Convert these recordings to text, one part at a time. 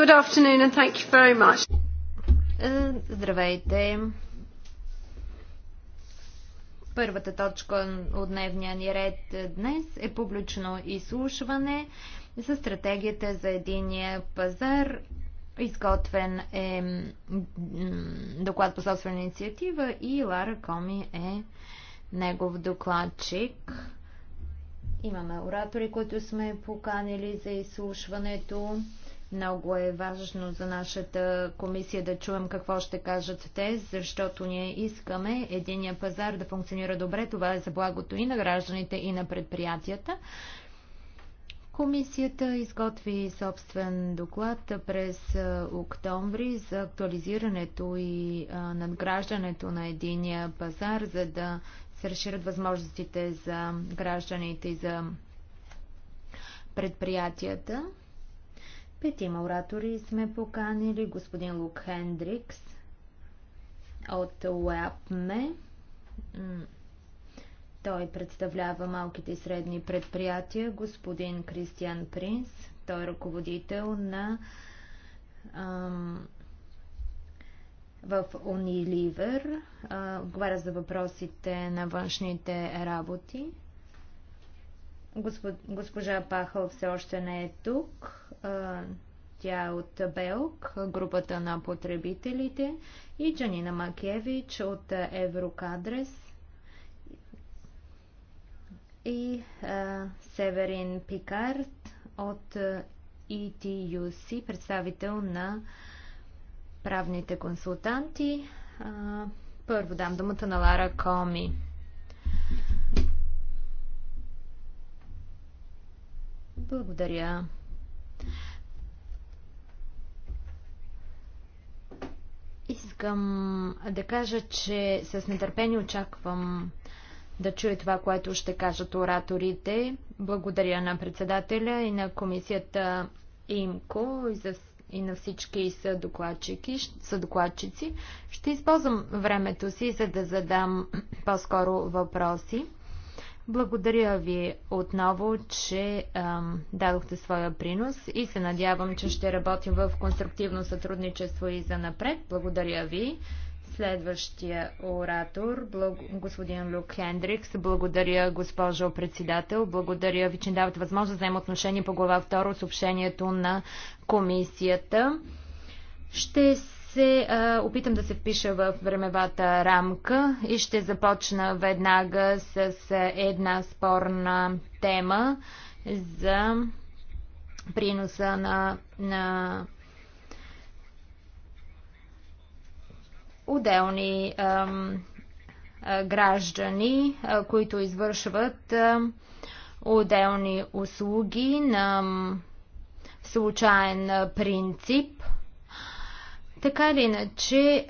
Good afternoon and thank you very much. Е, здравейте. Първата точка от дневния ни ред днес е публично изслушване за стратегията за единия пазар. Изготвен е доклад по собствена инициатива и Лара Коми е негов докладчик. Имаме оратори, които сме поканили за изслушването. Много е важно за нашата комисия да чуем какво ще кажат те, защото ние искаме единия пазар да функционира добре. Това е за благото и на гражданите, и на предприятията. Комисията изготви собствен доклад през октомври за актуализирането и надграждането на единия пазар, за да се разширят възможностите за гражданите и за предприятията. Петима оратори сме поканили господин Лук Хендрикс от УЕАПМЕ. Той представлява малките и средни предприятия. Господин Кристиан Принц, той е ръководител на в Униливер. Говоря за въпросите на външните работи. госпожа Пахал все още не е тук тя е от БЕЛК, групата на потребителите, и Джанина Макевич от Еврокадрес и а, Северин Пикард от ETUC, представител на правните консултанти. А, първо дам думата на Лара Коми. Благодаря. Искам да кажа, че с нетърпение очаквам да чуя това, което ще кажат ораторите. Благодаря на председателя и на комисията ИМКО и, за, и на всички съдокладчици. Ще използвам времето си, за да задам по-скоро въпроси. Благодаря ви отново, че ам, дадохте своя принос и се надявам, че ще работим в конструктивно сътрудничество и за напред. Благодаря ви. Следващия оратор, благ... господин Люк Хендрикс. Благодаря, госпожо председател. Благодаря ви, че давате възможност да взема отношение по глава 2 от съобщението на комисията. Ще се а, опитам да се впиша в времевата рамка и ще започна веднага с една спорна тема за приноса на, на отделни а, а, граждани, а, които извършват а, отделни услуги на случайен принцип – така или иначе,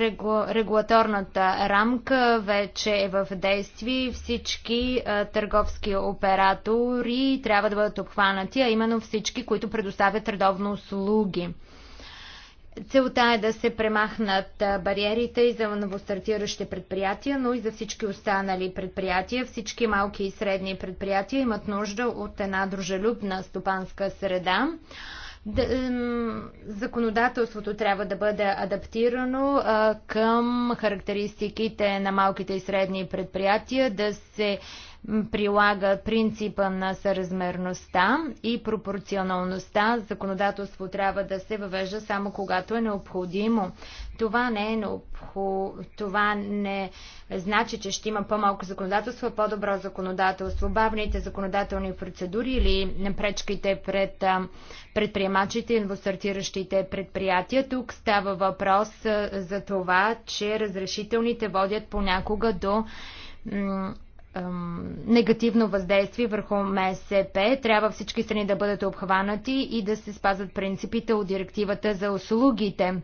регу, регулаторната рамка вече е в действие. Всички търговски оператори трябва да бъдат обхванати, а именно всички, които предоставят редовно услуги. Целта е да се премахнат бариерите и за новостартиращи предприятия, но и за всички останали предприятия. Всички малки и средни предприятия имат нужда от една дружелюбна стопанска среда. Законодателството трябва да бъде адаптирано към характеристиките на малките и средни предприятия, да се прилага принципа на съразмерността и пропорционалността. Законодателство трябва да се въвежда само когато е необходимо. Това не, е необходимо. това не значи, че ще има по-малко законодателство, а по-добро законодателство. Бавните законодателни процедури или пречките пред предприемачите и новостартиращите предприятия. Тук става въпрос за това, че разрешителните водят понякога до негативно въздействие върху МСП. Трябва всички страни да бъдат обхванати и да се спазват принципите от директивата за услугите.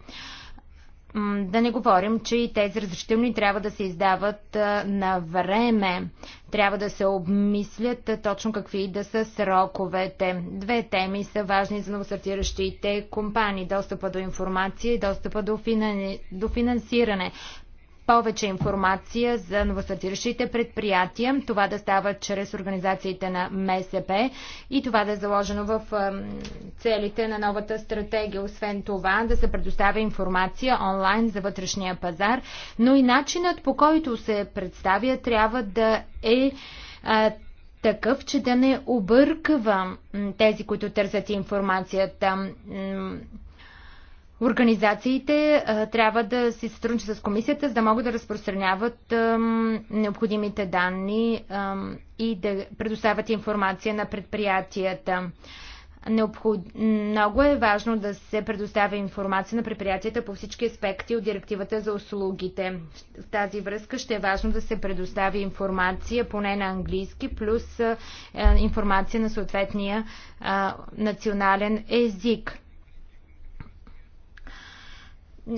Да не говорим, че и тези разрешителни трябва да се издават на време. Трябва да се обмислят точно какви да са сроковете. Две теми са важни за новосъртиращите компании. Достъпа до информация и достъпа до, до финансиране повече информация за новосъдиращите предприятия, това да става чрез организациите на МСП и това да е заложено в целите на новата стратегия. Освен това, да се предоставя информация онлайн за вътрешния пазар, но и начинът по който се представя трябва да е такъв, че да не обърква тези, които търсят информацията Организациите а, трябва да си сътрудничат с комисията, за да могат да разпространяват а, необходимите данни а, и да предоставят информация на предприятията. Необход... Много е важно да се предоставя информация на предприятията по всички аспекти от директивата за услугите. В тази връзка ще е важно да се предостави информация поне на английски, плюс а, информация на съответния а, национален език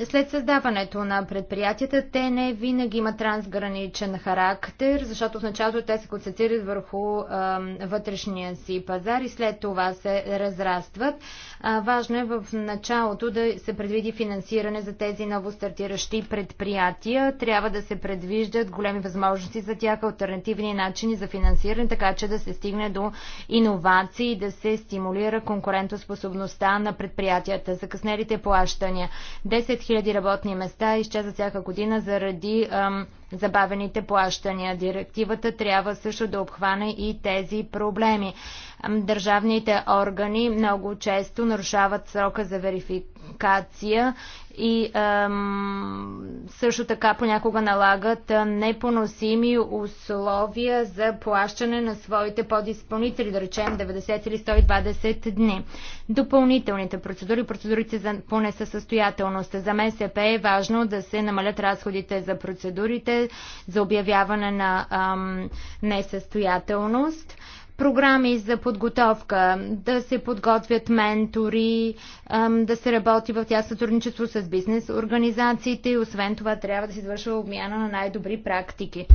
след създаването на предприятията, те не винаги имат трансграничен характер, защото в началото те се концентрират върху а, вътрешния си пазар и след това се разрастват. А, важно е в началото да се предвиди финансиране за тези новостартиращи предприятия. Трябва да се предвиждат големи възможности за тях, альтернативни начини за финансиране, така че да се стигне до иновации и да се стимулира конкурентоспособността на предприятията. Закъснелите плащания. 10 000 работни места изчезват всяка година заради ам, забавените плащания. Директивата трябва също да обхване и тези проблеми. Държавните органи много често нарушават срока за верификация и ем, също така понякога налагат непоносими условия за плащане на своите подизпълнители, да речем 90 или 120 дни. Допълнителните процедури, процедурите за, поне състоятелност. За МСП е важно да се намалят разходите за процедурите за обявяване на ем, несъстоятелност програми за подготовка, да се подготвят ментори, да се работи в тя сътрудничество с бизнес организациите и освен това трябва да се извършва обмяна на най-добри практики.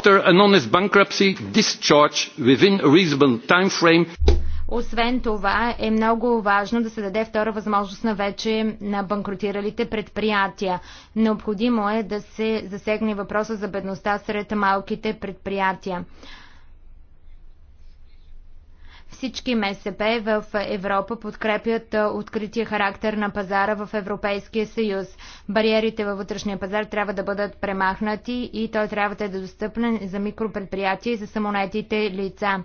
Освен това е много важно да се даде втора възможност на вече на банкротиралите предприятия. Необходимо е да се засегне въпроса за бедността сред малките предприятия. Всички МСП в Европа подкрепят открития характер на пазара в Европейския съюз. Бариерите във вътрешния пазар трябва да бъдат премахнати и той трябва да е достъпен за микропредприятия и за самонетите лица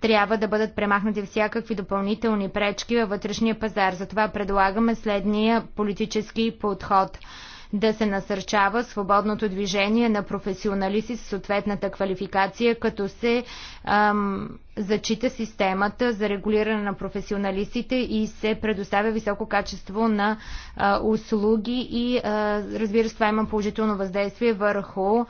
трябва да бъдат премахнати всякакви допълнителни пречки във вътрешния пазар. Затова предлагаме следния политически подход – да се насърчава свободното движение на професионалисти с съответната квалификация, като се ам, зачита системата за регулиране на професионалистите и се предоставя високо качество на а, услуги и а, разбира се това има положително въздействие върху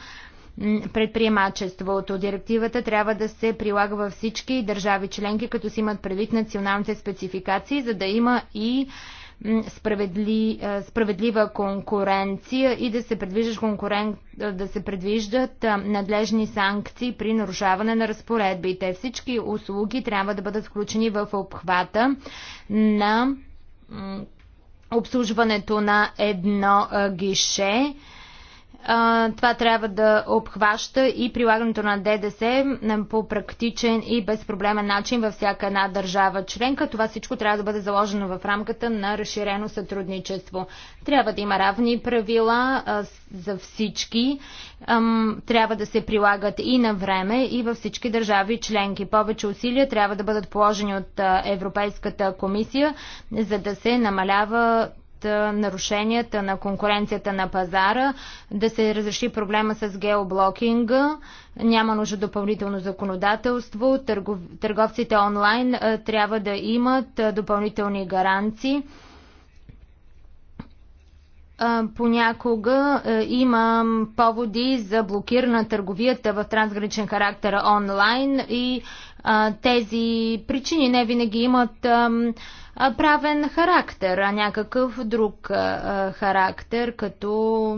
предприемачеството. Директивата трябва да се прилага във всички държави членки, като си имат предвид националните спецификации, за да има и справедли, справедлива конкуренция и да се, конкурен, да се предвиждат надлежни санкции при нарушаване на разпоредбите. Всички услуги трябва да бъдат включени в обхвата на обслужването на едно гише това трябва да обхваща и прилагането на ДДС по практичен и безпроблемен начин във всяка една държава членка. Това всичко трябва да бъде заложено в рамката на разширено сътрудничество. Трябва да има равни правила за всички. Трябва да се прилагат и на време, и във всички държави членки. Повече усилия трябва да бъдат положени от Европейската комисия, за да се намалява нарушенията на конкуренцията на пазара, да се разреши проблема с геоблокинга, няма нужда допълнително законодателство, търгов, търговците онлайн трябва да имат допълнителни гаранции. Понякога има поводи за блокирана търговията в трансграничен характер онлайн и тези причини не винаги имат правен характер, а някакъв друг характер, като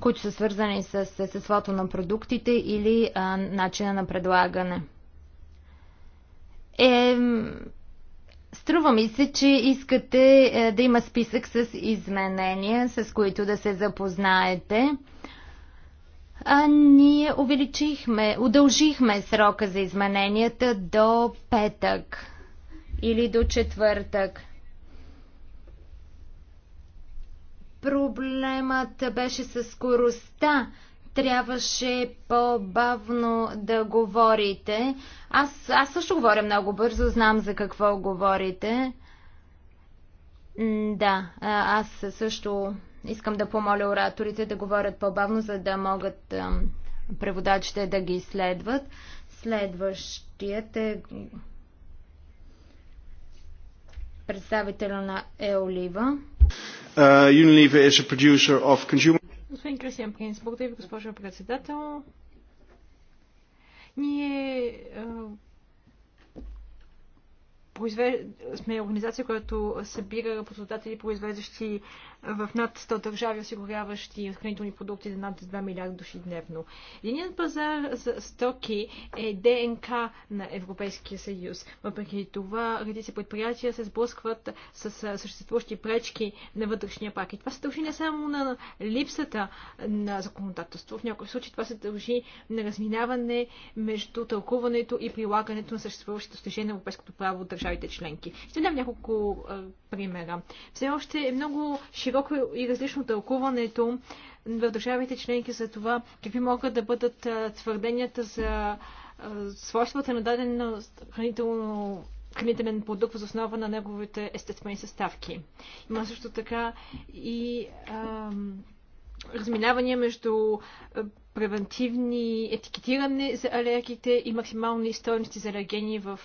които са свързани с естеството на продуктите или а, начина на предлагане. Е, струва ми се, че искате е, да има списък с изменения, с които да се запознаете. А, ние увеличихме, удължихме срока за измененията до петък или до четвъртък. Проблемът беше със скоростта. Трябваше по-бавно да говорите. Аз, аз също говоря много бързо, знам за какво говорите. М да, аз също искам да помоля ораторите да говорят по-бавно, за да могат преводачите да ги следват. Следващият е представителя на Еолива. Uh, Unilever is a producer of consumer... Господин Кристиан Принц, благодаря ви, госпожо председател. Ние произвеж... сме организация, която събира производители, произвеждащи в над 100 държави, осигуряващи хранителни продукти за над 2 милиарда души дневно. Единият пазар за стоки е ДНК на Европейския съюз. Въпреки това, редици предприятия се сблъскват с съществуващи пречки на вътрешния пак. И това се дължи не само на липсата на законодателство. В някои случаи това се дължи на разминаване между тълкуването и прилагането на съществуващите достижения на европейското право от държавите членки. Ще дам няколко а, примера. Все още е много широко и различно тълкуването в държавите членки за това какви могат да бъдат твърденията за свойствата на даден хранително хранителен продукт за основа на неговите естествени съставки. Има също така и ам, разминавания между превентивни етикетиране за алергите и максимални стоености за алергени в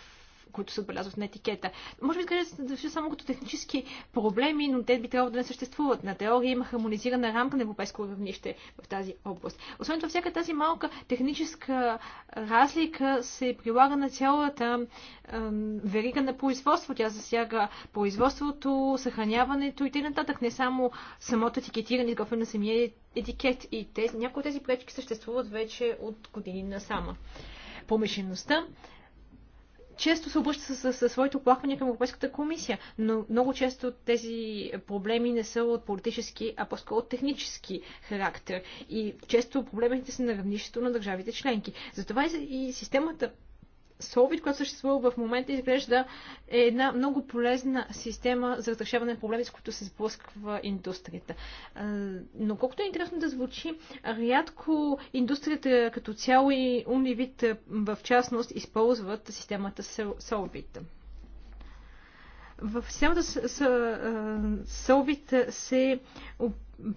които се отбелязват на етикета. Може би изглежда да само като технически проблеми, но те би трябвало да не съществуват. На теория има хармонизирана рамка на европейско равнище в тази област. Освен това, всяка тази малка техническа разлика се прилага на цялата верига на производство. Тя засяга производството, съхраняването и т.н. Не само самото етикетиране, изготвяне на самия етикет. И тези, някои от тези пречки съществуват вече от години насама. Помешеността често се обръща със своите оплаквания към Европейската комисия, но много често тези проблеми не са от политически, а по-скоро от технически характер. И често проблемите са на равнището на държавите членки. Затова и системата Солвит, която съществува в момента, изглежда е една много полезна система за разрешаване на проблеми, с които се сблъсква индустрията. Но колкото е интересно да звучи, рядко индустрията като цяло и вид в частност използват системата Solvit. В системата Solvit се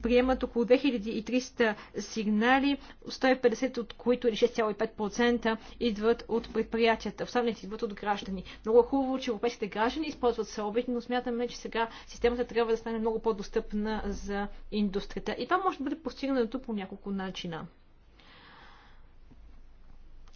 приемат около 2300 сигнали, 150 от които или 6,5% идват от предприятията, останалите идват от граждани. Много е хубаво, че европейските граждани използват Solvit, но смятаме, че сега системата трябва да стане много по-достъпна за индустрията. И това може да бъде постигнато по няколко начина.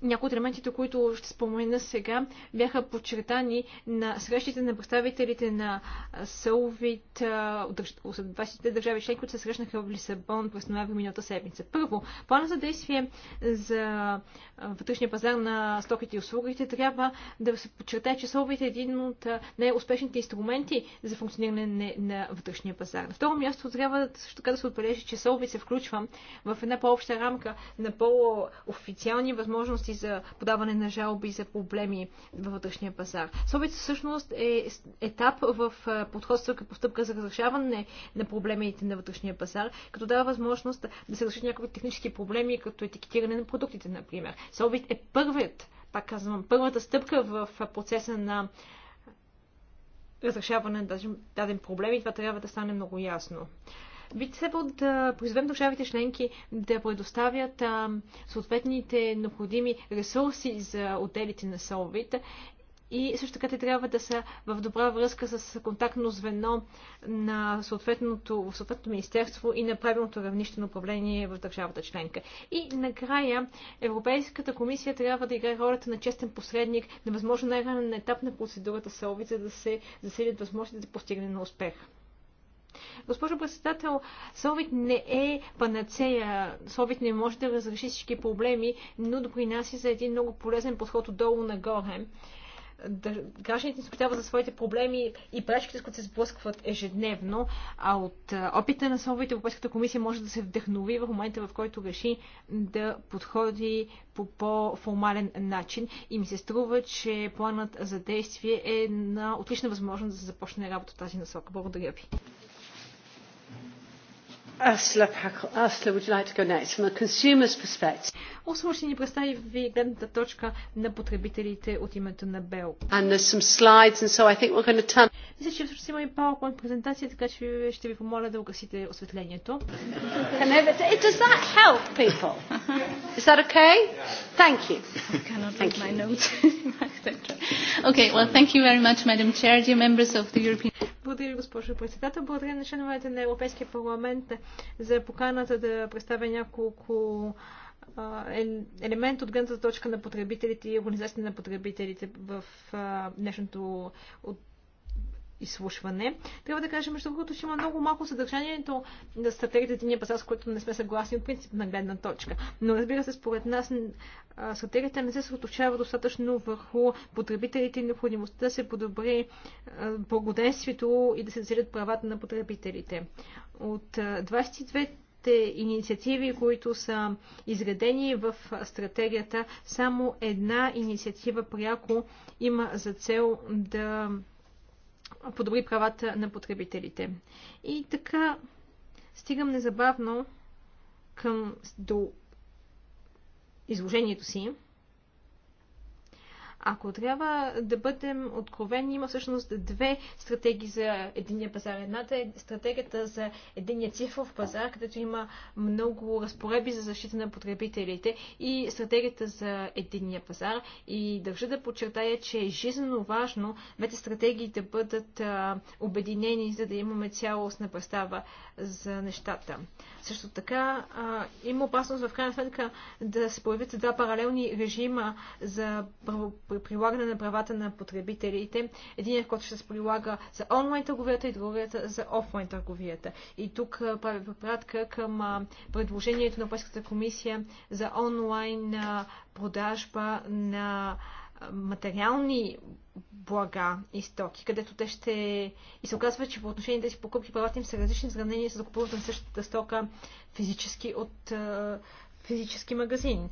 Някои от елементите, които ще спомена сега, бяха подчертани на срещите на представителите на Солвит от 20-те държави членки, които се срещнаха в Лисабон през ноември миналата седмица. Първо, плана за действие за вътрешния пазар на стоките и услугите трябва да се подчертае, че Солвит е един от най-успешните инструменти за функциониране на вътрешния пазар. На второ място трябва също така да се отбележи, че Солвит се включва в една по-обща рамка на по-официални възможности възможности за подаване на жалби за проблеми във вътрешния пазар. Собица всъщност е етап в е, подход стъпка по стъпка за разрешаване на проблемите на вътрешния пазар, като дава възможност да се решат някои технически проблеми, като етикетиране на продуктите, например. Собит е първият, пак казвам, първата стъпка в процеса на разрешаване на даден проблем и това трябва да стане много ясно би трябвало да призовем държавите членки да предоставят а, съответните необходими ресурси за отделите на соловите. и също така те трябва да са в добра връзка с контактно звено на съответното, съответното министерство и на правилното равнище на управление в държавата членка. И накрая Европейската комисия трябва да играе ролята на честен посредник на възможно най-ранен етап на процедурата СОВИ, за да се засилят възможности за да постигане на успех. Госпожо председател, Совет не е панацея. Совет не може да разреши всички проблеми, но допринася за един много полезен подход отдолу нагоре. Да, гражданите спитават за своите проблеми и пречките, с които се сблъскват ежедневно, а от опита на Совет Европейската комисия може да се вдъхнови в момента, в който реши да подходи по по-формален начин и ми се струва, че планът за действие е на отлична възможност да се започне работа в тази насока. Благодаря ви. Асла, would you like From a consumer's perspective. Осмо ще ни представи гледната точка And there's some slides, and so I think we're going to turn... Мисля, че всъщност има и PowerPoint презентация, така че ще ви помоля да угасите осветлението. Does that help people? Is that okay? Thank you. I cannot my notes. okay, well, thank you very much, Madam Chair, dear members of the European... Благодаря, госпожо председател. Благодаря на членовете на Европейския парламент за поканата да представя няколко е, елемент от гледната точка на потребителите и организацията на потребителите в днешното от изслушване. Трябва да кажем, между другото, че има много малко съдържанието на стратегията Единия пазар, с което не сме съгласни от принцип на гледна точка. Но разбира се, според нас стратегията не се съсредоточава достатъчно върху потребителите и необходимостта да се подобри благоденствието и да се засилят правата на потребителите. От 22 те инициативи, които са изредени в стратегията, само една инициатива пряко има за цел да подобри правата на потребителите. И така стигам незабавно към, до изложението си. Ако трябва да бъдем откровени, има всъщност две стратегии за единия пазар. Едната е стратегията за единия цифров пазар, където има много разпореби за защита на потребителите и стратегията за единия пазар. И държа да подчертая, че е жизненно важно двете стратегии да бъдат а, обединени, за да имаме цялостна представа за нещата. Също така а, има опасност в крайна сметка да се появят два паралелни режима за право при прилагане на правата на потребителите. Единият, който ще се прилага за онлайн търговията и другият за офлайн търговията. И тук правя препратка към предложението на Европейската комисия за онлайн продажба на материални блага и стоки, където те ще... И се оказва, че по отношение на тези покупки правата им са различни в сравнение с закупуването на същата стока физически от физически магазин.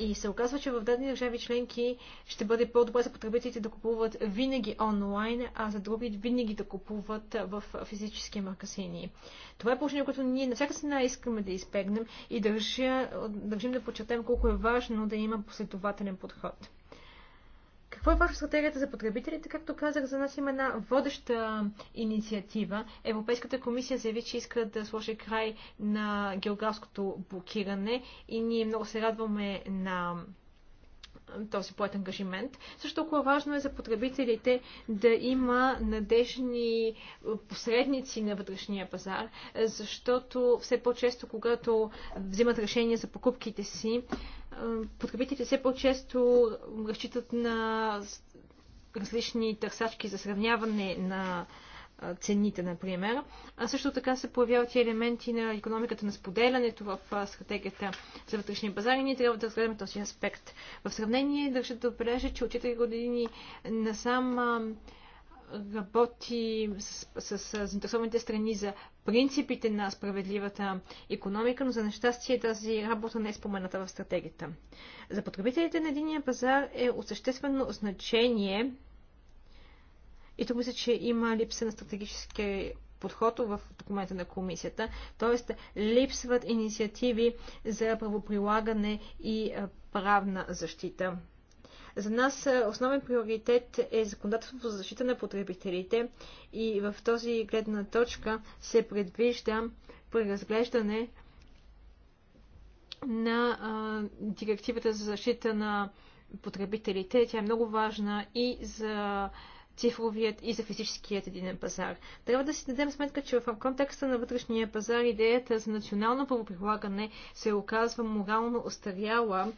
И се оказва, че в дадени държави членки ще бъде по-добре за потребителите да купуват винаги онлайн, а за други винаги да купуват в физически магазини. Това е положение, което ние на всяка цена искаме да избегнем и държа, държим да подчертаем колко е важно да има последователен подход. Какво е важно стратегията за потребителите? Както казах, за нас има една водеща инициатива. Европейската комисия заяви, че иска да сложи край на географското блокиране и ние много се радваме на този поет ангажимент. Също толкова важно е за потребителите да има надежни посредници на вътрешния пазар, защото все по-често, когато взимат решение за покупките си, потребителите все по-често разчитат на различни търсачки за сравняване на цените, например. А също така се появяват и елементи на економиката на споделянето в стратегията за вътрешния пазари. и ние трябва да разгледаме този аспект. В сравнение държа да отбележа, че от 4 години насам работи с, с, с заинтересованите страни за принципите на справедливата економика, но за нещастие тази работа не е спомената в стратегията. За потребителите на единия пазар е от съществено значение и тук мисля, че има липса на стратегически подход в документа на комисията, т.е. липсват инициативи за правоприлагане и правна защита. За нас е, основен приоритет е законодателството за защита на потребителите и в този гледна точка се предвижда преразглеждане на а, директивата за защита на потребителите. Тя е много важна и за цифровият и за физическият единен пазар. Трябва да си дадем сметка, че в контекста на вътрешния пазар идеята за национално правоприлагане се оказва морално остаряла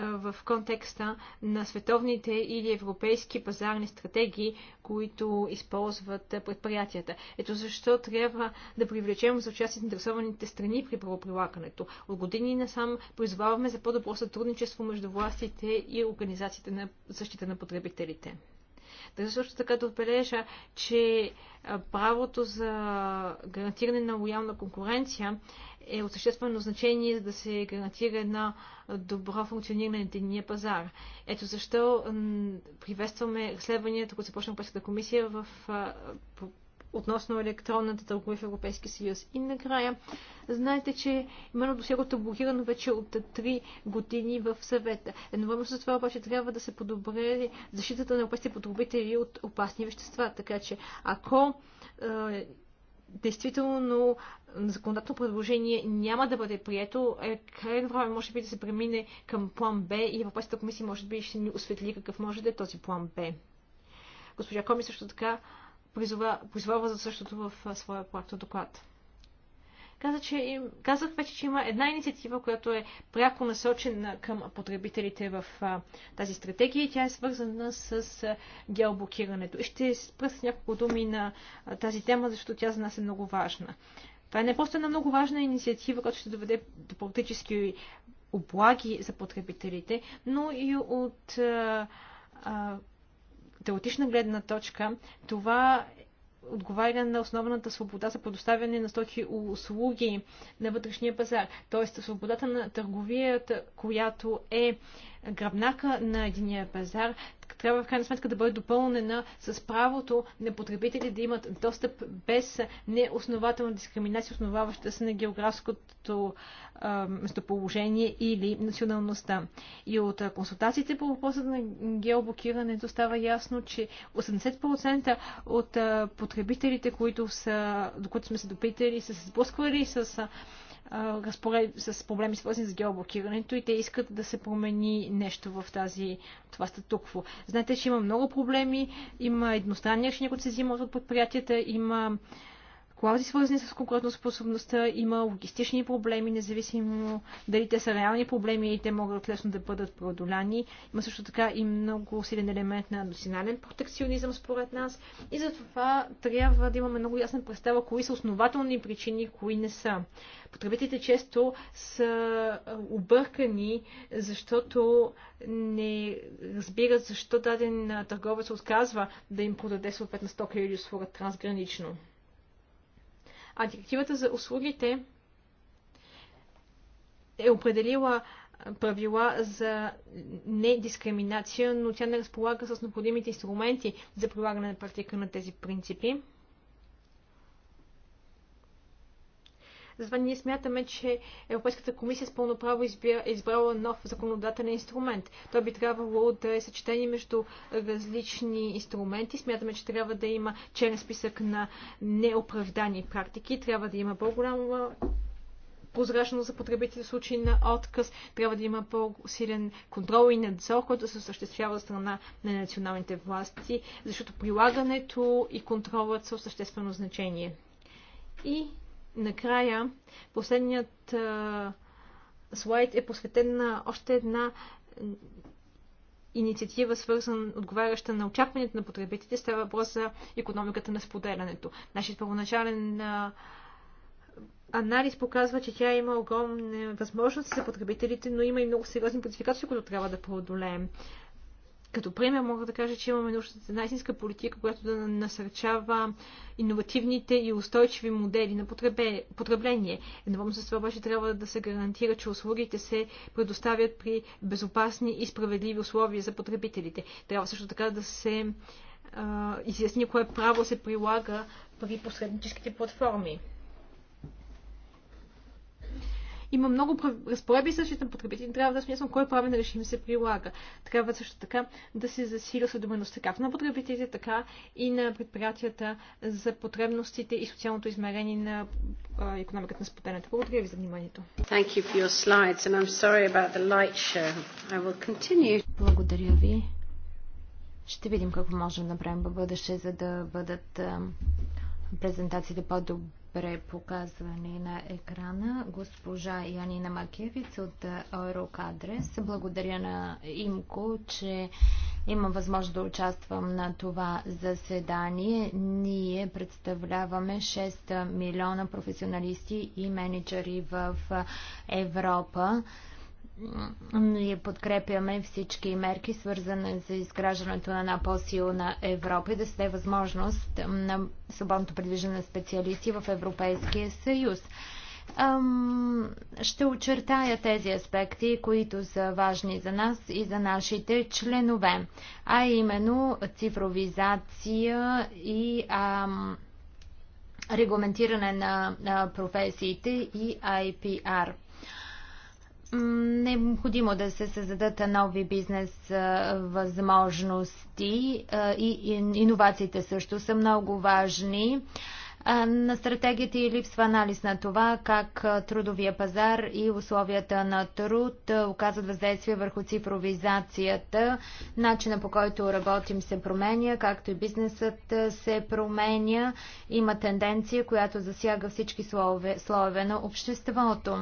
в контекста на световните или европейски пазарни стратегии, които използват предприятията. Ето защо трябва да привлечем за участие заинтересованите страни при правоприлагането. От години насам призоваваме за по-добро сътрудничество между властите и организациите на защита на потребителите. Държа също така да отбележа, че правото за гарантиране на лоялна конкуренция е от съществено значение, за да се гарантира една добро функциониране на единния пазар. Ето защо приветстваме разследванията, които започна Европейската комисия в относно електронната търговия в Европейския съюз. И накрая, знаете, че именно сега е блокирано вече от 3 години в съвета. Едновременно с това обаче трябва да се подобре защитата на опасните потребители от опасни вещества. Така че, ако е, действително законодателно предложение няма да бъде прието, е крайно време може би да се премине към план Б и Европейската комисия може би ще ни осветли какъв може да е този план Б. Госпожа Коми също така призовава за същото в своя проекто доклад. Каза, че им, казах вече, че има една инициатива, която е пряко насочена към потребителите в а, тази стратегия и тя е свързана с а, геоблокирането. И ще спра с няколко думи на а, тази тема, защото тя за нас е много важна. Това е не просто една много важна инициатива, която ще доведе до практически облаги за потребителите, но и от а, а, теоретична гледна точка това отговаря на основната свобода за предоставяне на стоки услуги на вътрешния пазар. Тоест свободата на търговията, която е гръбнака на единия пазар, трябва в крайна сметка да бъде допълнена с правото на потребители да имат достъп без неоснователна дискриминация, основаваща се на географското а, местоположение или националността. И от консултациите по въпроса на геоблокирането става ясно, че 80% от потребителите, които са, до които сме се допитали, са се сблъсквали с с проблеми свързани с геоблокирането и те искат да се промени нещо в тази, това статукво. Знаете, че има много проблеми, има едностранни решения, които се взимат от предприятията, има клаузи, свързани с конкурентоспособността, има логистични проблеми, независимо дали те са реални проблеми и те могат лесно да бъдат преодоляни. Има също така и много силен елемент на национален протекционизъм, според нас. И затова трябва да имаме много ясна представа, кои са основателни причини, кои не са. Потребителите често са объркани, защото не разбират защо даден търговец отказва да им продаде съответна стока или услуга трансгранично. А директивата за услугите е определила правила за недискриминация, но тя не разполага с необходимите инструменти за прилагане на практика на тези принципи. Затова ние смятаме, че Европейската комисия с пълно право избира, е избрала нов законодателен инструмент. Той би трябвало да е съчетени между различни инструменти. Смятаме, че трябва да има черен списък на неоправдани практики. Трябва да има по-голяма прозрачност за потребители в случай на отказ, трябва да има по-силен контрол и надзор, който се осъществява от страна на националните власти, защото прилагането и контролът са съществено значение. И накрая последният а, слайд е посветен на още една инициатива, свързан, отговаряща на очакването на потребителите. Става въпрос за економиката на споделянето. Нашият първоначален а, анализ показва, че тя има огромни възможности за потребителите, но има и много сериозни предизвикателства, които трябва да преодолеем. Като пример мога да кажа, че имаме нужда за една истинска политика, която да насърчава иновативните и устойчиви модели на потребление. Едновременно с това обаче трябва да се гарантира, че услугите се предоставят при безопасни и справедливи условия за потребителите. Трябва също така да се изясни кое право се прилага при посредническите платформи. Има много разпоредби същите на потребителите. Трябва да смятам, кой правен решим се прилага. Трябва също така да се засили съдобеността както на потребителите, така и на предприятията за потребностите и социалното измерение на економиката на споделянето. Благодаря ви за вниманието. Благодаря ви. Ще видим какво можем да направим в бъдеще, за да бъдат презентациите по-добри препоказване на екрана госпожа Янина Макевиц от Eurocadres. Благодаря на Имко, че имам възможност да участвам на това заседание. Ние представляваме 6 милиона професионалисти и менеджери в Европа. Ние подкрепяме всички мерки, свързани за изграждането на една по-силна Европа и да се даде възможност на свободното придвижване на специалисти в Европейския съюз. Ще очертая тези аспекти, които са важни за нас и за нашите членове, а именно цифровизация и регламентиране на професиите и IPR необходимо да се създадат нови бизнес възможности и иновациите също са много важни. На стратегията и липсва анализ на това как трудовия пазар и условията на труд оказват въздействие върху цифровизацията. Начина по който работим се променя, както и бизнесът се променя. Има тенденция, която засяга всички слоеве, слоеве на обществото.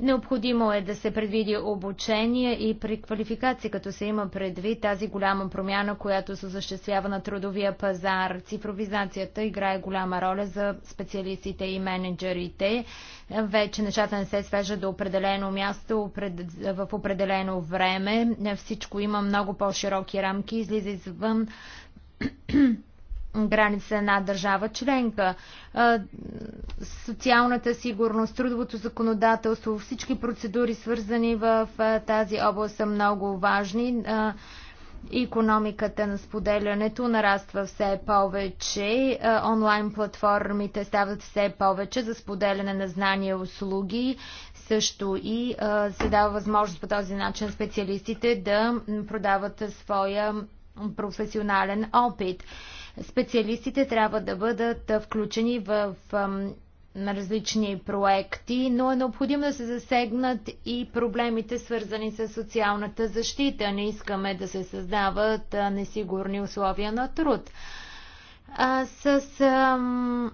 Необходимо е да се предвиди обучение и преквалификация, като се има предвид тази голяма промяна, която се осъществява на трудовия пазар. Цифровизацията играе голяма роля за специалистите и менеджерите. Вече нещата не се свежат до определено място в определено време. Всичко има много по-широки рамки, излиза извън граница една държава членка. Социалната сигурност, трудовото законодателство, всички процедури свързани в тази област са много важни. Икономиката на споделянето нараства все повече, онлайн платформите стават все повече за споделяне на знания и услуги, също и се дава възможност по този начин специалистите да продават своя професионален опит. Специалистите трябва да бъдат включени в на различни проекти, но е необходимо да се засегнат и проблемите, свързани с социалната защита. Не искаме да се създават несигурни условия на труд. А, с ам,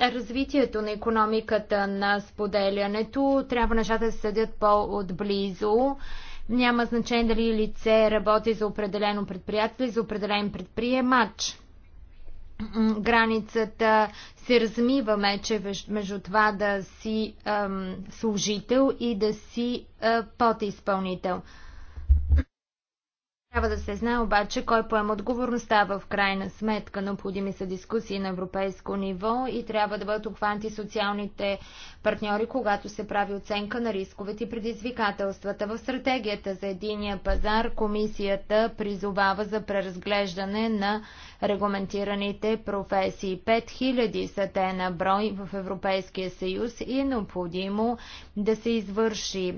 развитието на економиката на споделянето трябва нещата да се съдят по-отблизо. Няма значение дали лице работи за определено предприятие или за определен предприемач границата се размива вече между това да си ем, служител и да си е, подизпълнител. Трябва да се знае обаче кой поема отговорността в крайна сметка. Необходими са дискусии на европейско ниво и трябва да бъдат обхванати социалните партньори, когато се прави оценка на рисковете и предизвикателствата. В стратегията за единия пазар комисията призовава за преразглеждане на регламентираните професии. 5000 са те на брой в Европейския съюз и е необходимо да се извърши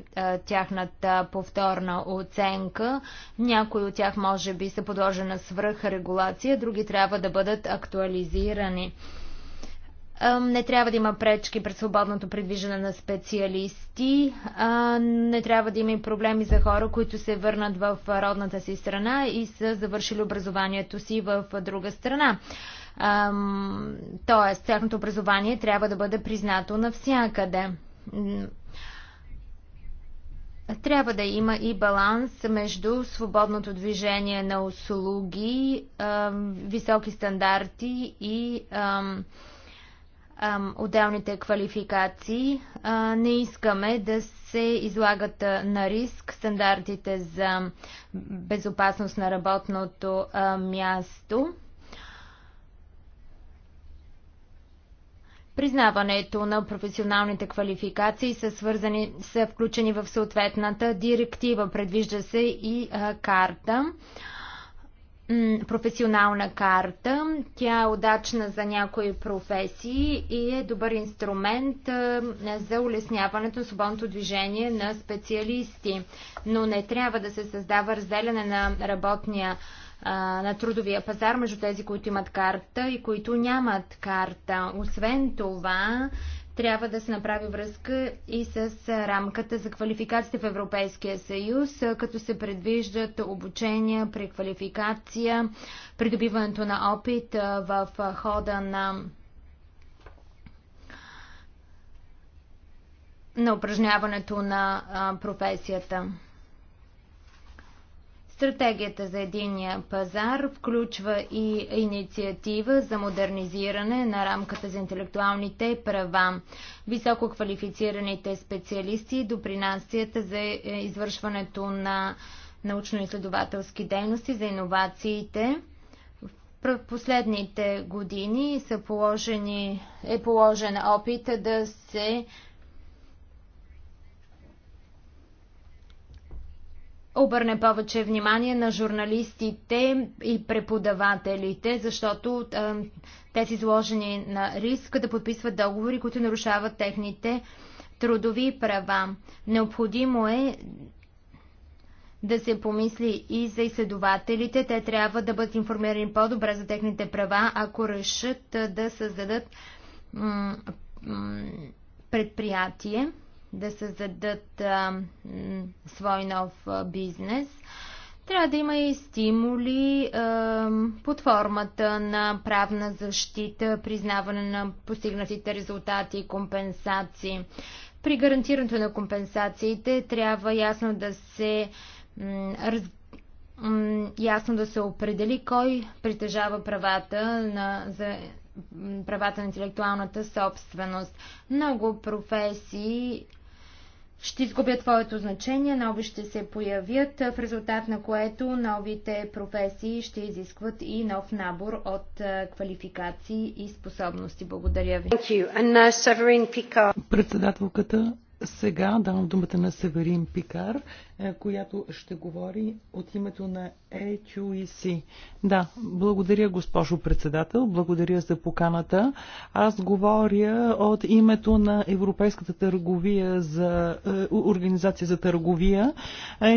тяхната повторна оценка. Някои от тях може би са подложени на свръхрегулация, други трябва да бъдат актуализирани. Не трябва да има пречки пред свободното предвиждане на специалисти. Не трябва да има и проблеми за хора, които се върнат в родната си страна и са завършили образованието си в друга страна. Тоест, тяхното образование трябва да бъде признато навсякъде. Трябва да има и баланс между свободното движение на услуги, високи стандарти и отделните квалификации. Не искаме да се излагат на риск стандартите за безопасност на работното място. Признаването на професионалните квалификации са, свързани, са включени в съответната директива. Предвижда се и карта професионална карта. Тя е удачна за някои професии и е добър инструмент за улесняването на свободното движение на специалисти. Но не трябва да се създава разделяне на работния на трудовия пазар между тези, които имат карта и които нямат карта. Освен това, трябва да се направи връзка и с рамката за квалификациите в Европейския съюз, като се предвиждат обучения, преквалификация, придобиването на опит в хода на на упражняването на професията. Стратегията за единия пазар включва и инициатива за модернизиране на рамката за интелектуалните права. Високо квалифицираните специалисти допринасят за е, извършването на научно-изследователски дейности за иновациите. В последните години са положени, е положен опит да се обърне повече внимание на журналистите и преподавателите, защото а, те са изложени на риск да подписват договори, които нарушават техните трудови права. Необходимо е да се помисли и за изследователите. Те трябва да бъдат информирани по-добре за техните права, ако решат да създадат предприятие да създадат а, свой нов а, бизнес. Трябва да има и стимули а, под формата на правна защита, признаване на постигнатите резултати и компенсации. При гарантирането на компенсациите трябва ясно да се раз, ясно да се определи кой притежава правата на, за правата на интелектуалната собственост. Много професии ще изгубят твоето значение, нови ще се появят, в резултат на което новите професии ще изискват и нов набор от квалификации и способности. Благодаря ви. Председателката сега давам думата на Северин Пикар, е, която ще говори от името на HUEC. Е да, благодаря, госпожо председател, благодаря за поканата. Аз говоря от името на Европейската търговия за е, Организация за търговия.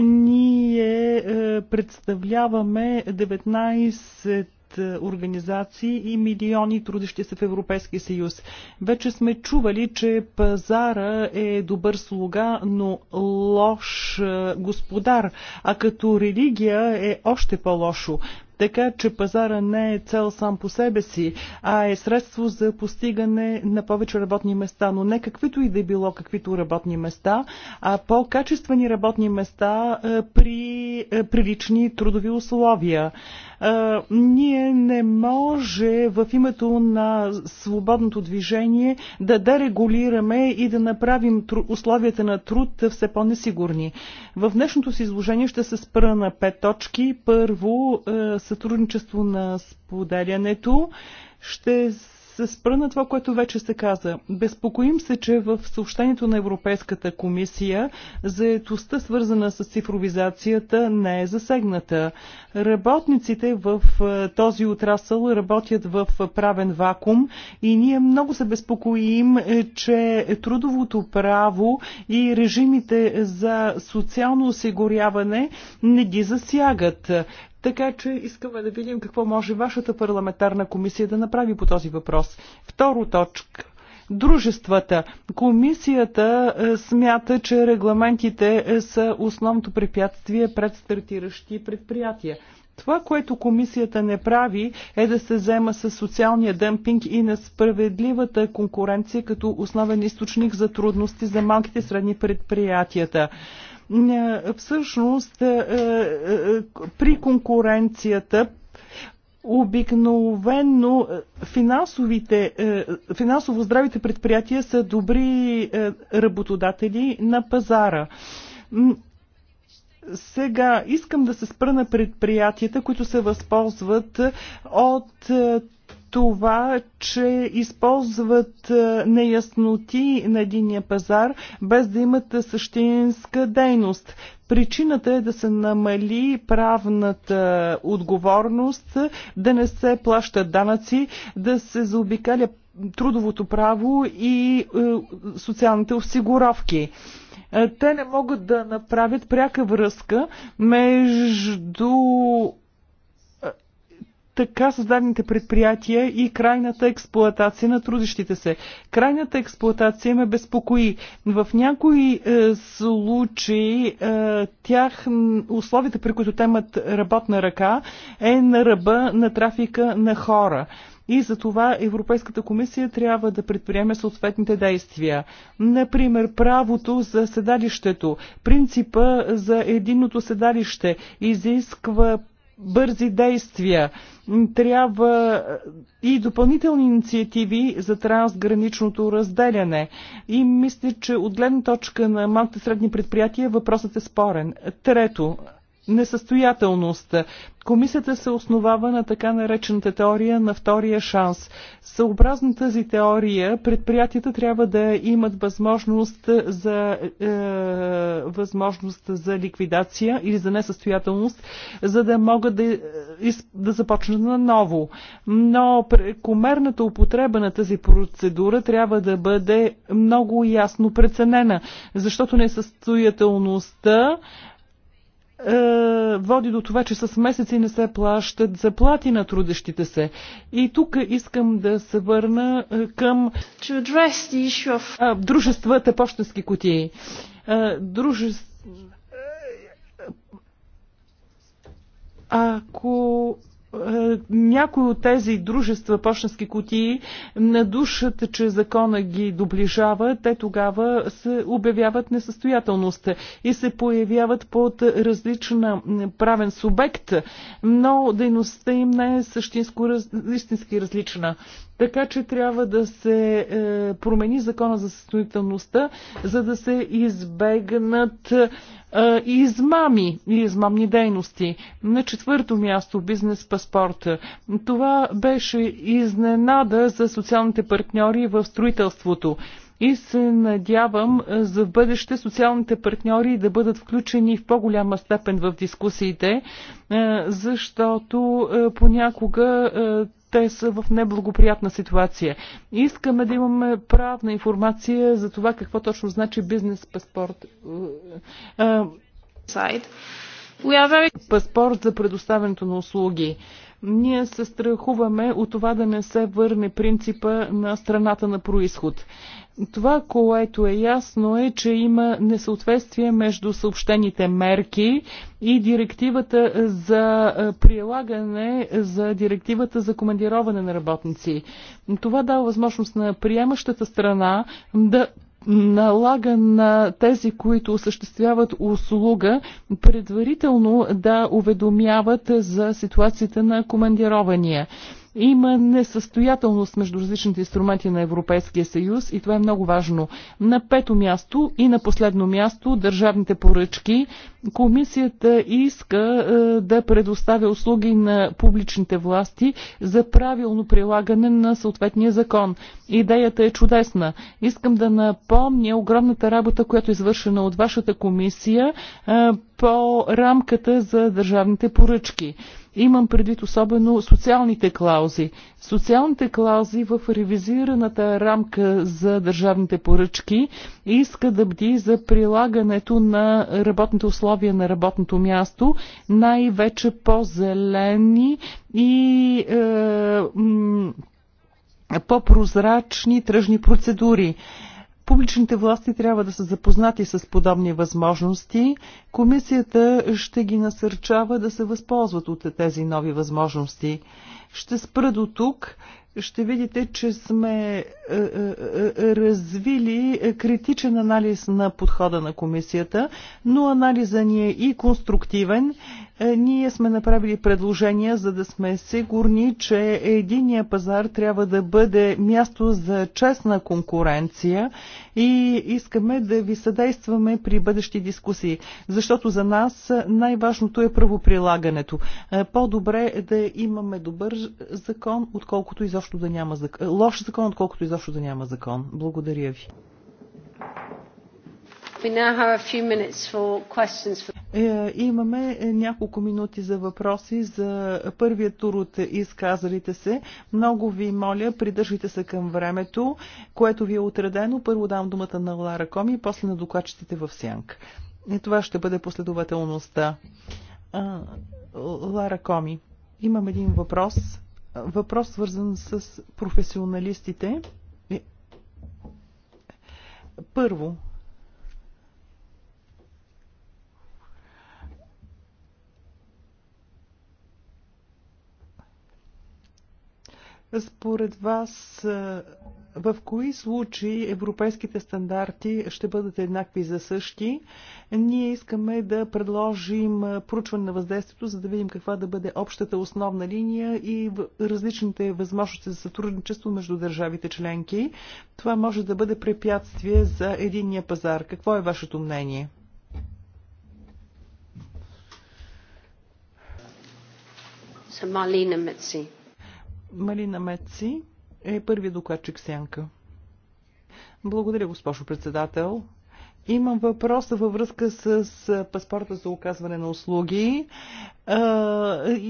Ние представляваме 19 е, организации и милиони трудещи се в Европейския съюз. Вече сме чували, че пазара е добър слуга, но лош е, господар, а като религия е още по-лошо. Така че пазара не е цел сам по себе си, а е средство за постигане на повече работни места, но не каквито и да е било каквито работни места, а по-качествени работни места е, при прилични трудови условия. Ние не може в името на свободното движение да дерегулираме и да направим условията на труд все по-несигурни. В днешното си изложение ще се спра на пет точки. Първо, е, сътрудничество на споделянето. Ще се спра на това, което вече се каза. Безпокоим се, че в съобщението на Европейската комисия заетостта, свързана с цифровизацията, не е засегната. Работниците в е, този отрасъл работят в правен вакуум и ние много се безпокоим, е, че трудовото право и режимите за социално осигуряване не ги засягат. Така че искаме да видим какво може вашата парламентарна комисия да направи по този въпрос. Второ точка дружествата. Комисията е, смята, че регламентите е, са основното препятствие пред стартиращи предприятия. Това, което комисията не прави, е да се взема с социалния дъмпинг и на справедливата конкуренция като основен източник за трудности за малките и средни предприятията. Всъщност, е, е, при конкуренцията Обикновено финансовите, е, финансово здравите предприятия са добри работодатели на пазара. Сега искам да се спра на предприятията, които се възползват от това, че използват е, неясноти на единия пазар, без да имат същинска дейност. Причината е да се намали правната отговорност, да не се плащат данъци, да се заобикаля трудовото право и е, социалните осигуровки е, те не могат да направят пряка връзка между така създадените предприятия и крайната експлоатация на трудещите се. Крайната експлоатация ме безпокои. В някои е, случаи е, тях, условията, при които те имат работна ръка, е на ръба на трафика на хора. И за това Европейската комисия трябва да предприеме съответните действия. Например, правото за седалището, принципа за единното седалище изисква бързи действия. Трябва и допълнителни инициативи за трансграничното разделяне. И мисля, че от гледна точка на малките средни предприятия въпросът е спорен. Трето, несъстоятелност. Комисията се основава на така наречената теория на втория шанс. Съобразно тази теория, предприятията трябва да имат възможност за, е, възможност за ликвидация или за несъстоятелност, за да могат да, е, да започнат наново. Но прекомерната употреба на тази процедура трябва да бъде много ясно преценена, защото несъстоятелността е, е, води до това, че с месеци не се плащат заплати на трудещите се. И тук искам да се върна е, към of... дружествата почтенски кутии. Е, Дружество... Ако някои от тези дружества, почнаски кутии, надушат, че закона ги доближава, те тогава се обявяват несъстоятелност и се появяват под различна правен субект, но дейността им не е същинско, истински различна. Така че трябва да се е, промени закона за състоятелността, за да се избегнат е, измами и измамни дейности. На четвърто място бизнес паспорт. Това беше изненада за социалните партньори в строителството и се надявам е, за бъдеще социалните партньори да бъдат включени в по-голяма степен в дискусиите, е, защото понякога те са в неблагоприятна ситуация. Искаме да имаме правна информация за това какво точно значи бизнес паспорт. Е, е, паспорт за предоставянето на услуги ние се страхуваме от това да не се върне принципа на страната на происход. Това, което е ясно е, че има несъответствие между съобщените мерки и директивата за прилагане за директивата за командироване на работници. Това дава възможност на приемащата страна да налага на тези, които осъществяват услуга, предварително да уведомяват за ситуацията на командирования. Има несъстоятелност между различните инструменти на Европейския съюз и това е много важно. На пето място и на последно място държавните поръчки. Комисията иска е, да предоставя услуги на публичните власти за правилно прилагане на съответния закон. Идеята е чудесна. Искам да напомня огромната работа, която е извършена от вашата комисия е, по рамката за държавните поръчки. Имам предвид особено социалните клаузи. Социалните клаузи в ревизираната рамка за държавните поръчки иска да бди за прилагането на работните условия на работното място, най-вече по-зелени и е, по-прозрачни тръжни процедури. Публичните власти трябва да са запознати с подобни възможности. Комисията ще ги насърчава да се възползват от тези нови възможности. Ще спра до тук ще видите, че сме е, е, е, развили критичен анализ на подхода на комисията, но анализа ни е и конструктивен. Е, ние сме направили предложения, за да сме сигурни, че единия пазар трябва да бъде място за честна конкуренция и искаме да ви съдействаме при бъдещи дискусии, защото за нас най-важното е правоприлагането. Е, по-добре е да имаме добър закон, отколкото изобщо да няма закон. Лош закон, отколкото изобщо да няма закон. Благодаря ви. Е, имаме няколко минути за въпроси за първия тур от изказалите се. Много ви моля, придържайте се към времето, което ви е отредено. Първо дам думата на Лара Коми, после на докладчетите в сянк. И това ще бъде последователността. Лара Коми, имам един въпрос. Въпрос свързан с професионалистите. Е, първо, Според вас, в кои случаи европейските стандарти ще бъдат еднакви за същи? Ние искаме да предложим проучване на въздействието, за да видим каква да бъде общата основна линия и различните възможности за сътрудничество между държавите членки. Това може да бъде препятствие за единния пазар. Какво е вашето мнение? Алина Меци. Марина Меци е първи докладчик Сянка. Благодаря, госпожо председател. Имам въпроса във връзка с паспорта за оказване на услуги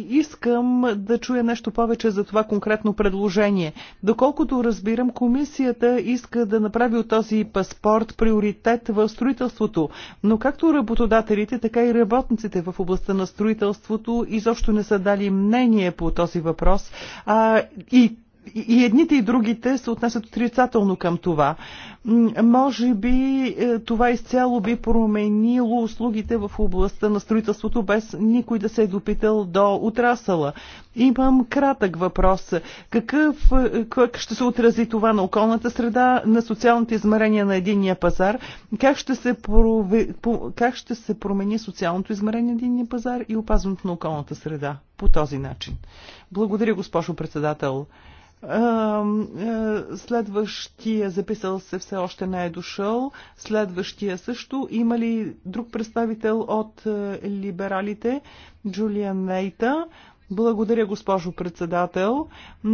искам да чуя нещо повече за това конкретно предложение. Доколкото разбирам, комисията иска да направи от този паспорт приоритет в строителството, но както работодателите, така и работниците в областта на строителството изобщо не са дали мнение по този въпрос. А, и и едните и другите се отнасят отрицателно към това. Може би е, това изцяло би променило услугите в областта на строителството, без никой да се е допитал до отрасъла. Имам кратък въпрос. Какъв, е, как ще се отрази това на околната среда, на социалните измерения на единния пазар? Как ще се, прове, как ще се промени социалното измерение на единния пазар и опазването на околната среда по този начин? Благодаря, госпожо председател. Е, следващия записал се все още не е дошъл. Следващия също. Има ли друг представител от е, либералите? Джулиан Нейта. Благодаря, госпожо председател.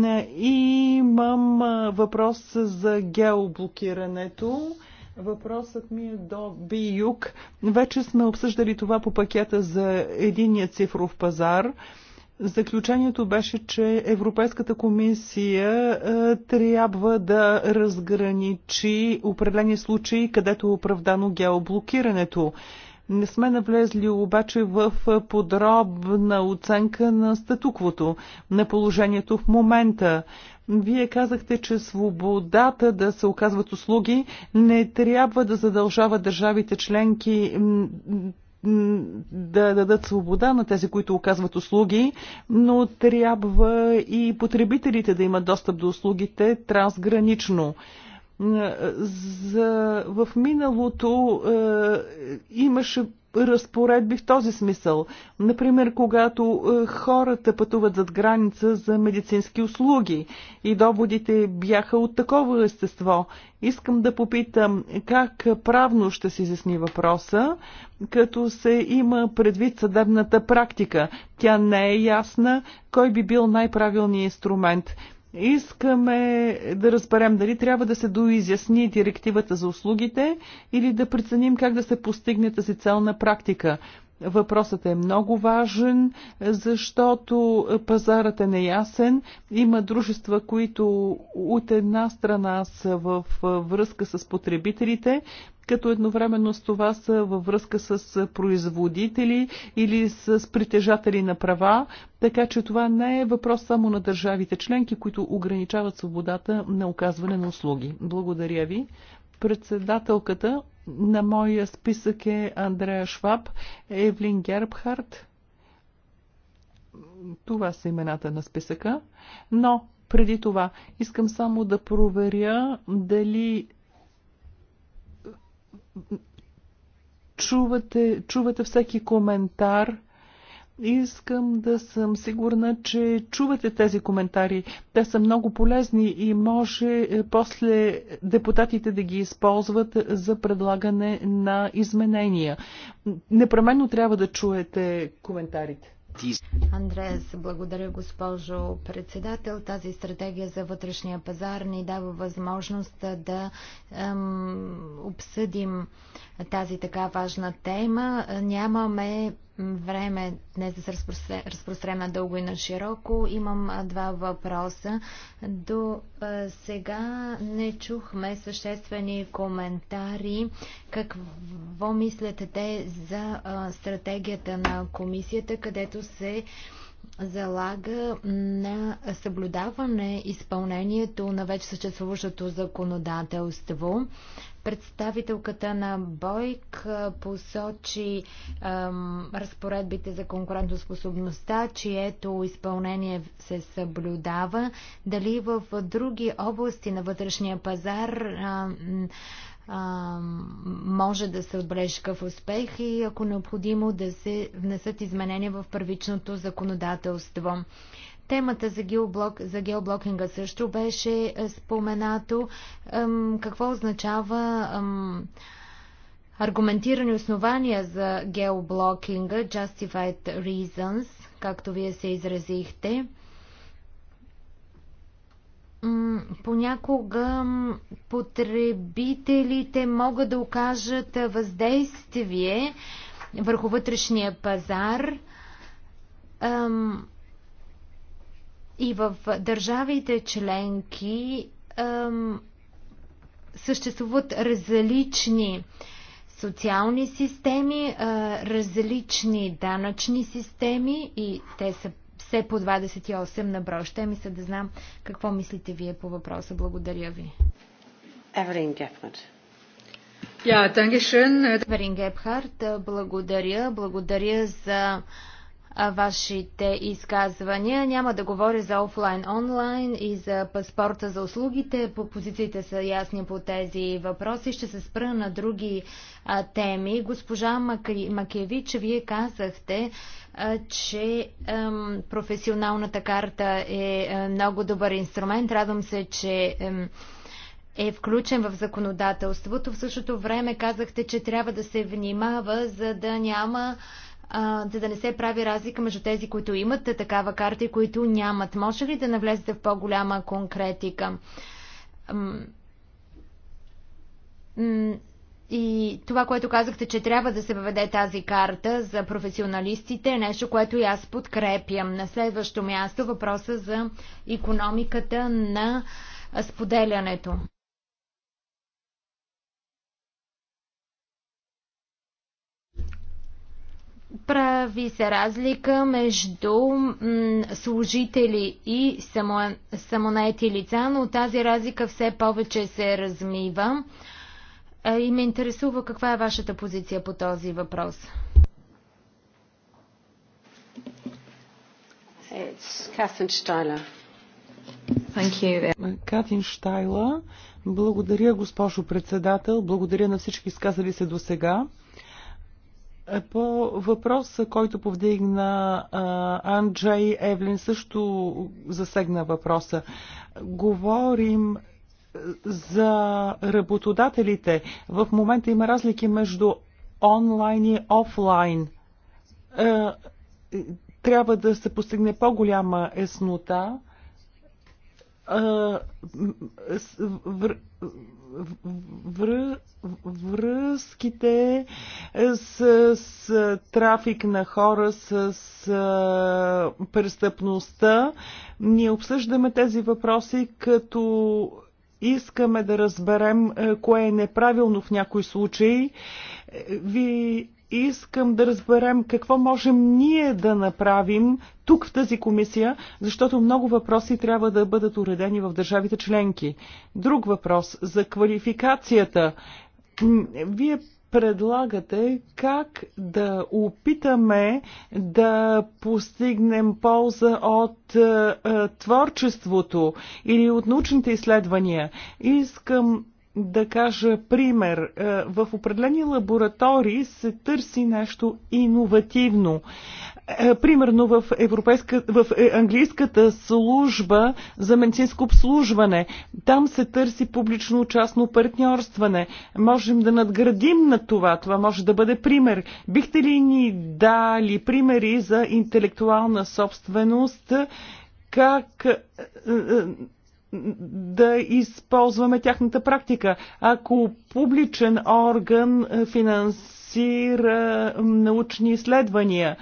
Е, имам въпрос за геоблокирането. Въпросът ми е до БИЮК. Вече сме обсъждали това по пакета за единия цифров пазар. Заключението беше, че Европейската комисия е, трябва да разграничи определени случаи, където е оправдано геоблокирането. Не сме навлезли обаче в подробна оценка на статуквото, на положението в момента. Вие казахте, че свободата да се оказват услуги не трябва да задължава държавите членки да дадат свобода на тези, които оказват услуги, но трябва и потребителите да имат достъп до услугите трансгранично за, в миналото е, имаше разпоредби в този смисъл. Например, когато е, хората пътуват зад граница за медицински услуги и доводите бяха от такова естество. Искам да попитам как правно ще се изясни въпроса, като се има предвид съдебната практика. Тя не е ясна, кой би бил най-правилният инструмент. Искаме да разберем дали трябва да се доизясни директивата за услугите или да преценим как да се постигне тази цел на практика. Въпросът е много важен, защото пазарът е неясен. Има дружества, които от една страна са в връзка с потребителите, като едновременно с това са във връзка с производители или с притежатели на права, така че това не е въпрос само на държавите членки, които ограничават свободата на оказване на услуги. Благодаря ви. Председателката на моя списък е Андрея Шваб, Евлин Гербхарт. Това са имената на списъка. Но преди това искам само да проверя дали чувате, чувате всеки коментар Искам да съм сигурна, че чувате тези коментари. Те са много полезни и може е, после депутатите да ги използват за предлагане на изменения. Непременно трябва да чуете коментарите. Андреас, благодаря госпожо председател. Тази стратегия за вътрешния пазар ни дава възможност да ем, обсъдим тази така важна тема. Нямаме време днес да се разпрострем дълго и на широко. Имам два въпроса. До сега не чухме съществени коментари. Какво мислите те за стратегията на комисията, където се залага на съблюдаване изпълнението на вече съществуващото законодателство. Представителката на Бойк посочи ам, разпоредбите за конкурентоспособността, чието изпълнение се съблюдава. Дали в други области на вътрешния пазар ам, може да се отбележи в успех и ако е необходимо да се внесат изменения в първичното законодателство. Темата за, геоблок, за геоблокинга също беше е, споменато. Какво означава аргументирани основания за геоблокинга, justified reasons, както вие се изразихте? понякога потребителите могат да окажат въздействие върху вътрешния пазар. И в държавите членки ем, съществуват различни социални системи, е, различни данъчни системи и те са все по 28 на брой. Ще ми се да знам какво мислите вие по въпроса. Благодаря ви. Евелин Гепхард. yeah, Евелин Гепхард, благодаря. Благодаря за вашите изказвания. Няма да говоря за офлайн, онлайн и за паспорта за услугите. По позициите са ясни по тези въпроси. Ще се спра на други а, теми. Госпожа Макри... Макевич, вие казахте, а, че ам, професионалната карта е а, много добър инструмент. Радвам се, че ам, е включен в законодателството. В същото време казахте, че трябва да се внимава, за да няма а, а, за да не се прави разлика между тези, които имат такава карта и които нямат. Може ли да навлезете в по-голяма конкретика? И това, което казахте, че трябва да се въведе тази карта за професионалистите, е нещо, което и аз подкрепям. На следващо място въпроса за економиката на споделянето. Прави се разлика между служители и само, самонаети лица, но тази разлика все повече се размива. Е, и ме интересува каква е вашата позиция по този въпрос. Катин Штайла. Благодаря, госпожо председател. Благодаря на всички изказали се до сега. По въпроса, който повдигна Анджей Евлин, също засегна въпроса. Говорим за работодателите. В момента има разлики между онлайн и офлайн. Трябва да се постигне по-голяма еснота вър, връзките с, с трафик на хора, с, с престъпността. Ние обсъждаме тези въпроси като искаме да разберем кое е неправилно в някой случаи. Е, ви Искам да разберем какво можем ние да направим тук в тази комисия, защото много въпроси трябва да бъдат уредени в държавите членки. Друг въпрос за квалификацията. Вие предлагате как да опитаме да постигнем полза от е, е творчеството или от научните изследвания. Искам да кажа пример. Е, в определени лаборатории се търси нещо иновативно. Е, примерно в, европейска, в е, английската служба за медицинско обслужване. Там се търси публично-частно партньорстване. Можем да надградим на това. Това може да бъде пример. Бихте ли ни дали примери за интелектуална собственост? Как да използваме тяхната практика. Ако публичен орган финансира научни изследвания,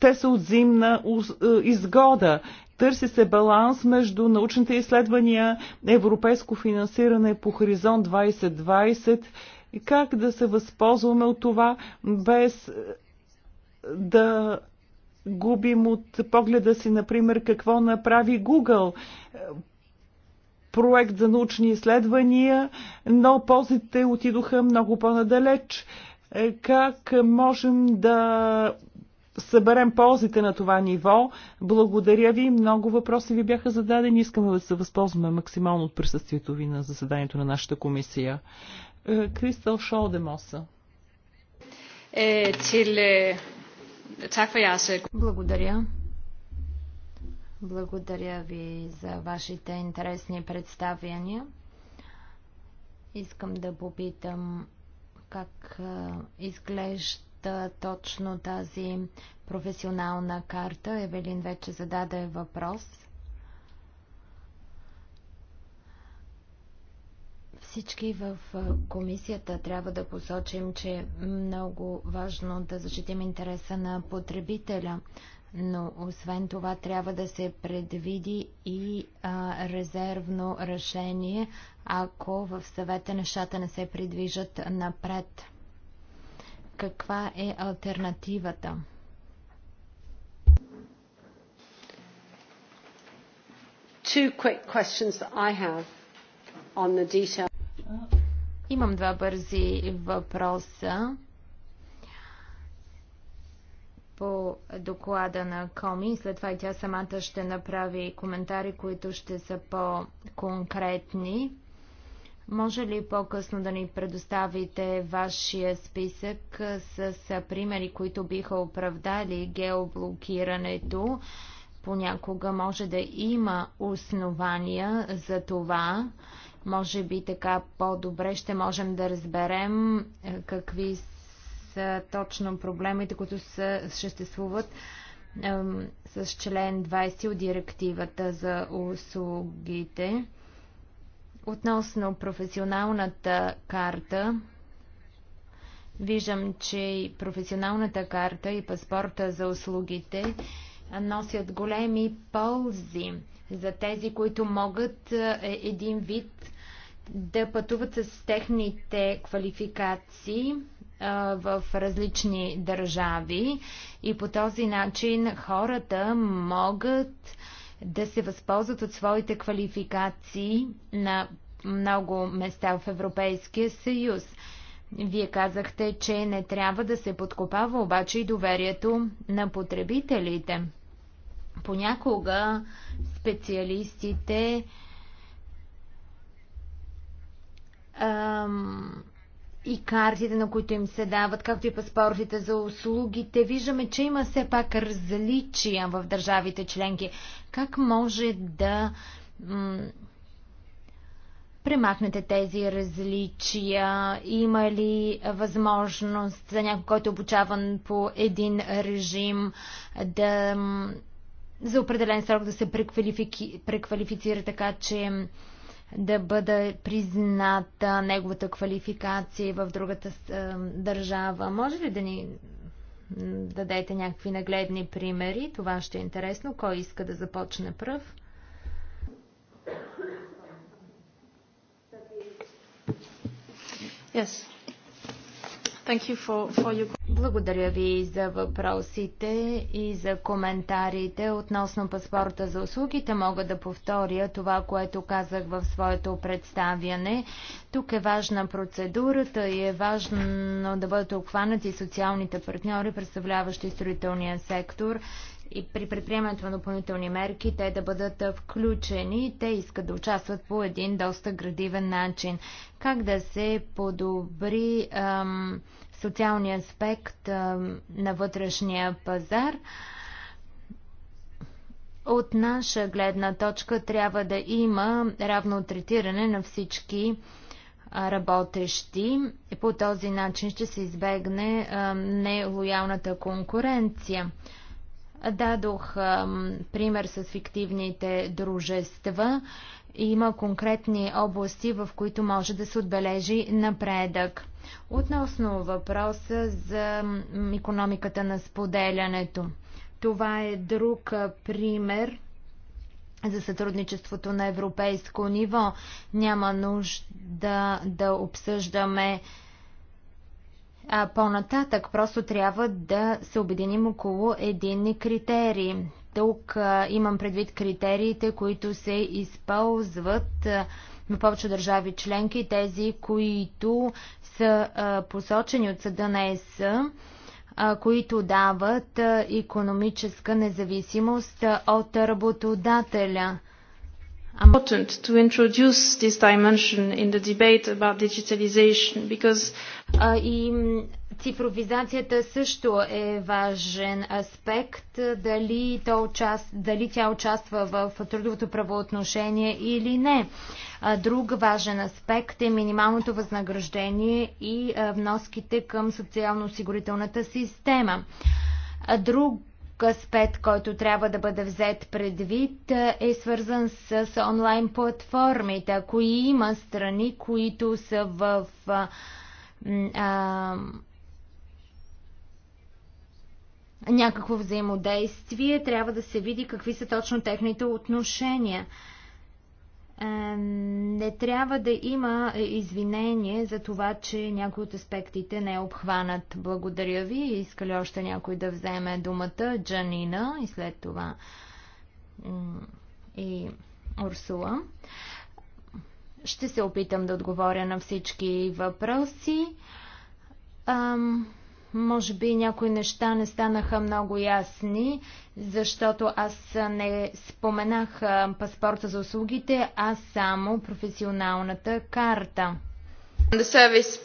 те са от взаимна е, изгода. Търси се баланс между научните изследвания, европейско финансиране по Хоризонт 2020 и как да се възползваме от това без е, да губим от погледа си, например, какво направи Google проект за научни изследвания, но ползите отидоха много по-надалеч. Е, как можем да съберем ползите на това ниво? Благодаря ви. Много въпроси ви бяха зададени. Искаме да се възползваме максимално от присъствието ви на заседанието на нашата комисия. Е, Кристал Шолдемоса. Е, Благодаря. Благодаря ви за вашите интересни представяния. Искам да попитам как изглежда точно тази професионална карта. Евелин вече зададе въпрос. Всички в комисията трябва да посочим, че е много важно да защитим интереса на потребителя но освен това трябва да се предвиди и а, резервно решение, ако в съвета нещата не се придвижат напред. Каква е альтернативата? Two quick questions that I have on the detail. Имам два бързи въпроса по доклада на Коми. След това и тя самата ще направи коментари, които ще са по-конкретни. Може ли по-късно да ни предоставите вашия списък с примери, които биха оправдали геоблокирането? Понякога може да има основания за това. Може би така по-добре ще можем да разберем е, какви са са точно проблемите, които съществуват с член 20 от директивата за услугите. Относно професионалната карта, виждам, че и професионалната карта и паспорта за услугите носят големи ползи за тези, които могат е, един вид да пътуват с техните квалификации в различни държави и по този начин хората могат да се възползват от своите квалификации на много места в Европейския съюз. Вие казахте, че не трябва да се подкопава обаче и доверието на потребителите. Понякога специалистите ам, и картите, на които им се дават, както и паспортите за услугите, виждаме, че има все пак различия в държавите членки. Как може да премахнете тези различия? Има ли възможност за някой, който е обучаван по един режим, да за определен срок да се преквалифицира така, че да бъде призната неговата квалификация в другата държава. Може ли да ни дадете някакви нагледни примери? Това ще е интересно. Кой иска да започне пръв? Yes. Благодаря ви за въпросите и за коментарите относно паспорта за услугите. Мога да повторя това, което казах в своето представяне. Тук е важна процедурата и е важно да бъдат обхванати социалните партньори, представляващи строителния сектор и при предприемането на допълнителни мерки те да бъдат включени. Те искат да участват по един доста градивен начин. Как да се подобри ам, социалния аспект на вътрешния пазар. От наша гледна точка трябва да има равно третиране на всички работещи. По този начин ще се избегне нелоялната конкуренция. Дадох пример с фиктивните дружества. Има конкретни области, в които може да се отбележи напредък. Относно въпроса за економиката на споделянето. Това е друг пример за сътрудничеството на европейско ниво. Няма нужда да обсъждаме по-нататък просто трябва да се обединим около единни критерии. Тук а, имам предвид критериите, които се използват а, на повече държави членки, тези, които са а, посочени от съда на ЕС, които дават економическа независимост от работодателя important to introduce this dimension in the debate about digitalization because uh, и цифровизацията също е важен аспект. Дали, то участ... дали тя участва в трудовото правоотношение или не. Друг важен аспект е минималното възнаграждение и вноските към социално-осигурителната система. Друг аспект, който трябва да бъде взет предвид, е свързан с онлайн платформите. Ако има страни, които са в а, а, някакво взаимодействие, трябва да се види какви са точно техните отношения не трябва да има е, извинение за това, че някой от аспектите не е обхванат. Благодаря ви. Иска ли още някой да вземе думата? Джанина и след това и Урсула. Ще се опитам да отговоря на всички въпроси. Ам, може би някои неща не станаха много ясни, защото аз не споменах паспорта за услугите, а само професионалната карта.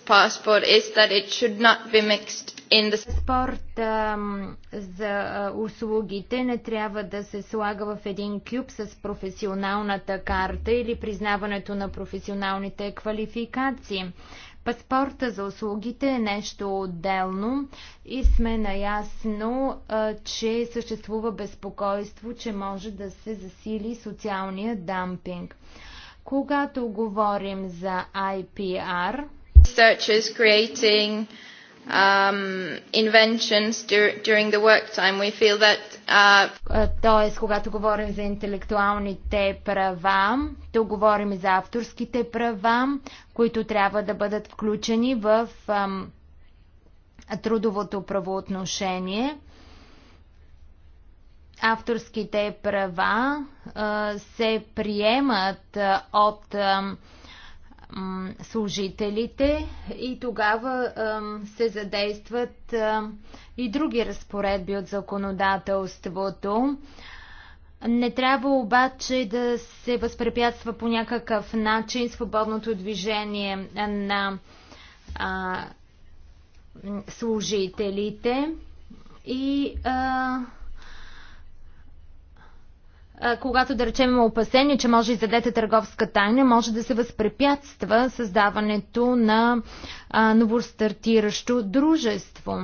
Паспорт за услугите не трябва да се слага в един кюб с професионалната карта или признаването на професионалните квалификации. Паспорта за услугите е нещо отделно и сме наясно, че съществува безпокойство, че може да се засили социалния дампинг. Когато говорим за IPR, um, inventions dur- during the work time. We feel that uh... Тоест, когато говорим за интелектуалните права, то говорим и за авторските права, които трябва да бъдат включени в um, трудовото правоотношение. Авторските права uh, се приемат uh, от uh, служителите и тогава се задействат и други разпоредби от законодателството. Не трябва обаче да се възпрепятства по някакъв начин свободното движение на а, служителите и а, когато да речем има опасение, че може да издадете търговска тайна, може да се възпрепятства създаването на а, новостартиращо дружество.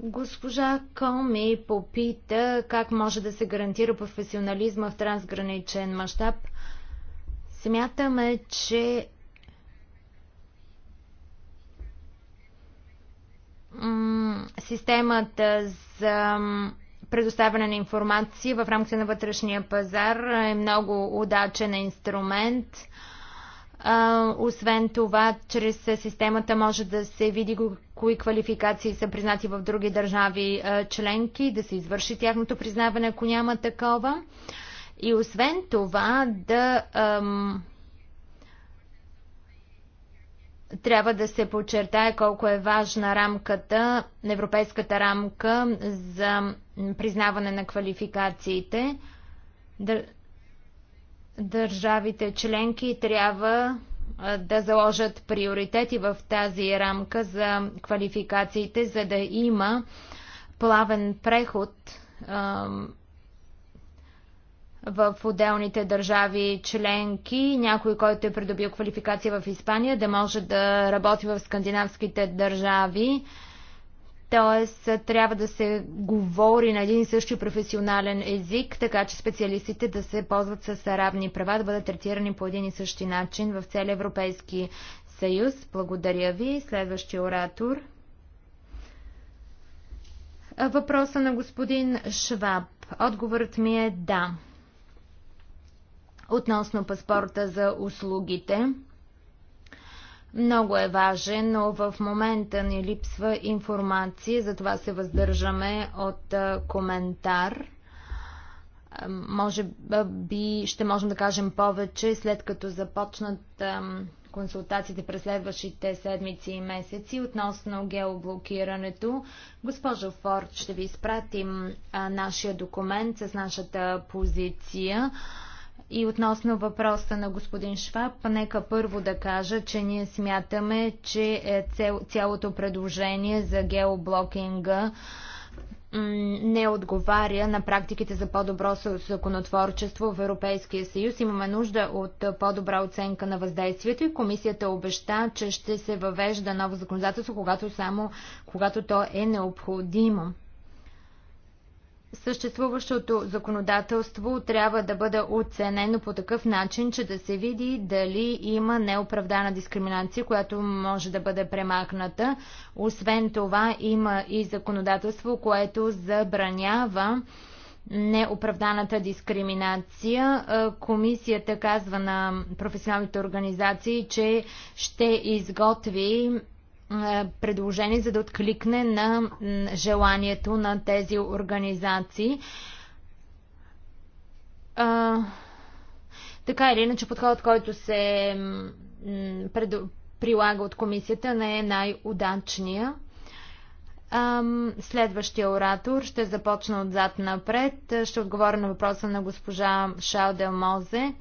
Госпожа Коми попита как може да се гарантира професионализма в трансграничен мащаб. Смятаме, че системата за предоставяне на информация в рамките на вътрешния пазар е много удачен инструмент. Освен това, чрез системата може да се види кои квалификации са признати в други държави членки, да се извърши тяхното признаване, ако няма такова. И освен това, да трябва да се подчертае колко е важна рамката, европейската рамка за признаване на квалификациите. Държавите членки трябва да заложат приоритети в тази рамка за квалификациите, за да има плавен преход в отделните държави членки, някой, който е придобил квалификация в Испания, да може да работи в скандинавските държави. Тоест, трябва да се говори на един и същи професионален език, така че специалистите да се ползват с равни права, да бъдат третирани по един и същи начин в целия Европейски съюз. Благодаря ви. Следващия оратор. Въпроса на господин Шваб. Отговорът ми е да. Относно паспорта за услугите, много е важен, но в момента ни липсва информация, затова се въздържаме от коментар. Може би ще можем да кажем повече, след като започнат консултациите през следващите седмици и месеци относно геоблокирането. Госпожо Форд, ще ви изпратим нашия документ с нашата позиция. И относно въпроса на господин Шваб, нека първо да кажа, че ние смятаме, че е цял, цялото предложение за геоблокинга не отговаря на практиките за по-добро законотворчество в Европейския съюз. Имаме нужда от по-добра оценка на въздействието и комисията обеща, че ще се въвежда ново законодателство, когато, само, когато то е необходимо. Съществуващото законодателство трябва да бъде оценено по такъв начин, че да се види дали има неоправдана дискриминация, която може да бъде премахната. Освен това има и законодателство, което забранява неоправданата дискриминация. Е, комисията казва на професионалните организации, че ще изготви е, предложение, за да откликне на желанието на тези организации. А, така или иначе, подходът, който се пред, прилага от комисията, не е най-удачния. Следващия оратор ще започна отзад напред. Ще отговоря на въпроса на госпожа Шалдел Мозе.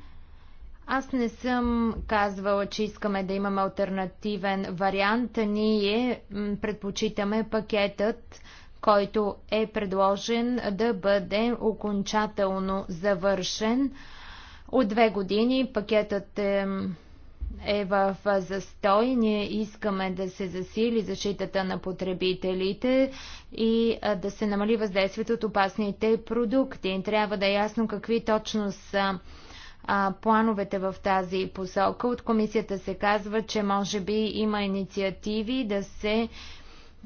Аз не съм казвала, че искаме да имаме альтернативен вариант. Ние предпочитаме пакетът, който е предложен да бъде окончателно завършен. От две години пакетът е, е в застой. Ние искаме да се засили защитата на потребителите и да се намали въздействието от опасните продукти. Трябва да е ясно какви точно са а, плановете в тази посока. От комисията се казва, че може би има инициативи да се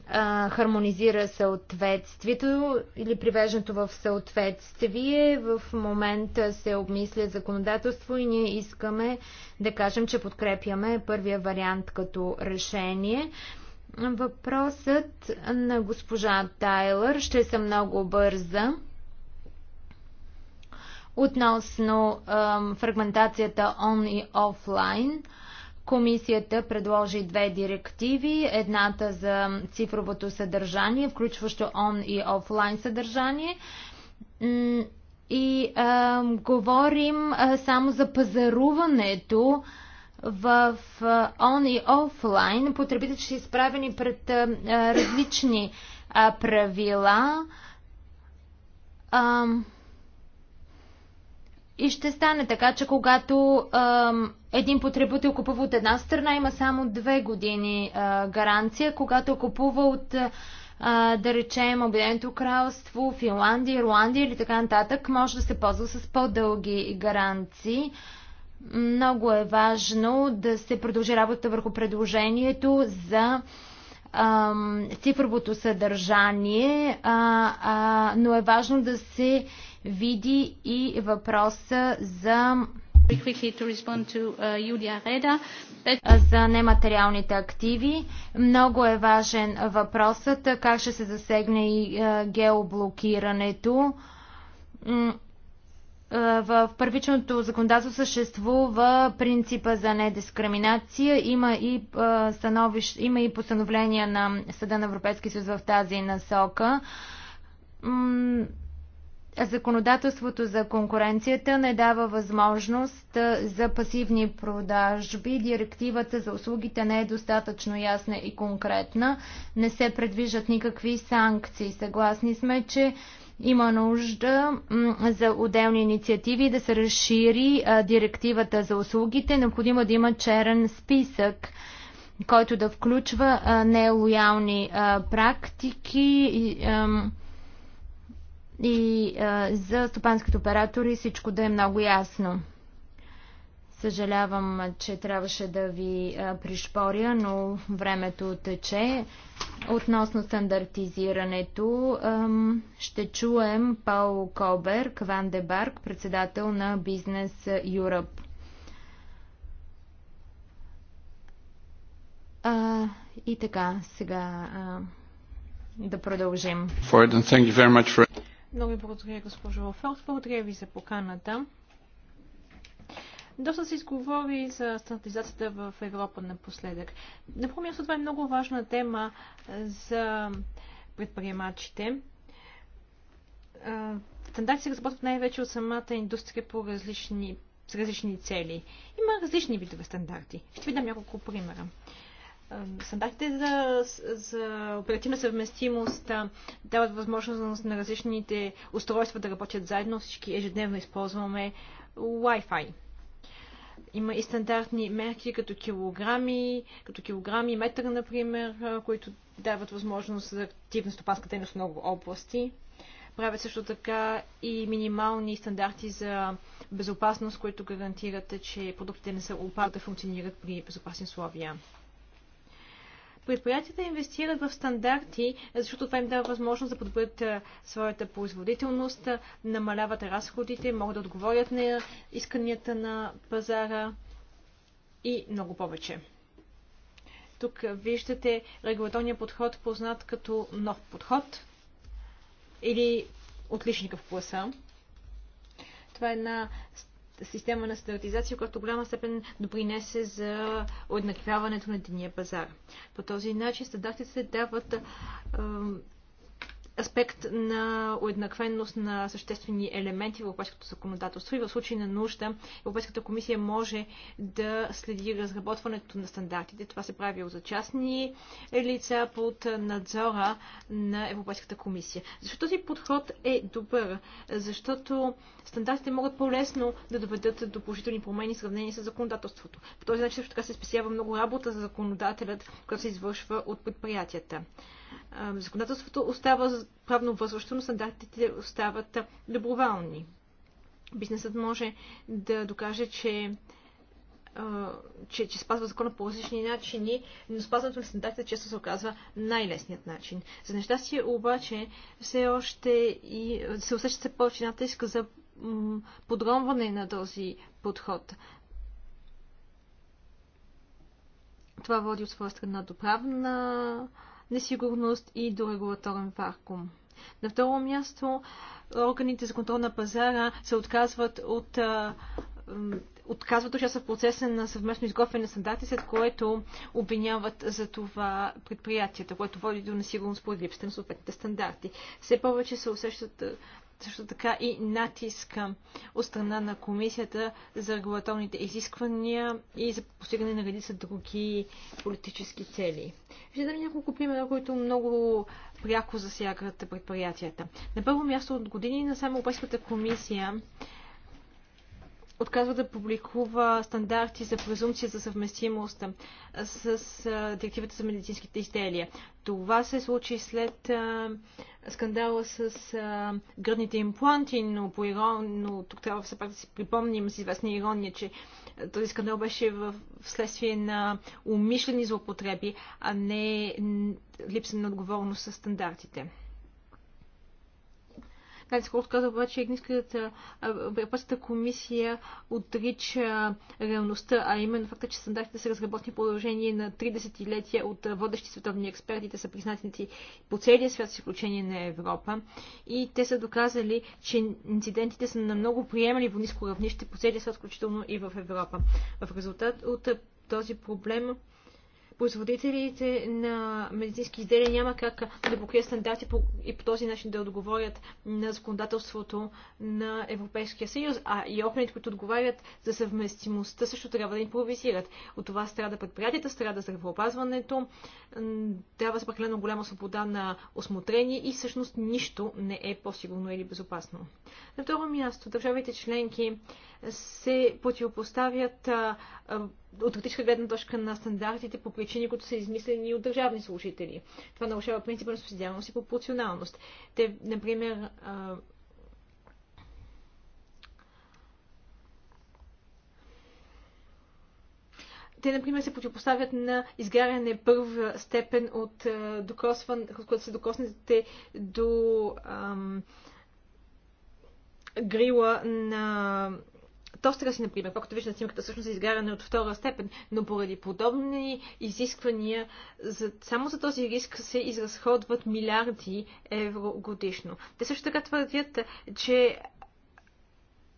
а, хармонизира съответствието или привеждането в съответствие. В момента се обмисля законодателство и ние искаме да кажем, че подкрепяме първия вариант като решение. Въпросът на госпожа Тайлър ще съм много бърза. Относно ем, фрагментацията он и офлайн, комисията предложи две директиви. Едната за цифровото съдържание, включващо он и офлайн съдържание. И а, говорим а, само за пазаруването в а, он и офлайн. Потребителите са изправени пред а, различни а, правила. А, и ще стане така, че когато а, един потребител купува от една страна, има само две години а, гаранция. Когато купува от, а, да речем, Обединеното кралство, Финландия, Ирландия или така нататък, може да се ползва с по-дълги гаранции. Много е важно да се продължи работа върху предложението за а, цифровото съдържание, а, а, но е важно да се види и въпроса за uh, за нематериалните активи. Много е важен въпросът как ще се засегне и геоблокирането е, в първичното законодателство съществува принципа за недискриминация. Има и, е, становищ, има и постановление на Съда на Европейския съюз в тази насока. Законодателството за конкуренцията не дава възможност е, за пасивни продажби. Директивата за услугите не е достатъчно ясна и конкретна. Не се предвиждат никакви санкции. Съгласни сме, че има нужда за отделни инициативи да се разшири директивата за услугите. Необходимо е да има черен списък, който да включва нелоялни практики и, и за стопанските оператори всичко да е много ясно. Съжалявам, че трябваше да ви пришпоря, но времето тече. Относно стандартизирането ще чуем Паул Кобер, Кван Дебарк, председател на Бизнес Юръп. И така, сега да продължим. Много ви благодаря, госпожо Офелт. Благодаря ви за поканата. Доста се изговори за стандартизацията в Европа напоследък. На първо място това е много важна тема за предприемачите. Стандарти се разработват най-вече от самата индустрия по различни, с различни цели. Има различни видове стандарти. Ще ви дам няколко примера стандартите за, за оперативна съвместимост дават възможност на различните устройства да работят заедно. Всички ежедневно използваме Wi-Fi. Има и стандартни мерки като килограми, като килограми метър, например, които дават възможност за активна стопанска дейност в много области. Правят също така и минимални стандарти за безопасност, които гарантират, че продуктите не са опасни да функционират при безопасни условия. Предприятията инвестират в стандарти, защото това им дава възможност да подобрят своята производителност, намаляват разходите, могат да отговорят на исканията на пазара и много повече. Тук виждате регулаторния подход, познат като нов подход или отличника в класа. Това е една система на стандартизация, която в голяма степен допринесе за уеднаквяването на единия пазар. По този начин стандартите дават аспект на уеднаквеност на съществени елементи в европейското законодателство и в случай на нужда Европейската комисия може да следи разработването на стандартите. Това се прави за частни лица под надзора на Европейската комисия. Защо този подход е добър? Защото стандартите могат по-лесно да доведат до положителни промени в сравнение с законодателството. По този начин също така се спесява много работа за законодателят, която се извършва от предприятията законодателството остава правно възващо, но стандартите остават доброволни. Бизнесът може да докаже, че че, че спазва закона по различни начини, но спазването на стандартите често се оказва най-лесният начин. За нещастие обаче все още и се усеща се повече натиск за подронване на този подход. Това води от своя страна до правна несигурност и до регулаторен вакуум. На второ място, органите за контрол на пазара се отказват от отказват участва в процеса на съвместно изготвяне на стандарти, след което обвиняват за това предприятията, което води до несигурност по липсата на съответните стандарти. Все повече се усещат също така и натиска от страна на комисията за регулаторните изисквания и за постигане на редица други политически цели. Ще дам няколко примера, които много пряко засягат предприятията. На първо място от години на само Европейската комисия отказва да публикува стандарти за презумпция за съвместимост с директивата за медицинските изделия. Това се случи след скандала с гръдните импланти, но, по ирон, но тук трябва все пак да си припомним с известна ирония, че този скандал беше в, вследствие на умишлени злоупотреби, а не липса на отговорност с стандартите. Най-скоро каза обаче Игниската Европейската комисия отрича реалността, а именно факта, че стандартите са разработни в продължение на 30 десетилетия от водещи световни експерти. Те са признати по целия свят, с изключение на Европа. И те са доказали, че инцидентите са на много приемливо ниско равнище по целия свят, включително и в Европа. В резултат от този проблем производителите на медицински изделия няма как да покрият стандарти и по този начин да отговорят на законодателството на Европейския съюз, а и органите, които отговарят за съвместимостта, също трябва да импровизират. От това страда предприятията, страда здравеопазването, трябва прекалено голяма свобода на осмотрение и всъщност нищо не е по-сигурно или безопасно. На второ място, държавите членки се противопоставят от критична гледна точка на стандартите по причина причини, които са измислени от държавни служители. Това нарушава принципа на субсидиарност и пропорционалност. Те, например, те, например, се противопоставят на изгаряне първа степен от докосван, което се докоснете до ам, грила на тостера си, например, както виждате на снимката, всъщност е изгаряне от втора степен, но поради подобни изисквания, за, само за този риск се изразходват милиарди евро годишно. Те също така твърдят, че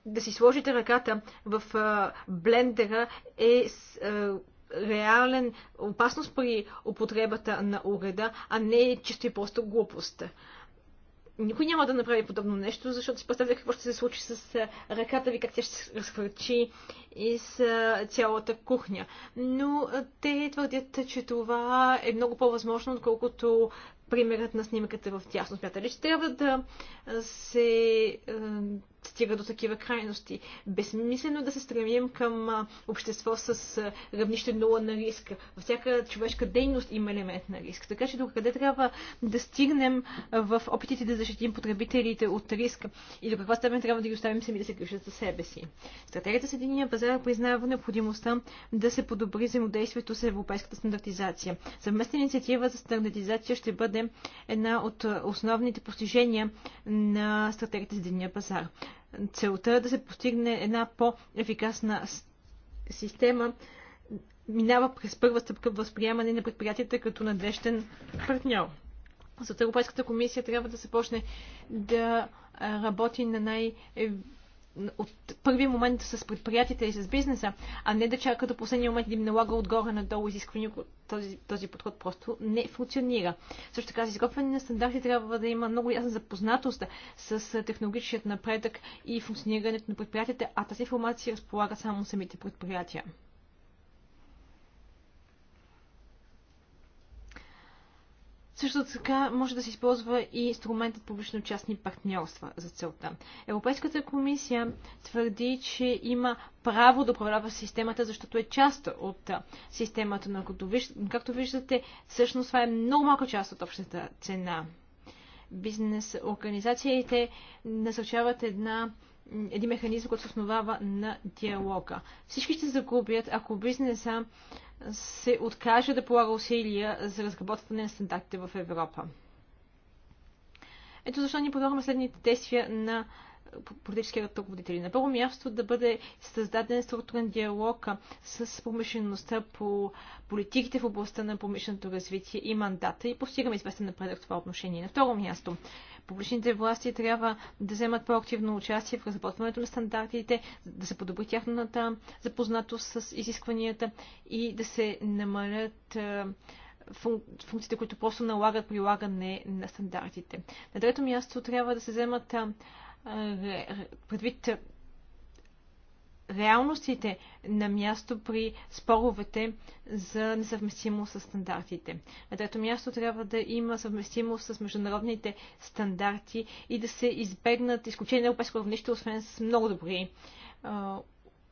да си сложите ръката в а, блендера е а, реален опасност при употребата на уреда, а не чисто и просто глупост никой няма да направи подобно нещо, защото си представя какво ще се случи с ръката ви, как тя ще се разхвърчи и с цялата кухня. Но те твърдят, че това е много по-възможно, отколкото примерът на снимката в тясно. Смятали, че трябва да се стига до такива крайности. Безмислено да се стремим към общество с равнище нула на риска. Във всяка човешка дейност има елемент на риск. Така че до къде трябва да стигнем в опитите да защитим потребителите от риска и до каква степен трябва да ги оставим сами да се грижат за себе си. Стратегията с единия пазар признава необходимостта да се подобри взаимодействието с европейската стандартизация. Съвместна инициатива за стандартизация ще бъде една от основните постижения на стратегията с единия пазар целта е да се постигне една по-ефикасна система минава през първа стъпка възприемане на предприятията като надежден партньор. Зато Европейската комисия трябва да се почне да работи на най от първия момент с предприятията и с бизнеса, а не да чака до последния момент да им налага отгоре надолу изисквания. Този, този подход просто не функционира. Също така, за изготвяне на стандарти трябва да има много ясна запознатост с технологичният напредък и функционирането на предприятията, а тази информация разполага само самите предприятия. Също така може да се използва и инструментът публично-частни партньорства за целта. Европейската комисия твърди, че има право да управлява системата, защото е част от системата на Както виждате, всъщност това е много малка част от общата цена. Бизнес организациите насърчават една един механизъм, който се основава на диалога. Всички ще загубят, ако бизнеса се откаже да полага усилия за разработване на стандартите в Европа. Ето защо ние подлагаме следните действия на политически ръководители. На първо място да бъде създаден структурен диалог с промишлеността по политиките в областта на промишленото развитие и мандата и постигаме известен напредък в това отношение. На второ място Публичните власти трябва да вземат по-активно участие в разработването на стандартите, да се подобри тяхната запознатост с изискванията и да се намалят функциите, които просто налагат прилагане на стандартите. На трето място трябва да се вземат предвид реалностите на място при споровете за несъвместимост с стандартите. На трето място трябва да има съвместимост с международните стандарти и да се избегнат изключения на европейско равнище, освен с много добри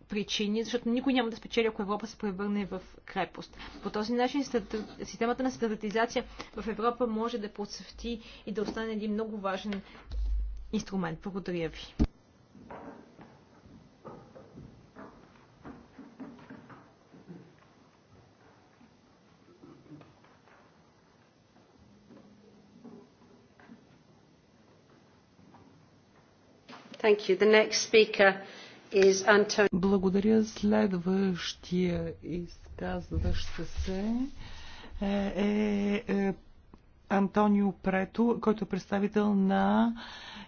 причини, защото никой няма да спечели, ако Европа се превърне в крепост. По този начин системата на стандартизация в Европа може да подсъвти и да остане един много важен инструмент. Благодаря ви. Благодаря. Следващия изказващ се е, е, е Антонио Прето, който е представител на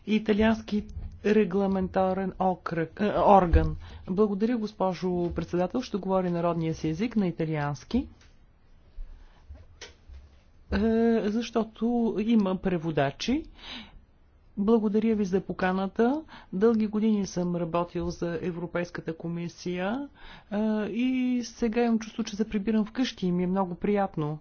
италиански регламентарен окръг, е, орган. Благодаря, госпожо председател. Ще говори народния си език на италиански. Е, защото има преводачи. Благодаря ви за поканата. Дълги години съм работил за Европейската комисия и сега имам чувство, че се прибирам вкъщи и ми е много приятно.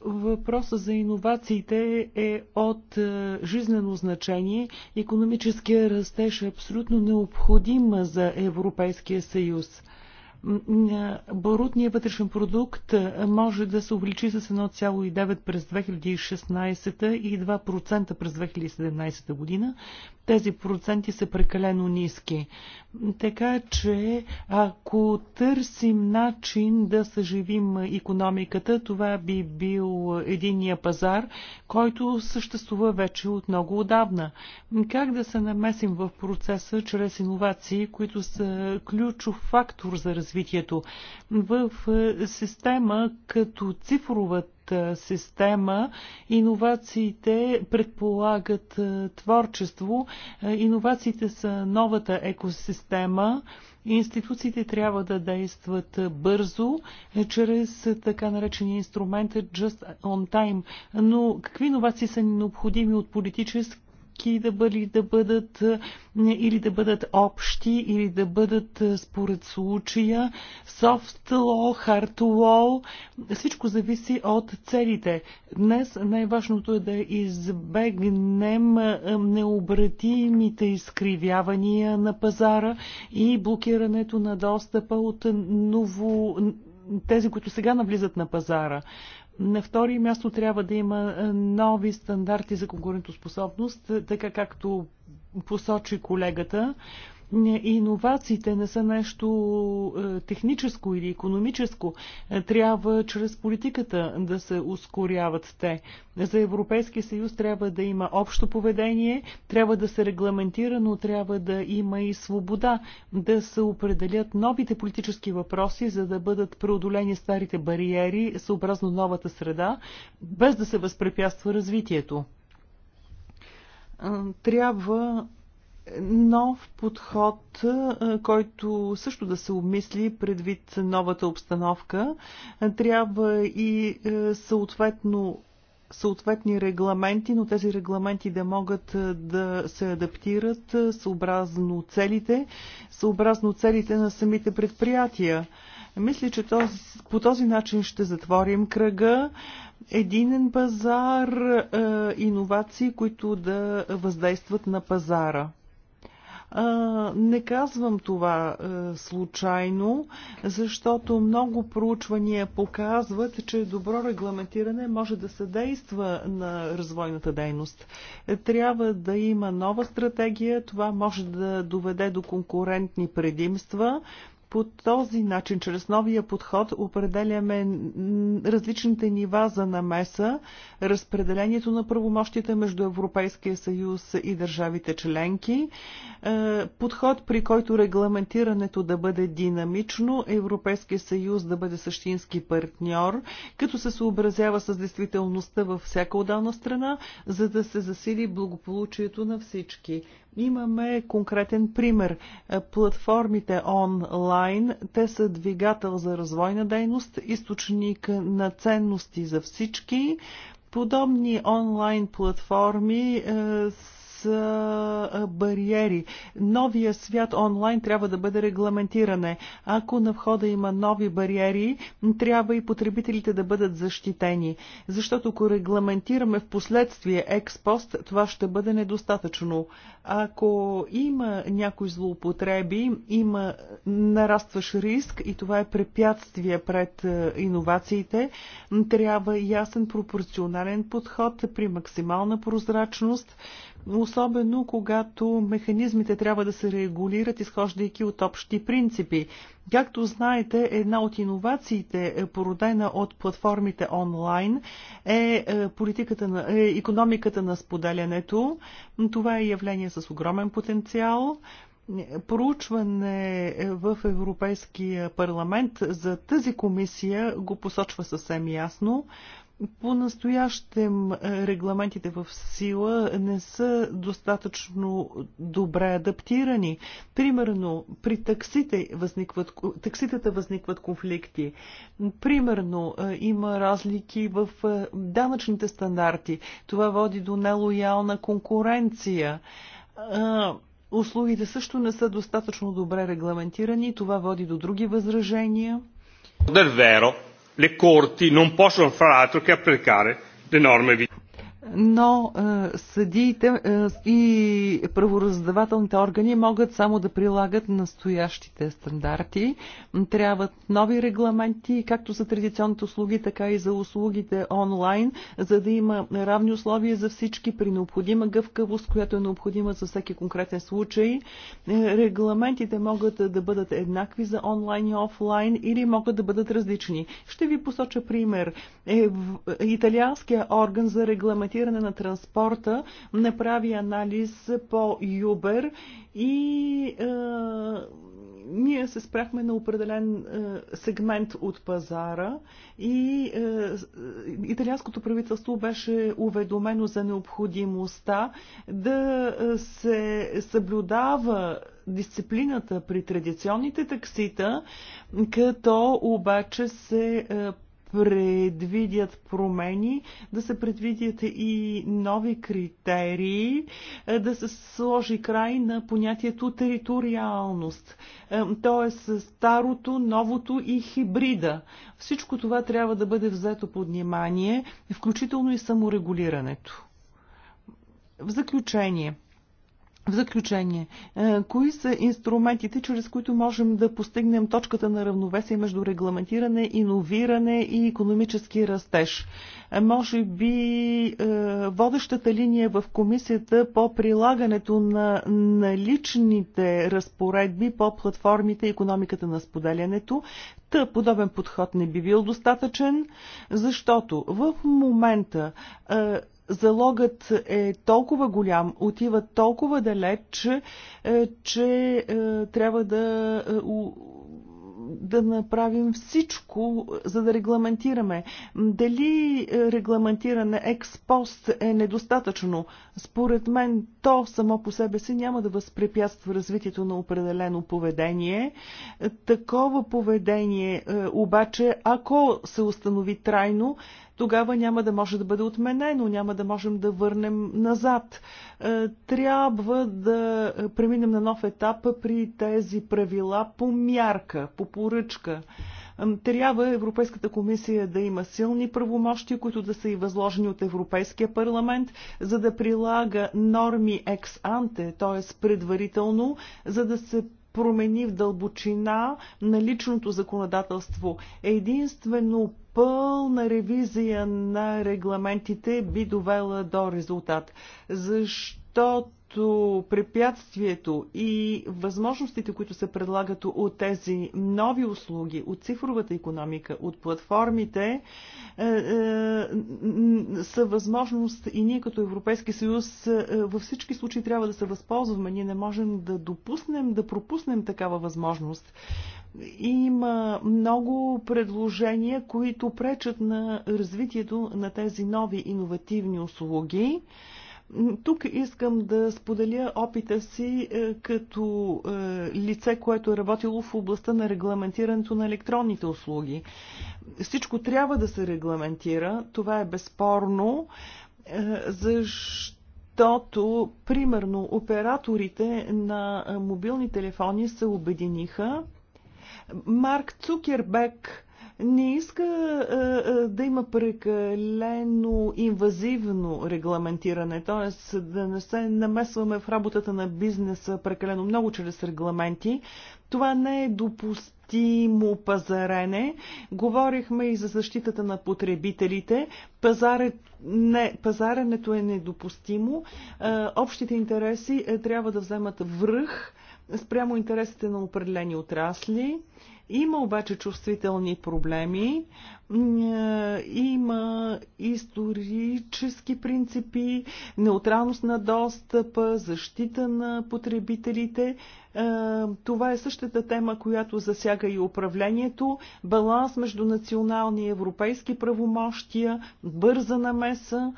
Въпросът за иновациите е от жизнено значение. Економическия растеж е абсолютно необходим за Европейския съюз. Борутният вътрешен продукт може да се увеличи с 1,9 през 2016 и 2% през 2017 година. Тези проценти са прекалено ниски. Така че, ако търсим начин да съживим економиката, това би бил единия пазар, който съществува вече от много отдавна. Как да се намесим в процеса чрез иновации, които са ключов фактор за развитие развитието. В е, система като цифровата е, система иновациите предполагат е, творчество. Иновациите са новата екосистема. Институциите трябва да действат бързо, чрез така наречения инструмент Just on Time. Но какви иновации са необходими от политически всички да бъли, да бъдат е, или да бъдат общи, или да бъдат е, според случая, soft law, hard law, всичко зависи от целите. Днес най-важното е да избегнем е, необратимите изкривявания на пазара и блокирането на достъпа от ново тези, които сега навлизат на пазара. На втори място трябва да има нови стандарти за конкурентоспособност, така както посочи колегата иновациите не са нещо е, техническо или економическо. Е, трябва чрез политиката да се ускоряват те. За Европейския съюз трябва да има общо поведение, трябва да се регламентира, но трябва да има и свобода, да се определят новите политически въпроси, за да бъдат преодолени старите бариери съобразно новата среда, без да се възпрепятства развитието е, трябва нов подход, който също да се обмисли предвид новата обстановка. Трябва и съответно съответни регламенти, но тези регламенти да могат да се адаптират съобразно целите, съобразно целите на самите предприятия. Мисля, че този, по този начин ще затворим кръга. Единен пазар, иновации, които да въздействат на пазара. Не казвам това е, случайно, защото много проучвания показват, че добро регламентиране може да се действа на развойната дейност. Трябва да има нова стратегия, това може да доведе до конкурентни предимства, по този начин, чрез новия подход, определяме различните нива за намеса, разпределението на правомощите между Европейския съюз и държавите членки, е, подход при който регламентирането да бъде динамично, Европейския съюз да бъде същински партньор, като се съобразява с действителността във всяка отделна страна, за да се засили благополучието на всички. Имаме конкретен пример. Платформите онлайн, те са двигател за развойна дейност, източник на ценности за всички. Подобни онлайн платформи е, а, бариери. Новия свят онлайн трябва да бъде регламентиране. Ако на входа има нови бариери, трябва и потребителите да бъдат защитени. Защото ако регламентираме в последствие експост, това ще бъде недостатъчно. Ако има някои злоупотреби, има нарастващ риск и това е препятствие пред иновациите, трябва ясен пропорционален подход при максимална прозрачност, особено когато механизмите трябва да се регулират, изхождайки от общи принципи. Както знаете, една от иновациите, е, породена от платформите онлайн, е, е политиката на, е економиката на споделянето. Това е явление с огромен потенциал проучване е, в Европейския парламент за тази комисия го посочва съвсем ясно. По-настоящем е, регламентите в сила не са достатъчно добре адаптирани. Примерно, при таксите възникват, такситата възникват конфликти. Примерно, е, има разлики в е, данъчните стандарти. Това води до нелоялна конкуренция. Услугите също не са достатъчно добре регламентирани. Това води до други възражения le corti non possono far altro che applicare le norme vigenti но е, съдиите е, и правораздавателните органи могат само да прилагат настоящите стандарти. Трябват нови регламенти, както за традиционните услуги, така и за услугите онлайн, за да има равни условия за всички при необходима гъвкавост, която е необходима за всеки конкретен случай. Е, регламентите могат да бъдат еднакви за онлайн и офлайн или могат да бъдат различни. Ще ви посоча пример. Е, в, е, италианския орган за регламент регламентиране на транспорта направи анализ по Юбер и е, ние се спряхме на определен е, сегмент от пазара и е, италианското правителство беше уведомено за необходимостта да е, се съблюдава дисциплината при традиционните таксита, като обаче се е, предвидят промени, да се предвидят и нови критерии, е, да се сложи край на понятието териториалност, т.е. старото, новото и хибрида. Всичко това трябва да бъде взето под внимание, включително и саморегулирането. В заключение – в заключение, е, кои са инструментите, чрез които можем да постигнем точката на равновесие между регламентиране, иновиране и економически растеж? Е, може би е, водещата линия в комисията по прилагането на наличните разпоредби по платформите и економиката на споделянето, Та подобен подход не би бил достатъчен, защото в момента залогът е толкова голям, отива толкова далеч, е, че е, трябва да е, да направим всичко, за да регламентираме. Дали регламентиране експост е недостатъчно? Според мен то само по себе си няма да възпрепятства развитието на определено поведение. Такова поведение обаче, ако се установи трайно, тогава няма да може да бъде отменено, няма да можем да върнем назад. Е, трябва да преминем на нов етап при тези правила по мярка, по поръчка. Е, трябва Европейската комисия да има силни правомощи, които да са и възложени от Европейския парламент, за да прилага норми екс-анте, т.е. предварително, за да се промени в дълбочина на личното законодателство. Единствено пълна ревизия на регламентите би довела до резултат. Защото като препятствието и възможностите, които се предлагат от тези нови услуги, от цифровата економика, от платформите, е, е, са възможност и ние като Европейски съюз е, е, във всички случаи трябва да се възползваме. Ние не можем да допуснем, да пропуснем такава възможност. Има много предложения, които пречат на развитието на тези нови иновативни услуги. Е, тук искам да споделя опита си е, като е, лице, което е работило в областта на регламентирането на електронните услуги. Всичко трябва да се регламентира, това е безспорно, е, защото, примерно, операторите на мобилни телефони се обединиха. Марк Цукербек не иска а, е, а, е, да има прекалено инвазивно регламентиране, т.е. да не се намесваме в работата на бизнеса прекалено много чрез регламенти. Това не е допустимо пазарене. Говорихме и за защитата на потребителите. Пазаре... Не, пазаренето е недопустимо. А, е, общите интереси е, трябва да вземат връх спрямо интересите на определени отрасли. Има обаче чувствителни проблеми, е, има исторически принципи, неутралност на достъпа, защита на потребителите. Е, това е същата тема, която засяга и управлението, баланс между национални и европейски правомощия, бърза намеса,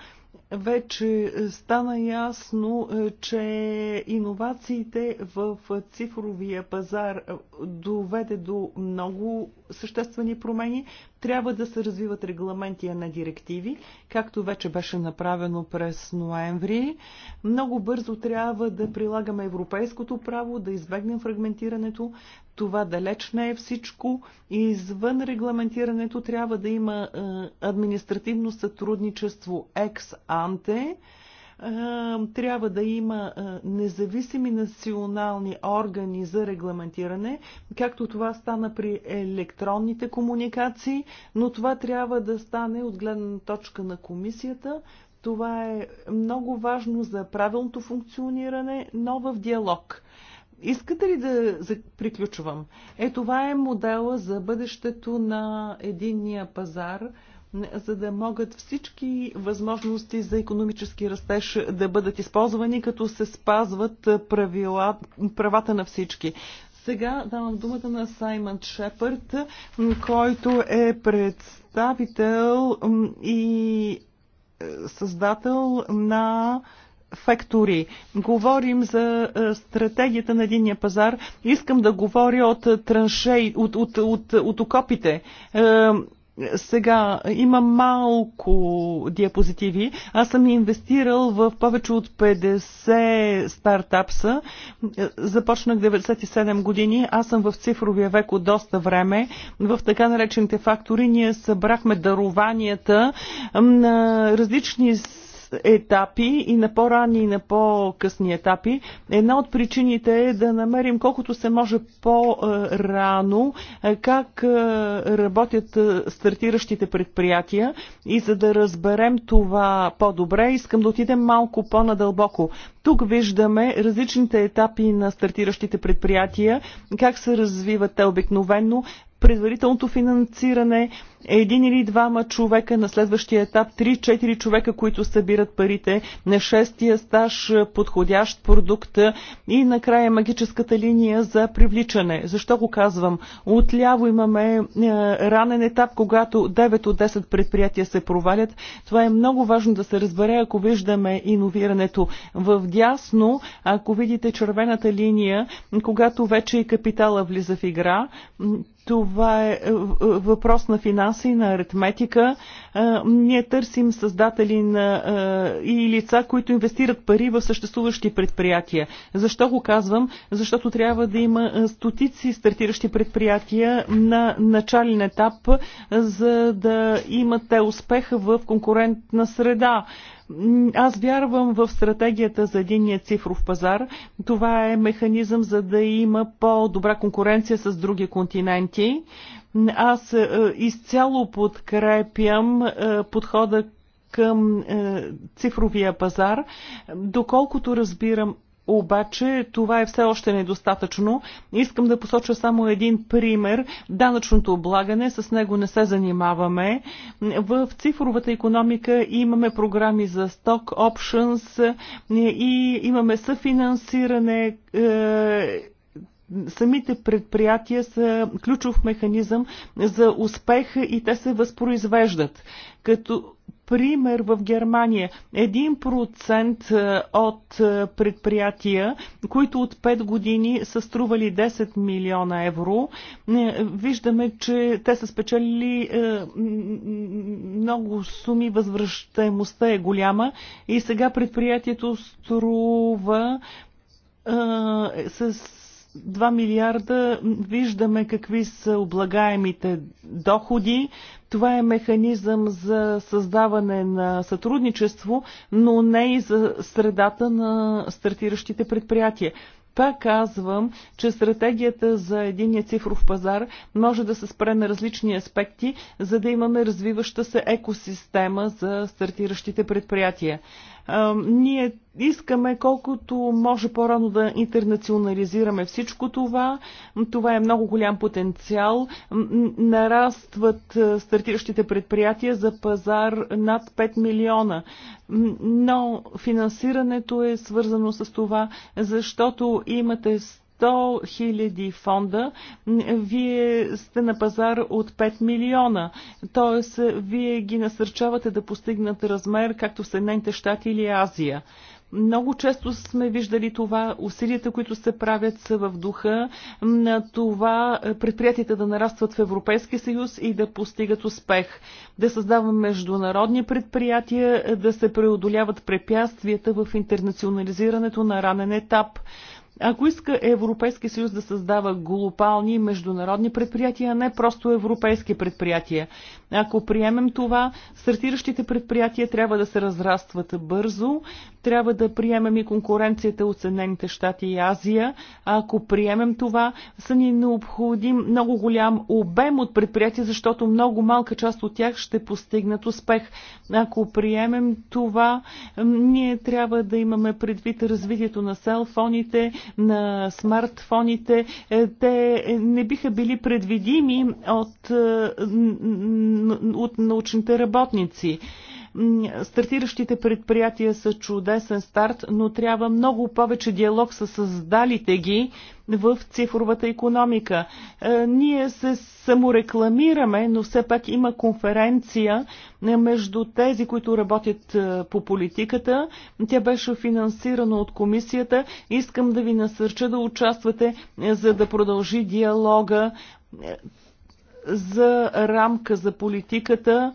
вече стана ясно, е, че иновациите в цифровия пазар е, доведе до много съществени промени. Трябва да се развиват регламенти, а не директиви, както вече беше направено през ноември. Много бързо трябва да прилагаме европейското право, да избегнем фрагментирането. Това далеч не е всичко. Извън регламентирането трябва да има е, административно сътрудничество екс-анте, трябва да има независими национални органи за регламентиране, както това стана при електронните комуникации, но това трябва да стане от гледна точка на комисията. Това е много важно за правилното функциониране, но в диалог. Искате ли да приключвам? Е, това е модела за бъдещето на единния пазар – за да могат всички възможности за економически растеж да бъдат използвани, като се спазват правила, правата на всички. Сега давам думата на Саймън Шепърт, който е представител и е, създател на фактори. Говорим за е, стратегията на единния пазар. Искам да говоря от траншей, от, от, от, от окопите. Е, сега има малко диапозитиви. Аз съм инвестирал в повече от 50 стартапса. Започнах 97 години. Аз съм в цифровия век от доста време. В така наречените фактори ние събрахме дарованията на различни етапи и на по-ранни и на по-късни етапи. Една от причините е да намерим колкото се може по-рано е, как е, работят е, стартиращите предприятия и за да разберем това по-добре, искам да отидем малко по-надълбоко. Тук виждаме различните етапи на стартиращите предприятия, как се развиват те обикновенно, предварителното финансиране, един или двама човека, на следващия етап 3-4 човека, които събират парите, на шестия стаж подходящ продукт и накрая магическата линия за привличане. Защо го казвам? Отляво имаме е, ранен етап, когато 9 от 10 предприятия се провалят. Това е много важно да се разбере, ако виждаме иновирането. В дясно, ако видите червената линия, когато вече и капитала влиза в игра, това е, е въпрос на финанс маса и на аритметика. Ние търсим създатели на, и лица, които инвестират пари в съществуващи предприятия. Защо го казвам? Защото трябва да има стотици стартиращи предприятия на начален етап, за да имат те успеха в конкурентна среда. Аз вярвам в стратегията за единния цифров пазар. Това е механизъм за да има по-добра конкуренция с други континенти. Аз е, изцяло подкрепям е, подхода към е, цифровия пазар. Доколкото разбирам, обаче това е все още недостатъчно. Искам да посоча само един пример. Данъчното облагане, с него не се занимаваме. В цифровата економика имаме програми за Stock Options и имаме съфинансиране самите предприятия са ключов механизъм за успех и те се възпроизвеждат. Като пример в Германия 1% от предприятия, които от 5 години са стрували 10 милиона евро, е, виждаме, че те са спечелили е, много суми, възвръщаемостта е голяма и сега предприятието струва е, с 2 милиарда виждаме какви са облагаемите доходи. Това е механизъм за създаване на сътрудничество, но не и за средата на стартиращите предприятия. Пак казвам, че стратегията за единия цифров пазар може да се спре на различни аспекти, за да имаме развиваща се екосистема за стартиращите предприятия. Ние искаме колкото може по-рано да интернационализираме всичко това. Това е много голям потенциал. Нарастват стартиращите предприятия за пазар над 5 милиона. Но финансирането е свързано с това, защото имате 100 000 фонда, вие сте на пазар от 5 милиона. Тоест, вие ги насърчавате да постигнат размер, както в Съединените щати или Азия. Много често сме виждали това. Усилията, които се правят са в духа на това е, предприятията да нарастват в Европейския съюз и да постигат успех. Да създаваме международни предприятия, е, да се преодоляват препятствията в интернационализирането на ранен етап. Ако иска Европейски съюз да създава глобални международни предприятия, а не просто европейски предприятия. Ако приемем това, стартиращите предприятия трябва да се разрастват бързо, трябва да приемем и конкуренцията от Съединените щати и Азия. А ако приемем това, са ни необходим много голям обем от предприятия, защото много малка част от тях ще постигнат успех. Ако приемем това, ние трябва да имаме предвид развитието на селфоните, на смартфоните, е, те не биха били предвидими от, е, от научните работници. Стартиращите предприятия са чудесен старт, но трябва много повече диалог с създалите ги в цифровата економика. Е, ние се саморекламираме, но все пак има конференция е, между тези, които работят е, по политиката. Тя беше финансирана от комисията. Искам да ви насърча да участвате, за да продължи диалога за рамка за политиката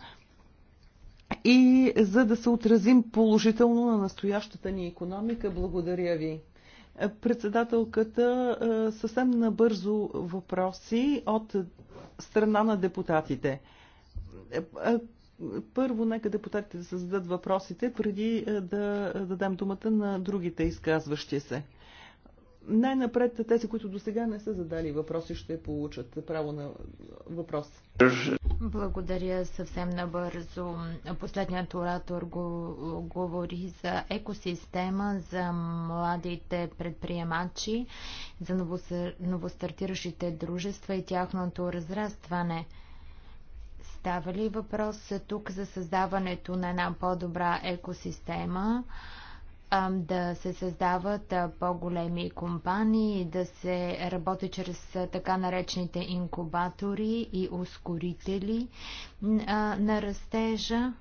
и за да се отразим положително на настоящата ни економика. Благодаря ви. Председателката е, съвсем набързо въпроси от страна на депутатите. Е, е, първо, нека депутатите да се зададат въпросите, преди да дадем думата на другите изказващи се. Най-напред тези, които до сега не са задали въпроси, ще получат право на въпрос. Благодаря съвсем набързо. Последният оратор го, говори за екосистема, за младите предприемачи, за новостартиращите дружества и тяхното разрастване. Става ли въпрос тук за създаването на една по-добра екосистема? да се създават по-големи компании, да се работи чрез така наречените инкубатори и ускорители на растежа.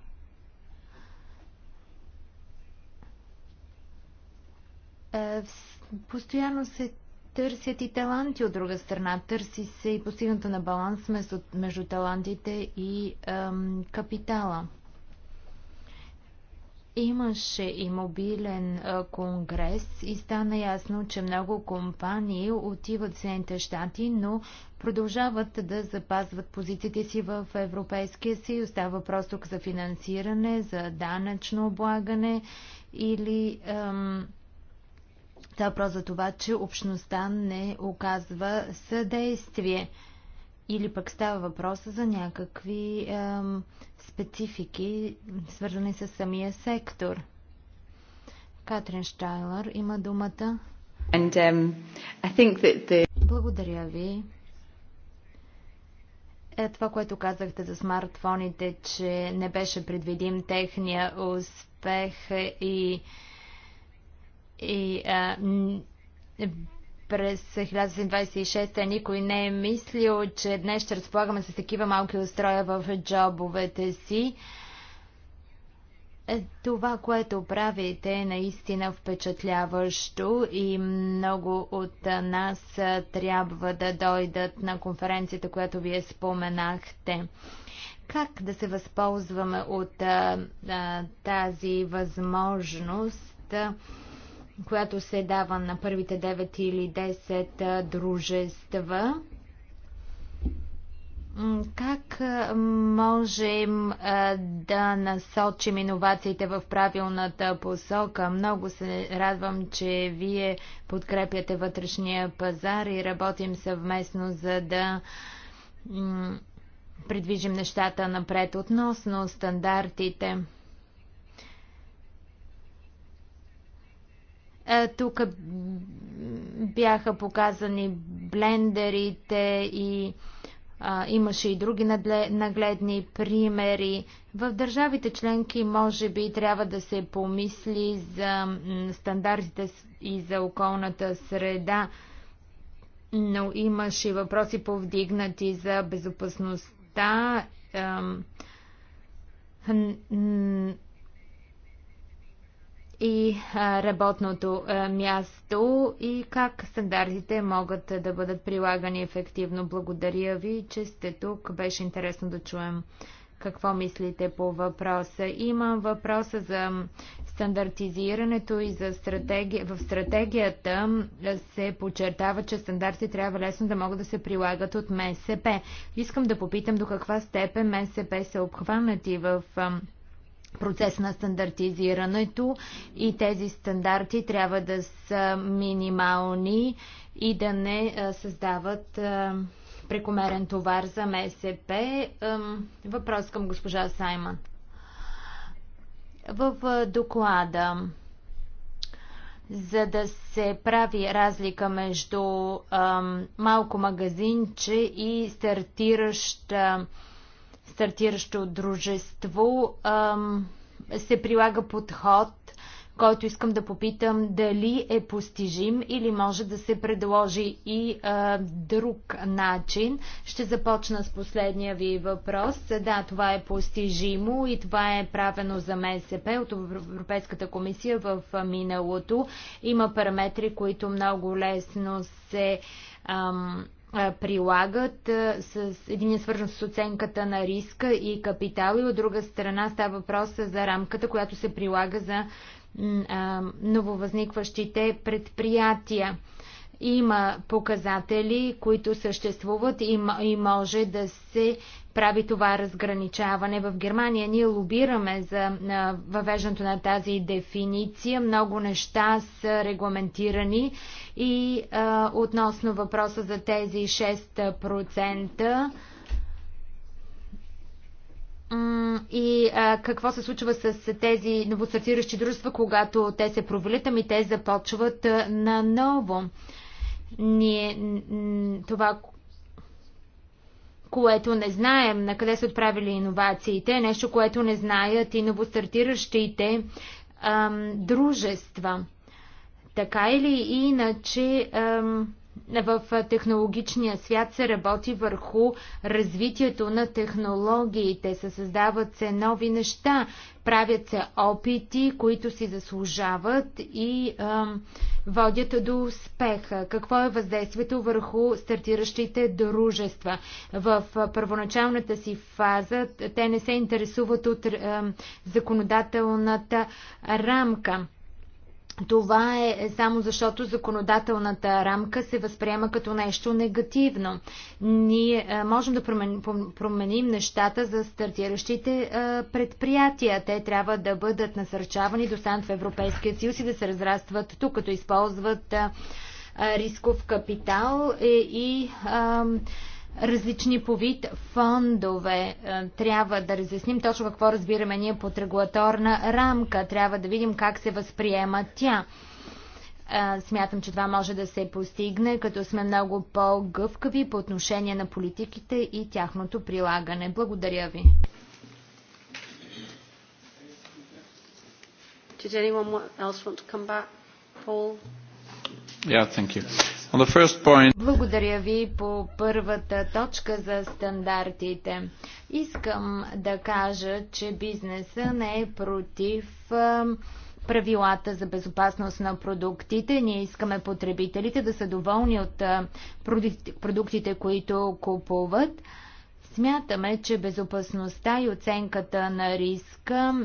Е, постоянно се търсят и таланти от друга страна. Търси се и постигнато на баланс между, талантите и капитала. Имаше и мобилен конгрес и стана ясно, че много компании отиват в Съединените щати, но продължават да запазват позициите си в Европейския съюз. Става въпрос тук за финансиране, за данъчно облагане или ем, въпрос за това, че общността не оказва съдействие или пък става въпроса за някакви е, специфики, свързани с самия сектор. Катрин Штайлер има думата. And, um, I think that the... Благодаря ви. Е, това, което казахте за смартфоните, че не беше предвидим техния успех и, и а, през 1926 никой не е мислил, че днес ще разполагаме с такива малки устроя в джобовете си. Е, това, което правите е наистина впечатляващо и много от нас трябва да дойдат на конференцията, която вие споменахте. Как да се възползваме от а, а, тази възможност? която се дава на първите 9 или 10 дружества. Как можем да насочим иновациите в правилната посока? Много се радвам, че вие подкрепяте вътрешния пазар и работим съвместно, за да придвижим нещата напред относно стандартите. Е, тук бяха показани блендерите и а, имаше и други нагледни примери. В държавите членки може би трябва да се помисли за стандартите и за околната среда, но имаше и въпроси повдигнати за безопасността и работното място и как стандартите могат да бъдат прилагани ефективно. Благодаря ви, че сте тук. Беше интересно да чуем какво мислите по въпроса. Имам въпроса за стандартизирането и за стратегия. В стратегията се подчертава, че стандарти трябва лесно да могат да се прилагат от МСП. Искам да попитам до каква степен МСП са обхванати в процес на стандартизирането и тези стандарти трябва да са минимални и да не е, създават е, прекомерен товар за МСП. Е, въпрос към госпожа Саймън. В доклада за да се прави разлика между малко магазинче и стартиращ стартиращо дружество се прилага подход, който искам да попитам дали е постижим или може да се предложи и а, друг начин. Ще започна с последния ви въпрос. Да, това е постижимо и това е правено за МСП от Европейската комисия в миналото. Има параметри, които много лесно се ам, прилагат. С, един е свързан с оценката на риска и капитал и от друга страна става въпрос за рамката, която се прилага за нововъзникващите предприятия. Има показатели, които съществуват и, и може да се прави това разграничаване. В Германия ние лобираме за въвеждането на тази дефиниция. Много неща са регламентирани и а, относно въпроса за тези 6% и а, какво се случва с тези новостартиращи дружества, когато те се провалят, ами те започват наново. ново ние това, което не знаем, на къде са отправили иновациите, е нещо, което не знаят и новостартиращите ам, дружества. Така или иначе, ам, в технологичния свят се работи върху развитието на технологиите, се създават се нови неща, правят се опити, които си заслужават и ам, водят до успеха. Какво е въздействието върху стартиращите дружества? В първоначалната си фаза те не се интересуват от ам, законодателната рамка това е само защото законодателната рамка се възприема като нещо негативно. Ние е, можем да променим нещата за стартиращите е, предприятия. Те трябва да бъдат насърчавани до в Европейския съюз и да се разрастват тук, като използват е, рисков капитал и, и различни по вид фондове. Е, трябва да разясним точно какво разбираме ние под регулаторна рамка. Трябва да видим как се възприема тя. Е, смятам, че това може да се постигне, като сме много по-гъвкави по отношение на политиките и тяхното прилагане. Благодаря ви. Did anyone else want to come back? Paul? Yeah, thank you. Благодаря ви по първата точка за стандартите. Искам да кажа, че бизнеса не е против правилата за безопасност на продуктите. Ние искаме потребителите да са доволни от продуктите, които купуват. Смятаме, че безопасността и оценката на риска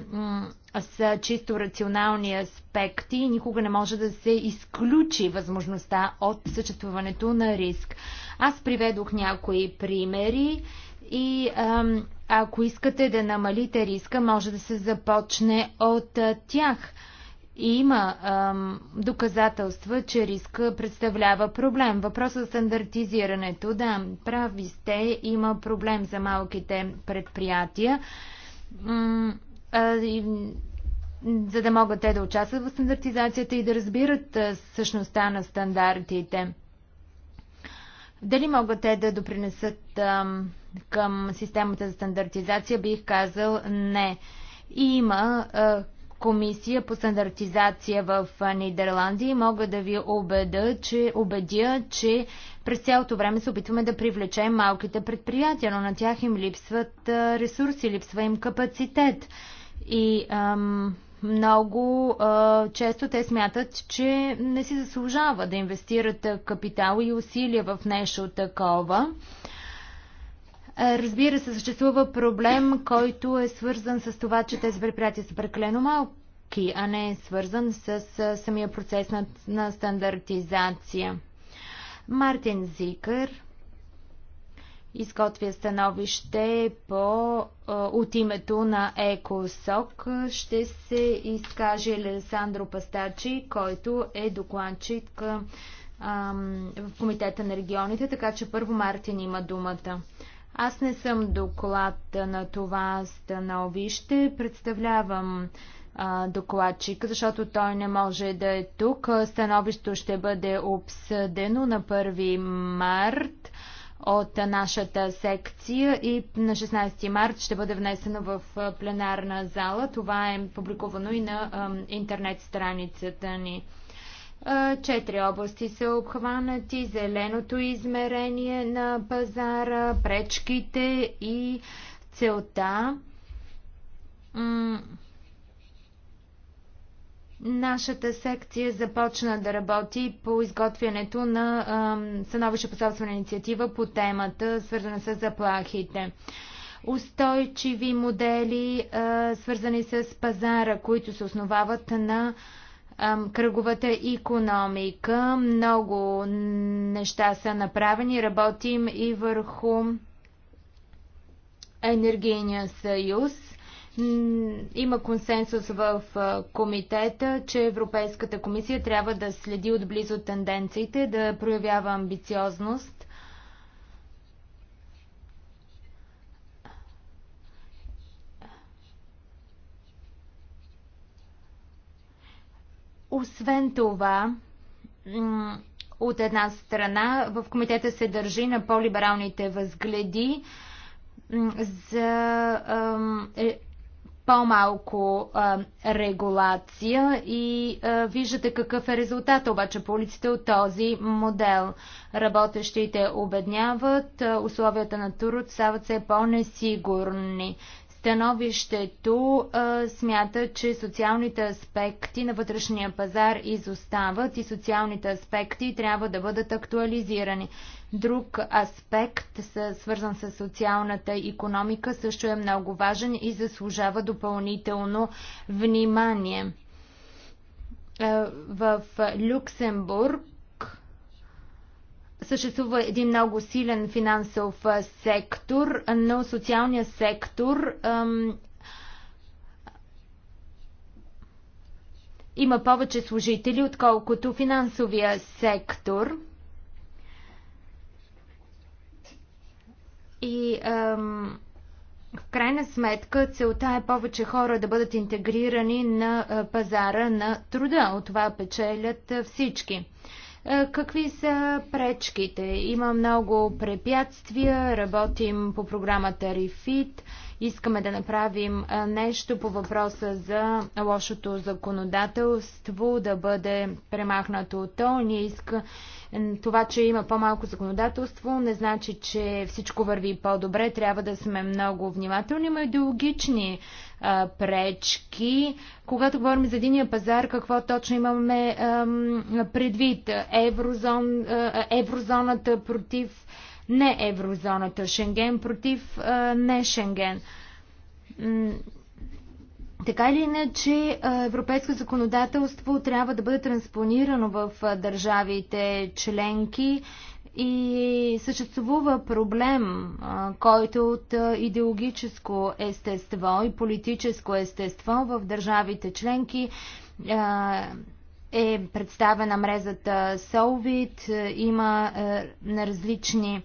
с чисто рационални аспекти и никога не може да се изключи възможността от съществуването на риск. Аз приведох някои примери и ам, ако искате да намалите риска, може да се започне от а, тях. И има ам, доказателства, че риска представлява проблем. Въпросът за стандартизирането, да, прави сте, има проблем за малките предприятия. М за да могат те да участват в стандартизацията и да разбират същността на стандартите. Дали могат те да допринесат към системата за стандартизация, бих казал не. И има комисия по стандартизация в Нидерландия и мога да ви убеда, че, убедя, че през цялото време се опитваме да привлечем малките предприятия, но на тях им липсват ресурси, липсва им капацитет. И ам, много а, често те смятат, че не си заслужава да инвестират капитал и усилия в нещо такова. Разбира се, съществува проблем, който е свързан с това, че тези предприятия са прекалено малки, а не е свързан с самия процес на, на стандартизация. Мартин Зикър изготвя становище по, от името на ЕКОСОК. Ще се изкаже Александро Пастачи, който е докладчик в Комитета на регионите, така че първо Мартин има думата. Аз не съм доклад на това становище, представлявам а, защото той не може да е тук. Становището ще бъде обсъдено на 1 март от нашата секция и на 16 март ще бъде внесено в пленарна зала. Това е публикувано и на интернет страницата ни. Четири области са обхванати зеленото измерение на пазара, пречките и целта Нашата секция започна да работи по изготвянето на съновища становище по собствена инициатива по темата, свързана с заплахите. Устойчиви модели, а, свързани с пазара, които се основават на кръговата економика. Много неща са направени. Работим и върху енергийния съюз. Има консенсус в комитета, че Европейската комисия трябва да следи отблизо тенденциите, да проявява амбициозност. Освен това, от една страна, в комитета се държи на по-либералните възгледи за е, по-малко регулация и а, виждате какъв е резултат обаче по улиците от този модел. Работещите обедняват, а, условията на труд стават все по-несигурни. Становището а, смята, че социалните аспекти на вътрешния пазар изостават и социалните аспекти трябва да бъдат актуализирани. Друг аспект, свързан с социалната економика, също е много важен и заслужава допълнително внимание. Е, в Люксембург съществува един много силен финансов сектор, но социалният сектор ам, има повече служители, отколкото финансовия сектор. И ам, в крайна сметка целта е повече хора да бъдат интегрирани на пазара на труда. От това печелят всички. Какви са пречките? Има много препятствия, работим по програмата REFIT, искаме да направим нещо по въпроса за лошото законодателство, да бъде премахнато от то. Ние искаме това, че има по-малко законодателство, не значи, че всичко върви по-добре. Трябва да сме много внимателни. Има идеологични а, пречки. Когато говорим за единия пазар, какво точно имаме а, предвид? Еврозон, а, еврозоната против не еврозоната, Шенген против а, не Шенген така или иначе, европейско законодателство трябва да бъде транспонирано в държавите членки и съществува проблем, който е от идеологическо естество и политическо естество в държавите членки е представена мрезата Солвит, има на различни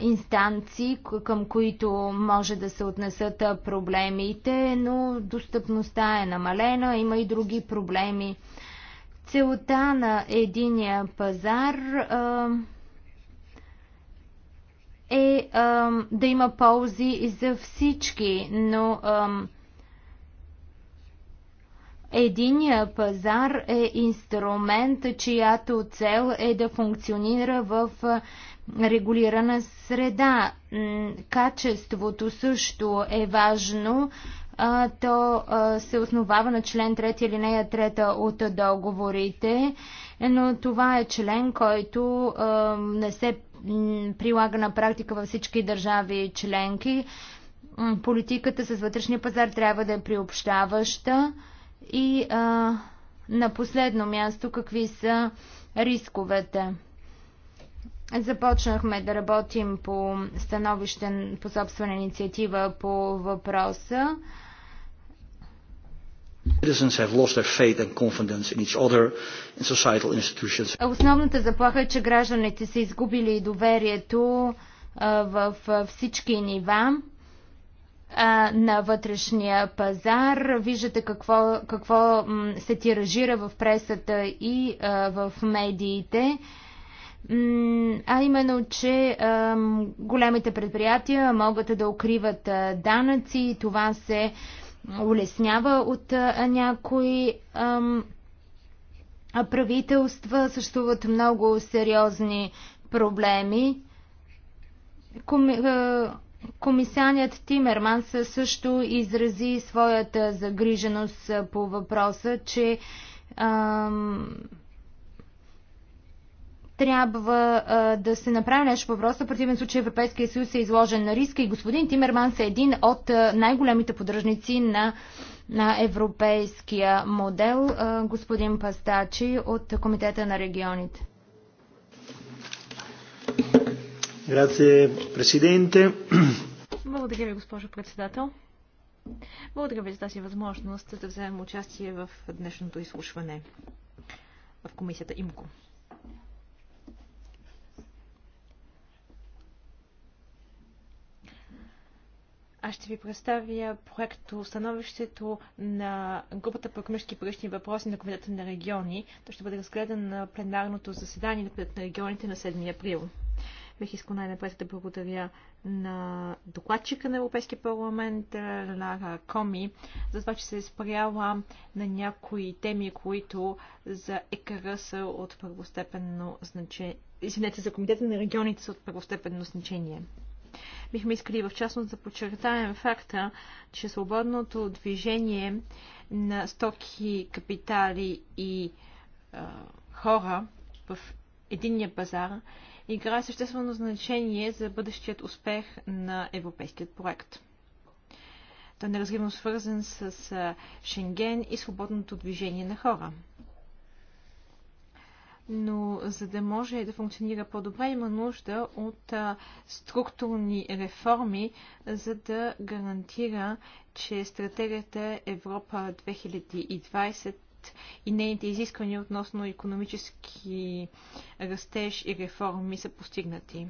инстанции, към които може да се отнесат проблемите, но достъпността е намалена, има и други проблеми. Целта на единия пазар е да има ползи за всички, но Единия пазар е инструмент, чиято цел е да функционира в регулирана среда. Качеството също е важно. То се основава на член 3 или нея 3 от договорите, но това е член, който не се прилага на практика във всички държави членки. Политиката с вътрешния пазар трябва да е приобщаваща и на последно място какви са рисковете. Започнахме да работим по становище по собствена инициатива по въпроса. Основната заплаха е, че гражданите са изгубили доверието в всички нива на вътрешния пазар. Виждате какво, какво се тиражира в пресата и в медиите а именно, че големите предприятия могат да укриват данъци, това се улеснява от някои правителства, съществуват много сериозни проблеми. Коми... Комисаният Тимерманс също изрази своята загриженост по въпроса, че трябва а, да се направи нещо по въпроса. В противен случай Европейския съюз е изложен на риска и господин Тимерманс е един от най-големите поддръжници на, на европейския модел, а, господин Пастачи от Комитета на регионите. Грация, президенте. Благодаря ви, госпожо председател. Благодаря ви за тази възможност да вземем участие в днешното изслушване в комисията ИМКО. Аз ще ви представя проекто становището на групата по економически парични въпроси на Комитета на региони. То ще бъде разгледан на пленарното заседание на Комитета на регионите на 7 април. Бих искал най-напред да благодаря на докладчика на Европейския парламент Лара Коми за това, че се е спряла на някои теми, които за ЕКР са от първостепенно значение. Извинете, за Комитета на регионите са от първостепенно значение. Бихме искали в частност да подчертаем факта, че свободното движение на стоки, капитали и е, хора в единния пазар играе съществено значение за бъдещият успех на европейският проект. Той е неразривно свързан с Шенген и свободното движение на хора но за да може да функционира по-добре, има нужда от структурни реформи, за да гарантира, че стратегията Европа 2020 и нейните изисквания относно економически растеж и реформи са постигнати.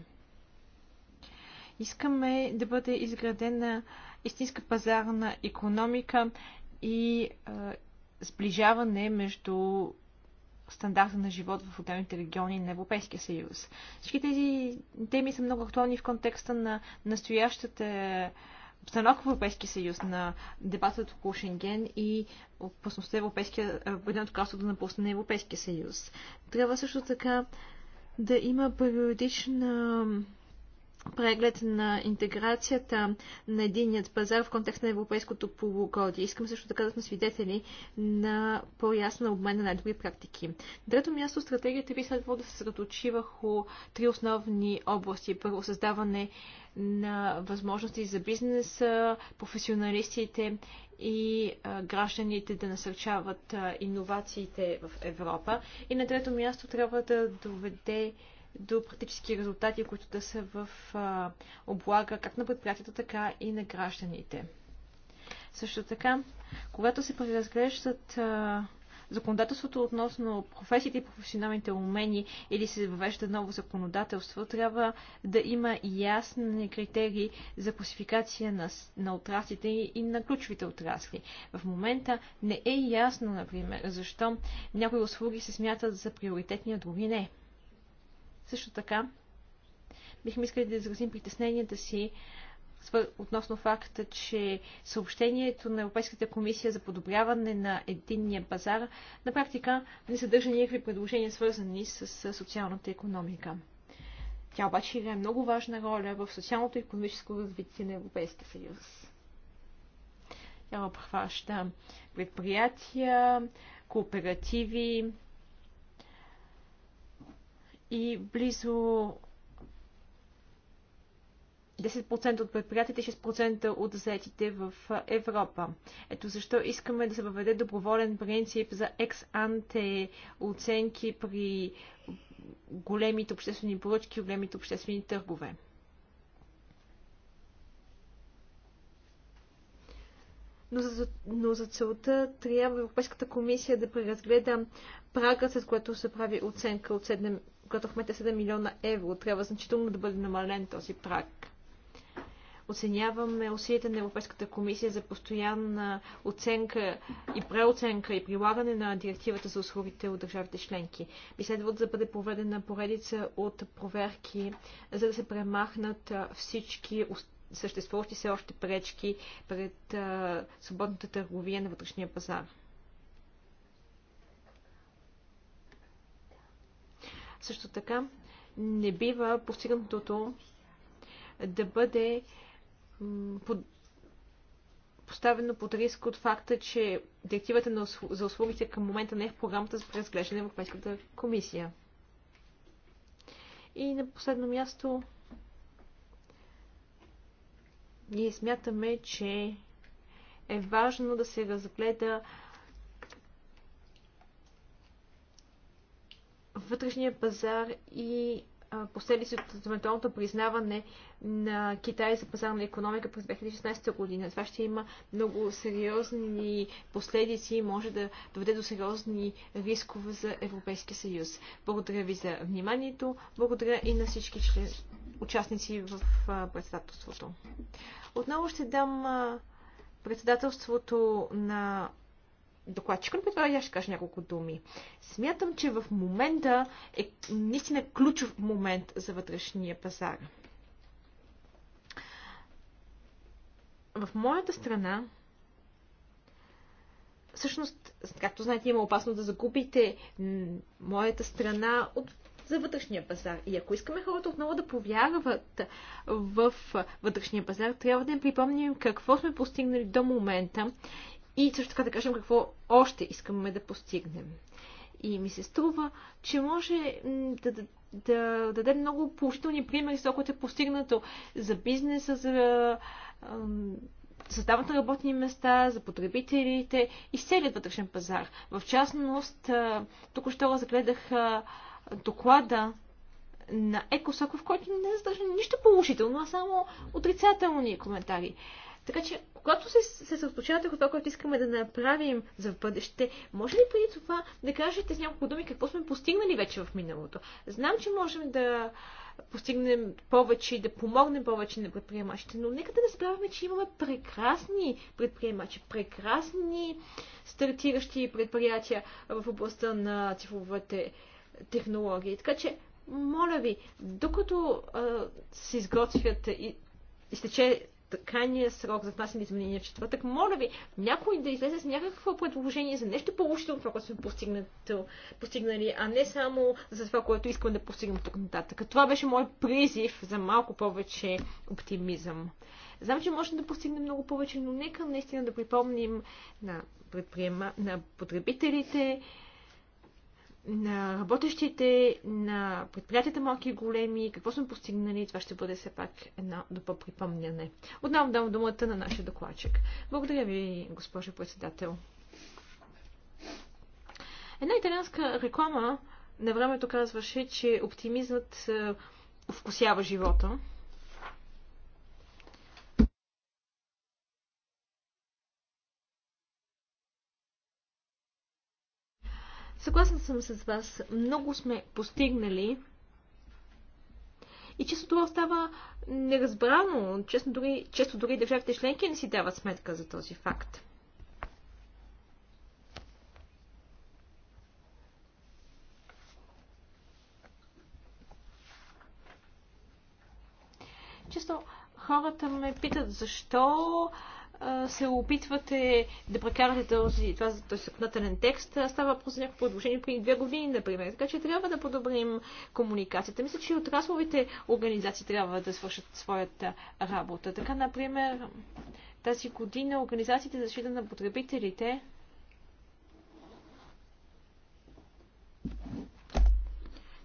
Искаме да бъде изградена истинска пазарна економика и а, сближаване между стандарта на живот в отделните региони на Европейския съюз. Всички тези теми са много актуални в контекста на настоящата обстановка в Европейския съюз, на дебатът около Шенген и опасността Европейския, Обединеното от да напусне на Европейския съюз. Трябва също така да има периодична преглед на интеграцията на единият пазар в контекст на европейското полугодие. Искам също така да сме свидетели на по-ясна обмен на най-добри практики. На трето място стратегията би следвало да се съсредоточи върху три основни области. Първо създаване на възможности за бизнеса, професионалистите и гражданите да насърчават иновациите в Европа. И на трето място трябва да доведе до практически резултати, които да са в а, облага как на предприятията, така и на гражданите. Също така, когато се преразглеждат а, законодателството относно професиите и професионалните умени или се въвежда ново законодателство, трябва да има ясни критерии за класификация на, на отраслите и на ключовите отрасли. В момента не е ясно, например, защо някои услуги се смятат за приоритетни, а други не. Също така, бихме искали да изразим притесненията си относно факта, че съобщението на Европейската комисия за подобряване на единния пазар на практика не съдържа никакви предложения, свързани с социалната економика. Тя обаче играе много важна роля в социалното и економическо развитие на Европейския съюз. Тя обхваща предприятия, кооперативи, и близо 10% от предприятите и 6% от заетите в Европа. Ето защо искаме да се въведе доброволен принцип за екс-анте оценки при големите обществени поръчки, и големите обществени търгове. но за, но за целта трябва Европейската комисия да преразгледа прага, с което се прави оценка от когато в момента 7 милиона евро. Трябва значително да бъде намален този прак. Оценяваме усилията на Европейската комисия за постоянна оценка и преоценка и прилагане на директивата за услугите от държавите членки. Би следвало да бъде проведена поредица от проверки, за да се премахнат всички съществуващи все още пречки пред свободната търговия на вътрешния пазар. Също така не бива постигнатото да бъде под... поставено под риск от факта, че директивата на услу... за услугите към момента не е в програмата за преразглеждане на Европейската комисия. И на последно място ние смятаме, че е важно да се разгледа вътрешния пазар и последици от евентуалното признаване на Китай за пазарна економика през 2016 година. Това ще има много сериозни последици и може да доведе до сериозни рискове за Европейския съюз. Благодаря ви за вниманието. Благодаря и на всички член... участници в председателството. Отново ще дам председателството на докладчика, но това я ще кажа няколко думи. Смятам, че в момента е наистина ключов момент за вътрешния пазар. В моята страна, всъщност, както знаете, има опасност да загубите моята страна от за вътрешния пазар. И ако искаме хората отново да повярват в вътрешния пазар, трябва да им припомним какво сме постигнали до момента и също така да кажем какво още искаме да постигнем. И ми се струва, че може да, да, да дадем много положителни примери за това, което е постигнато за бизнеса, за създаването на работни места, за потребителите и целият вътрешен пазар. В частност, тук още разгледах доклада на Екосоков, в който не е задържа нищо положително, а само отрицателни коментари. Така че, когато се, се състочавате от това, което искаме да направим за в бъдеще, може ли преди това да кажете с няколко думи какво сме постигнали вече в миналото? Знам, че можем да постигнем повече и да помогнем повече на предприемачите, но нека да не забравяме, че имаме прекрасни предприемачи, прекрасни стартиращи предприятия в областта на цифровите технологии. Така че, моля ви, докато а, се изготвят и изтече крайния срок за внасяне изменения в четвъртък. Моля ви, някой да излезе с някакво предложение за нещо по-лошо от това, което сме постигнали, а не само за това, което искам да постигнем тук нататък. Това беше мой призив за малко повече оптимизъм. Знам, че можем да постигнем много повече, но нека наистина да припомним на, предприема... на потребителите, на работещите, на предприятията малки и големи, какво сме постигнали, това ще бъде все пак едно добро припомняне. Отново дам думата на нашия докладчик. Благодаря ви, госпожо председател. Една италианска реклама на времето казваше, че оптимизмът вкусява живота. Съгласна съм с вас. Много сме постигнали. И често това остава неразбрано. Честно дори, често дори държавите членки не си дават сметка за този факт. Често хората ме питат защо се опитвате да прекарате този, този, този законодателен текст. Става въпрос за някакво предложение преди две години, например. Така че трябва да подобрим комуникацията. Мисля, че и отрасловите организации трябва да свършат своята работа. Така, например, тази година организациите за защита на потребителите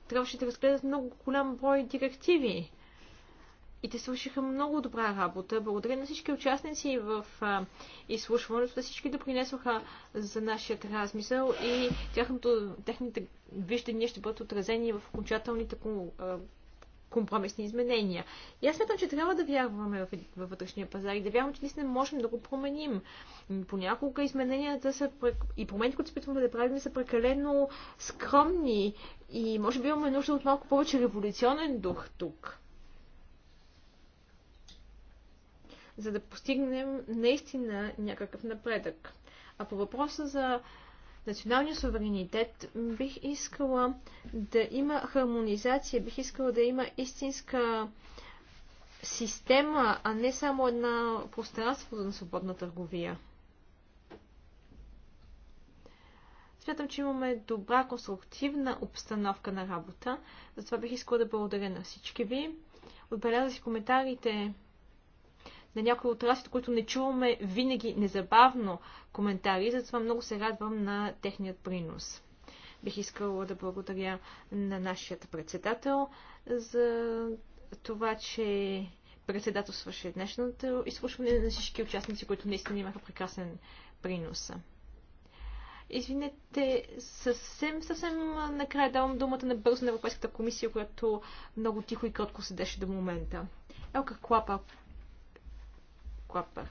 трябваше да разгледат много голям брой директиви и те свършиха много добра работа. Благодаря на всички участници в а, изслушването. Да всички допринесоха за нашия размисъл и тяхното, техните виждания ще бъдат отразени в окончателните компромисни изменения. И аз смятам, че трябва да вярваме във вътрешния пазар и да вярваме, че наистина можем да го променим. Понякога измененията са и промените, които се опитваме да правим, са прекалено скромни и може би имаме нужда от малко повече революционен дух тук. за да постигнем наистина някакъв напредък. А по въпроса за националния суверенитет бих искала да има хармонизация, бих искала да има истинска система, а не само една пространство за свободна търговия. Смятам, че имаме добра конструктивна обстановка на работа. Затова бих искала да благодаря на всички ви. Отбеляза си коментарите на някои от расите, които не чуваме винаги незабавно коментари, затова много се радвам на техният принос. Бих искала да благодаря на нашия председател за това, че председателстваше днешното изслушване на всички участници, които наистина имаха прекрасен принос. Извинете, съвсем, съвсем накрая давам думата на бързо на Европейската комисия, която много тихо и кротко седеше до момента. Елка Клапа, Клапър.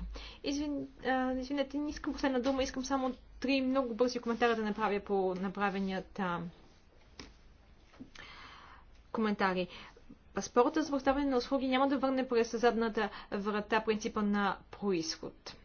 Извин, а, извинете, не искам последна дума, искам само три много бързи коментара да направя по направеният а, коментари. Паспорта за възставане на услуги няма да върне през задната врата принципа на происход.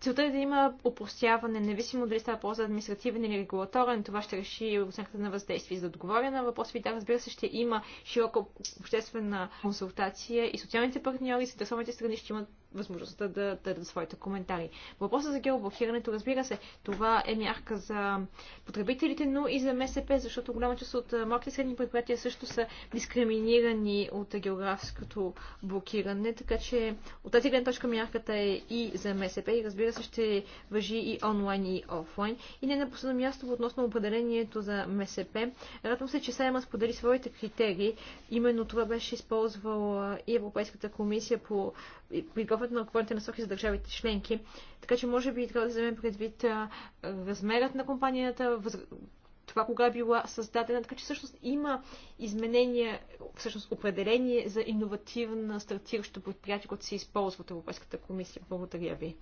Целта е да има опростяване, независимо дали става по за административен или регулаторен. Това ще реши оценката на въздействие. За да отговоря на въпрос ви, да, разбира се, ще има широка обществена консултация и социалните партньори, и страни ще имат възможността да дадат своите коментари. Въпросът за геоблокирането, разбира се, това е мярка за потребителите, но и за МСП, защото голяма част от малките средни предприятия също са дискриминирани от географското блокиране, така че от тази гледна точка мярката е и за МСП и разбира се ще въжи и онлайн и офлайн. И не на последно място относно определението за МСП. Радвам се, че Сайма сподели своите критерии. Именно това беше използвала и Европейската комисия по на изготвянето на ръководните насоки за държавите членки. Така че може би трябва да вземем предвид размерът на компанията, това кога е била създадена. Така че всъщност има изменения, всъщност определение за иновативна стартираща предприятие, което се използва от Европейската комисия. Благодаря ви.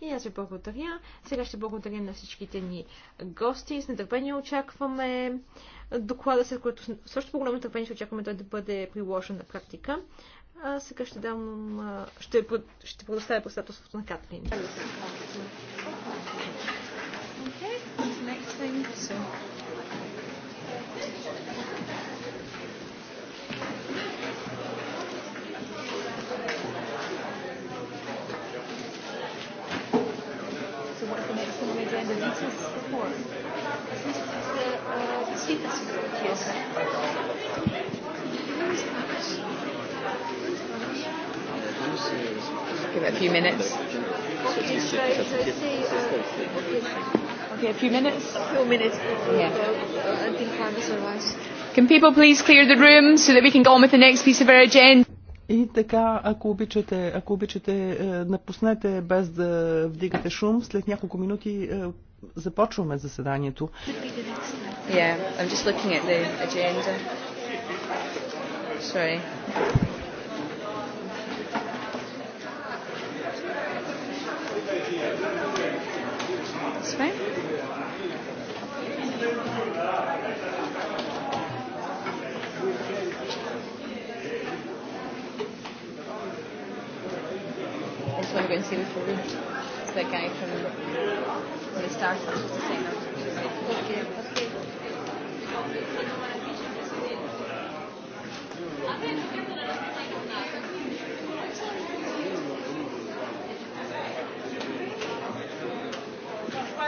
И аз ви благодаря. Сега ще благодаря на всичките ни гости. С нетърпение очакваме доклада, след което също по-голямо нетърпение ще очакваме той да бъде приложен на практика. А сега ще дам... Ще, ще предоставя посетателството на Катрин. Thank uh, you. Give it a few minutes. Okay, a few minutes. A few minutes. Yeah. Until Carlos arrives. Can people please clear the room so that we can go on with the next piece of our agenda? И така, ако обичате, ако обичате, напуснете без да вдигате шум. След няколко минути започваме заседанието. Yeah, I'm just looking at the agenda. Sorry. zwei. That's what I'm going to see guy from, the start Okay, okay.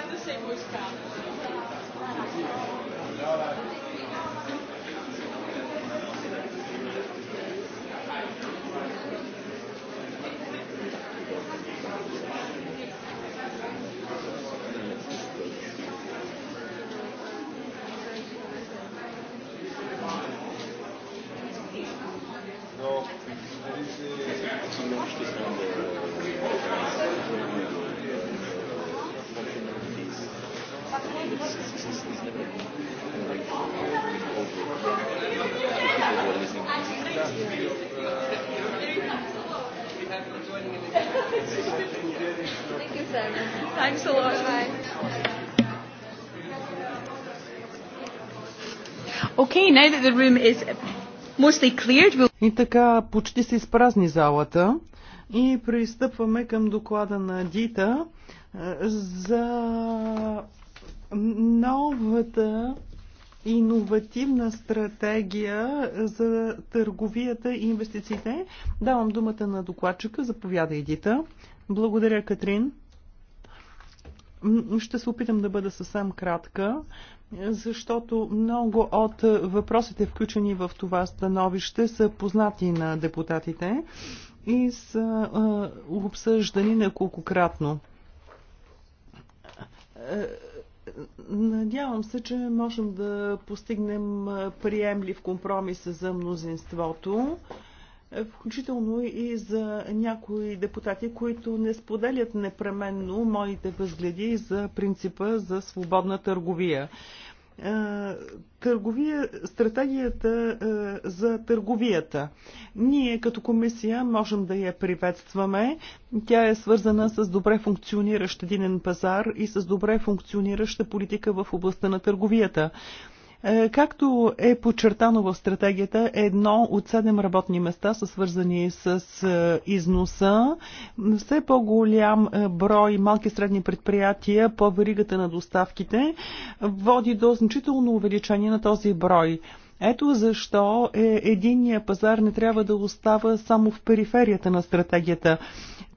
quando sei buscar. И така, почти се изпразни залата. И пристъпваме към доклада на Дита е, за новата иновативна стратегия за търговията и инвестициите. Давам думата на докладчика. Заповядай, Дита. Благодаря, Катрин. Ще се опитам да бъда съвсем кратка, защото много от въпросите, включени в това становище, са познати на депутатите и са обсъждани неколкократно. Е, надявам се, че можем да постигнем приемлив компромис за мнозинството включително и за някои депутати, които не споделят непременно моите възгледи за принципа за свободна търговия е, търговия, стратегията е, за търговията. Ние като комисия можем да я приветстваме. Тя е свързана с добре функциониращ единен пазар и с добре функционираща политика в областта на търговията. Е, както е подчертано в стратегията, едно от седем работни места са свързани с е, износа. Все по-голям е, брой малки и средни предприятия по веригата на доставките води до значително увеличение на този брой. Ето защо е, единния пазар не трябва да остава само в периферията на стратегията.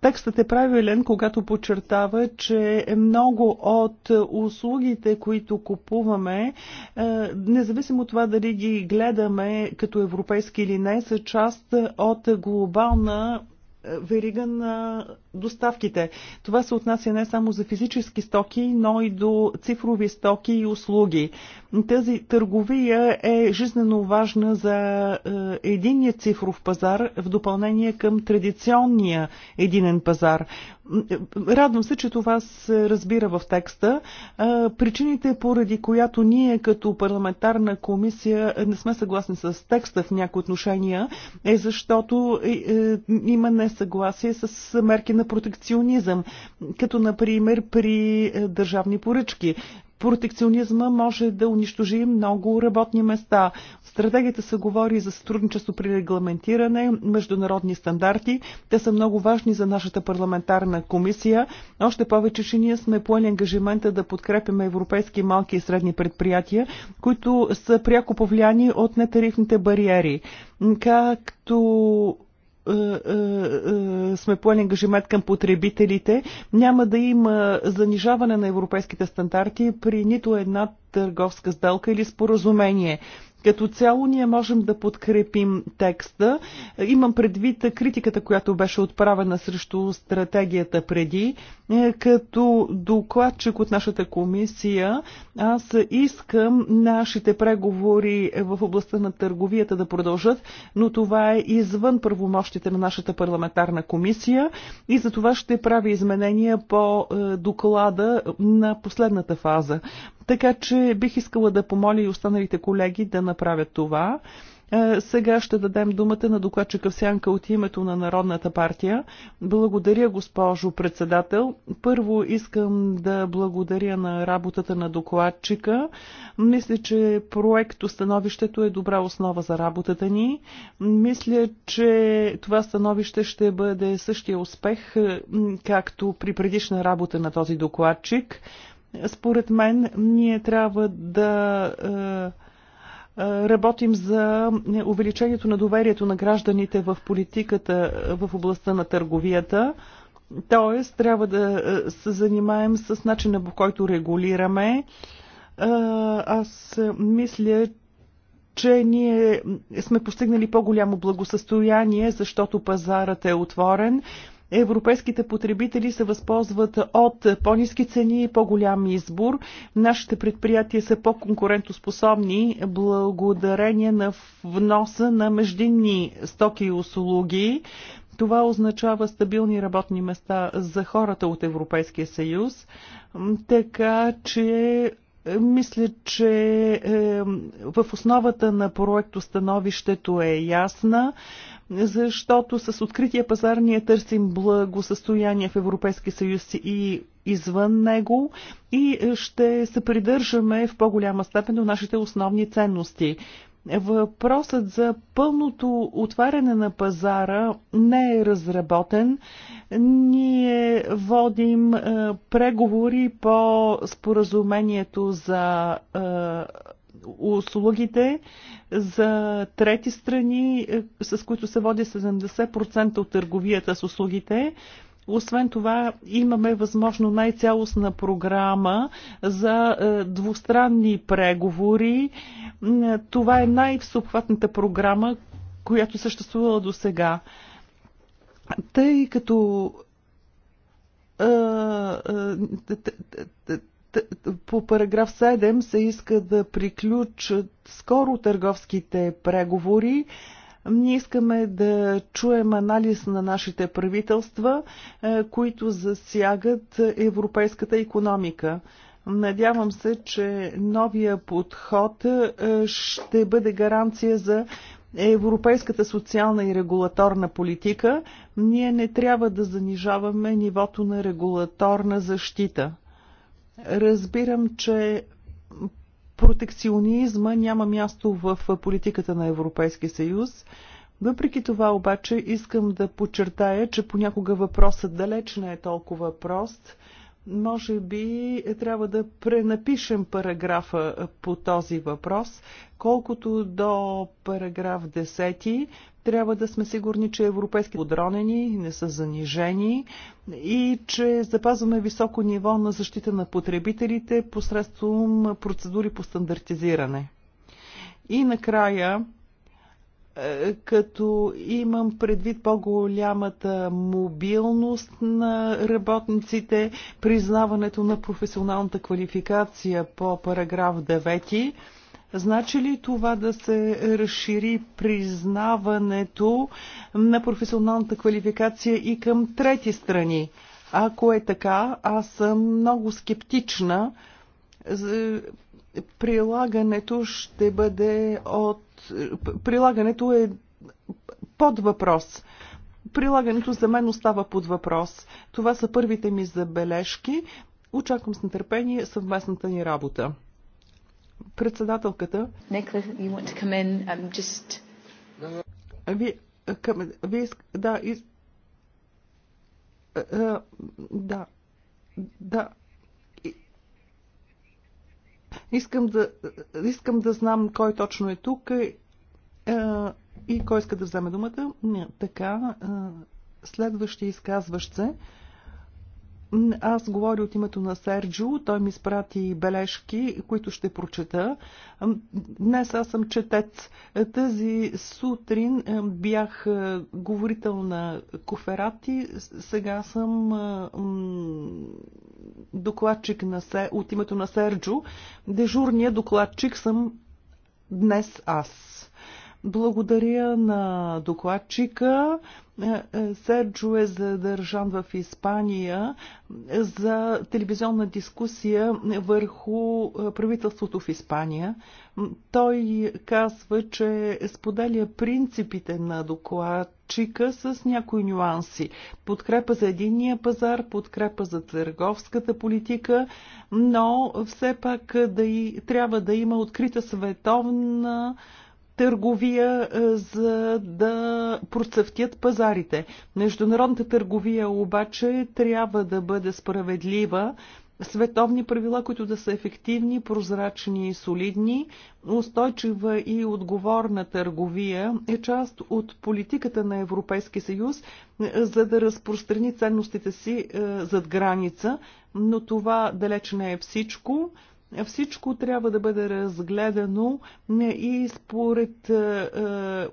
Текстът е правилен, когато подчертава, че много от услугите, които купуваме, е, независимо от това дали ги гледаме като европейски или не, са част от глобална верига на доставките. Това се отнася не само за физически стоки, но и до цифрови стоки и услуги. Тази търговия е жизненно важна за е, единния цифров пазар в допълнение към традиционния единен пазар. Радвам се, че това се разбира в текста. Причините, поради която ние като парламентарна комисия не сме съгласни с текста в някои отношения, е защото е, е, има несъгласие с мерки на протекционизъм, като например при е, държавни поръчки. Протекционизма може да унищожи много работни места. В стратегията се говори за сътрудничество при регламентиране, международни стандарти. Те са много важни за нашата парламентарна комисия. Още повече, че ние сме поели ангажимента да подкрепяме европейски малки и средни предприятия, които са пряко повлияни от нетарифните бариери. Както е, е, е, сме поели ангажимент към потребителите, няма да има занижаване на европейските стандарти при нито една търговска сделка или споразумение. Като цяло ние можем да подкрепим текста. Имам предвид критиката, която беше отправена срещу стратегията преди. Е, като докладчик от нашата комисия, аз искам нашите преговори в областта на търговията да продължат, но това е извън правомощите на нашата парламентарна комисия и за това ще прави изменения по е, доклада на последната фаза. Така че бих искала да помоля и останалите колеги да направят това. Е, сега ще дадем думата на докладчика Сянка от името на Народната партия. Благодаря, госпожо председател. Първо искам да благодаря на работата на докладчика. Мисля, че проект становището е добра основа за работата ни. Мисля, че това становище ще бъде същия успех, е, както при предишна работа на този докладчик. Според мен, ние трябва да е, е, работим за увеличението на доверието на гражданите в политиката е, в областта на търговията. Тоест, трябва да се занимаем с начина по който регулираме. Аз мисля, че ние сме постигнали по-голямо благосъстояние, защото пазарът е отворен Европейските потребители се възползват от по-низки цени и по-голям избор. Нашите предприятия са по-конкурентоспособни благодарение на вноса на междинни стоки и услуги. Това означава стабилни работни места за хората от Европейския съюз, така че мисля, че е, в основата на проекто становището е ясна, защото с открития пазар ние търсим благосъстояние в Европейския съюз и извън него и ще се придържаме в по-голяма степен до нашите основни ценности. Въпросът за пълното отваряне на пазара не е разработен. Ние водим е, преговори по споразумението за е, услугите за трети страни, е, с които се води 70% от търговията с услугите. Освен това, имаме възможно най-цялостна програма за е, двустранни преговори. Това е най-всеобхватната програма, която съществувала до сега. Тъй като е, е, по параграф 7 се иска да приключат скоро търговските преговори. Ние искаме да чуем анализ на нашите правителства, е, които засягат европейската економика. Надявам се, че новия подход е, ще бъде гаранция за европейската социална и регулаторна политика. Ние не трябва да занижаваме нивото на регулаторна защита. Разбирам, че Протекционизма няма място в политиката на Европейския съюз. Въпреки това обаче искам да подчертая, че понякога въпросът далеч не е толкова прост. Може би трябва да пренапишем параграфа по този въпрос. Колкото до параграф 10, трябва да сме сигурни, че европейски подронени не са занижени и че запазваме високо ниво на защита на потребителите посредством процедури по стандартизиране. И накрая, е, като имам предвид по-голямата мобилност на работниците, признаването на професионалната квалификация по параграф 9, Значи ли това да се разшири признаването на професионалната квалификация и към трети страни? Ако е така, аз съм много скептична. Прилагането ще бъде от... Прилагането е под въпрос. Прилагането за мен остава под въпрос. Това са първите ми забележки. Очаквам с нетърпение съвместната ни работа. Председателката. Никола, you want to come in? I'm um, just... Вие, към, вие, да, из... а, е, е, да, да, Искам да, искам да знам кой точно е тук е, и кой иска да вземе думата. Така, е, следващия изказващ се. Аз говоря от името на Серджо. Той ми спрати бележки, които ще прочета. Днес аз съм четец. Тази сутрин бях говорител на Коферати. Сега съм докладчик на се, от името на Серджо. Дежурният докладчик съм днес аз. Благодаря на докладчика. Е, е, Серджо е задържан в Испания за телевизионна дискусия върху е, правителството в Испания. Той казва, че споделя принципите на докладчика с някои нюанси. Подкрепа за единния пазар, подкрепа за търговската политика, но все пак да и, трябва да има открита световна търговия, е, за да процъфтят пазарите. Международната търговия обаче трябва да бъде справедлива, световни правила, които да са ефективни, прозрачни и солидни, устойчива и отговорна търговия е част от политиката на Европейския съюз, е, за да разпространи ценностите си е, зад граница, но това далеч не е всичко. Всичко трябва да бъде разгледано и според е, е,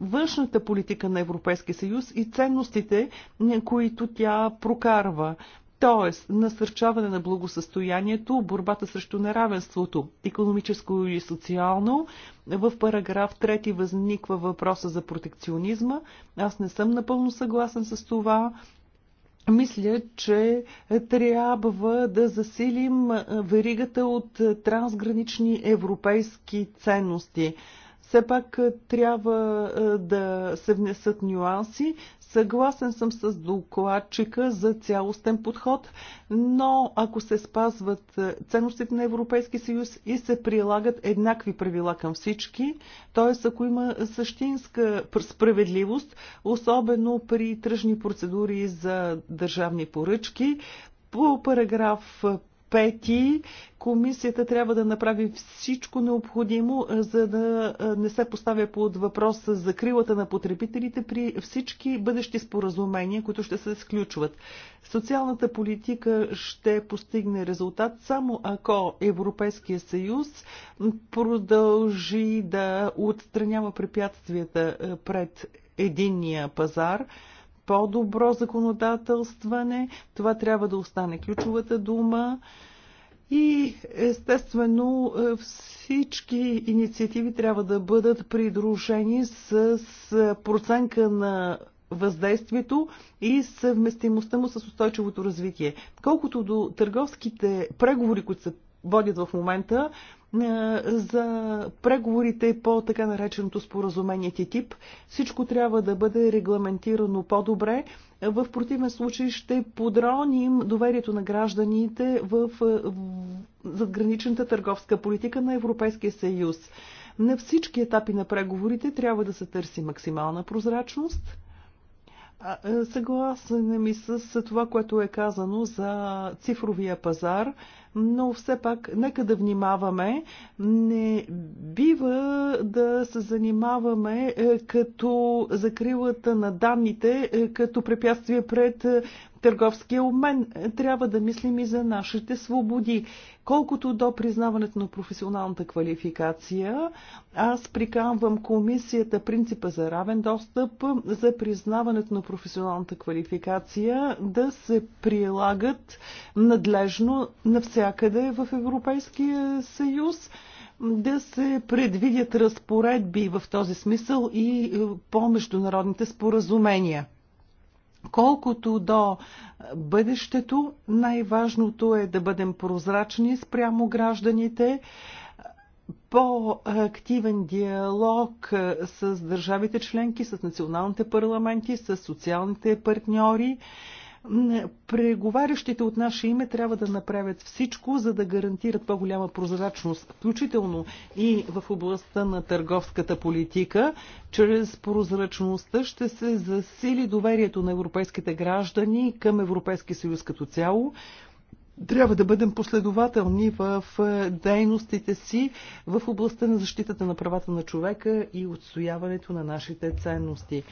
външната политика на Европейския съюз и ценностите, е, които тя прокарва. Тоест, насърчаване на благосъстоянието, борбата срещу неравенството, економическо и социално. В параграф 3 възниква въпроса за протекционизма. Аз не съм напълно съгласен с това мисля, че трябва да засилим веригата от трансгранични европейски ценности все пак трябва е, да се внесат нюанси, Съгласен съм с докладчика за цялостен подход, но ако се спазват е, ценностите на Европейски съюз и се прилагат еднакви правила към всички, т.е. ако има същинска справедливост, особено при тръжни процедури за държавни поръчки, по параграф пети комисията трябва да направи всичко необходимо, за да не се поставя под въпрос за крилата на потребителите при всички бъдещи споразумения, които ще се сключват. Социалната политика ще постигне резултат само ако Европейския съюз продължи да отстранява препятствията пред единния пазар, по-добро законодателстване. Това трябва да остане ключовата дума. И естествено е, всички инициативи трябва да бъдат придружени с проценка на въздействието и съвместимостта му с устойчивото развитие. Колкото до търговските преговори, които се водят в момента, е, за преговорите по така нареченото споразумение ТИТИП. Всичко трябва да бъде регламентирано по-добре. В противен случай ще подроним доверието на гражданите в е, задграничната търговска политика на Европейския съюз. На всички етапи на преговорите трябва да се търси максимална прозрачност, е, съгласен ми с това, което е казано за цифровия пазар, но все пак нека да внимаваме. Не бива да се занимаваме е, като закрилата на данните, е, като препятствие пред търговския обмен. Трябва да мислим и за нашите свободи. Колкото до признаването на професионалната квалификация, аз приканвам комисията принципа за равен достъп за признаването на професионалната квалификация да се прилагат надлежно навсякъде в Европейския съюз да се предвидят разпоредби в този смисъл и е, по международните споразумения. Колкото до бъдещето, най-важното е да бъдем прозрачни спрямо гражданите, по-активен диалог с държавите членки, с националните парламенти, с социалните партньори Преговарящите от наше име трябва да направят всичко, за да гарантират по-голяма прозрачност, включително и в областта на търговската политика. Чрез прозрачността ще се засили доверието на европейските граждани към Европейския съюз като цяло трябва да бъдем последователни в е, дейностите си в областта на защитата на правата на човека и отстояването на нашите ценности.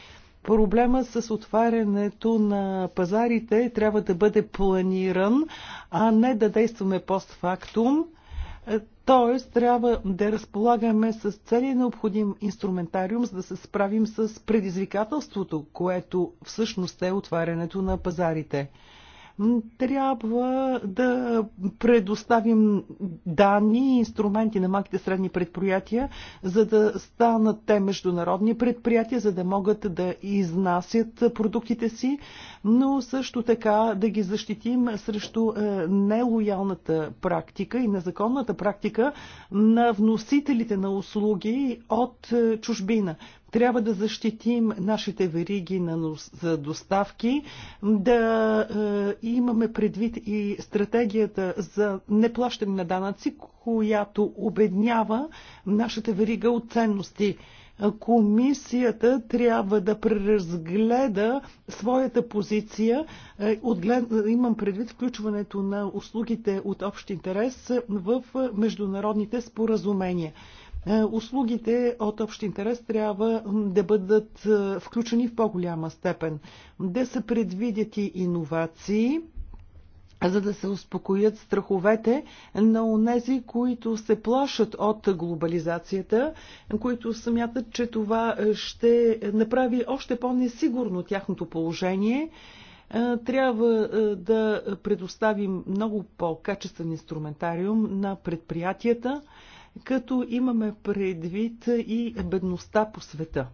Проблема с отварянето на пазарите трябва да бъде планиран, а не да действаме постфактум. Т.е. трябва да разполагаме с целия необходим инструментариум, за да се справим с предизвикателството, което всъщност е отварянето на пазарите. Трябва да предоставим данни и инструменти на малките средни предприятия, за да станат те международни предприятия, за да могат да изнасят продуктите си, но също така да ги защитим срещу е, нелоялната практика и незаконната практика на вносителите на услуги от е, чужбина. Трябва да защитим нашите вериги на, за доставки, да е, имаме предвид и стратегията за неплащане на данъци, която обеднява нашата верига от ценности комисията трябва да преразгледа своята позиция. Е, имам предвид включването на услугите от общ интерес в международните споразумения. Е, услугите от общ интерес трябва да бъдат е, включени в по-голяма степен, да се предвидят и иновации, за да се успокоят страховете на онези, които се плашат от глобализацията, които смятат, че това ще направи още по-несигурно тяхното положение. Е, трябва да предоставим много по-качествен инструментариум на предприятията, като имаме предвид и бедността по света.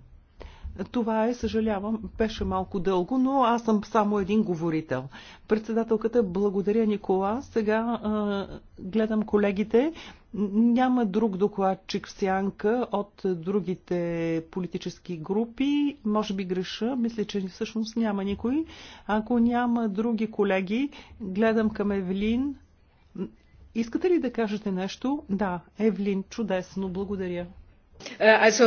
Това е, съжалявам, беше малко дълго, но аз съм само един говорител. Председателката, благодаря Никола. Сега а, гледам колегите. Няма друг докладчик в сянка от другите политически групи. Може би греша. Мисля, че всъщност няма никой. Ако няма други колеги, гледам към Евелин. Искате ли да кажете нещо? Да, Евлин, чудесно, благодаря. Е, also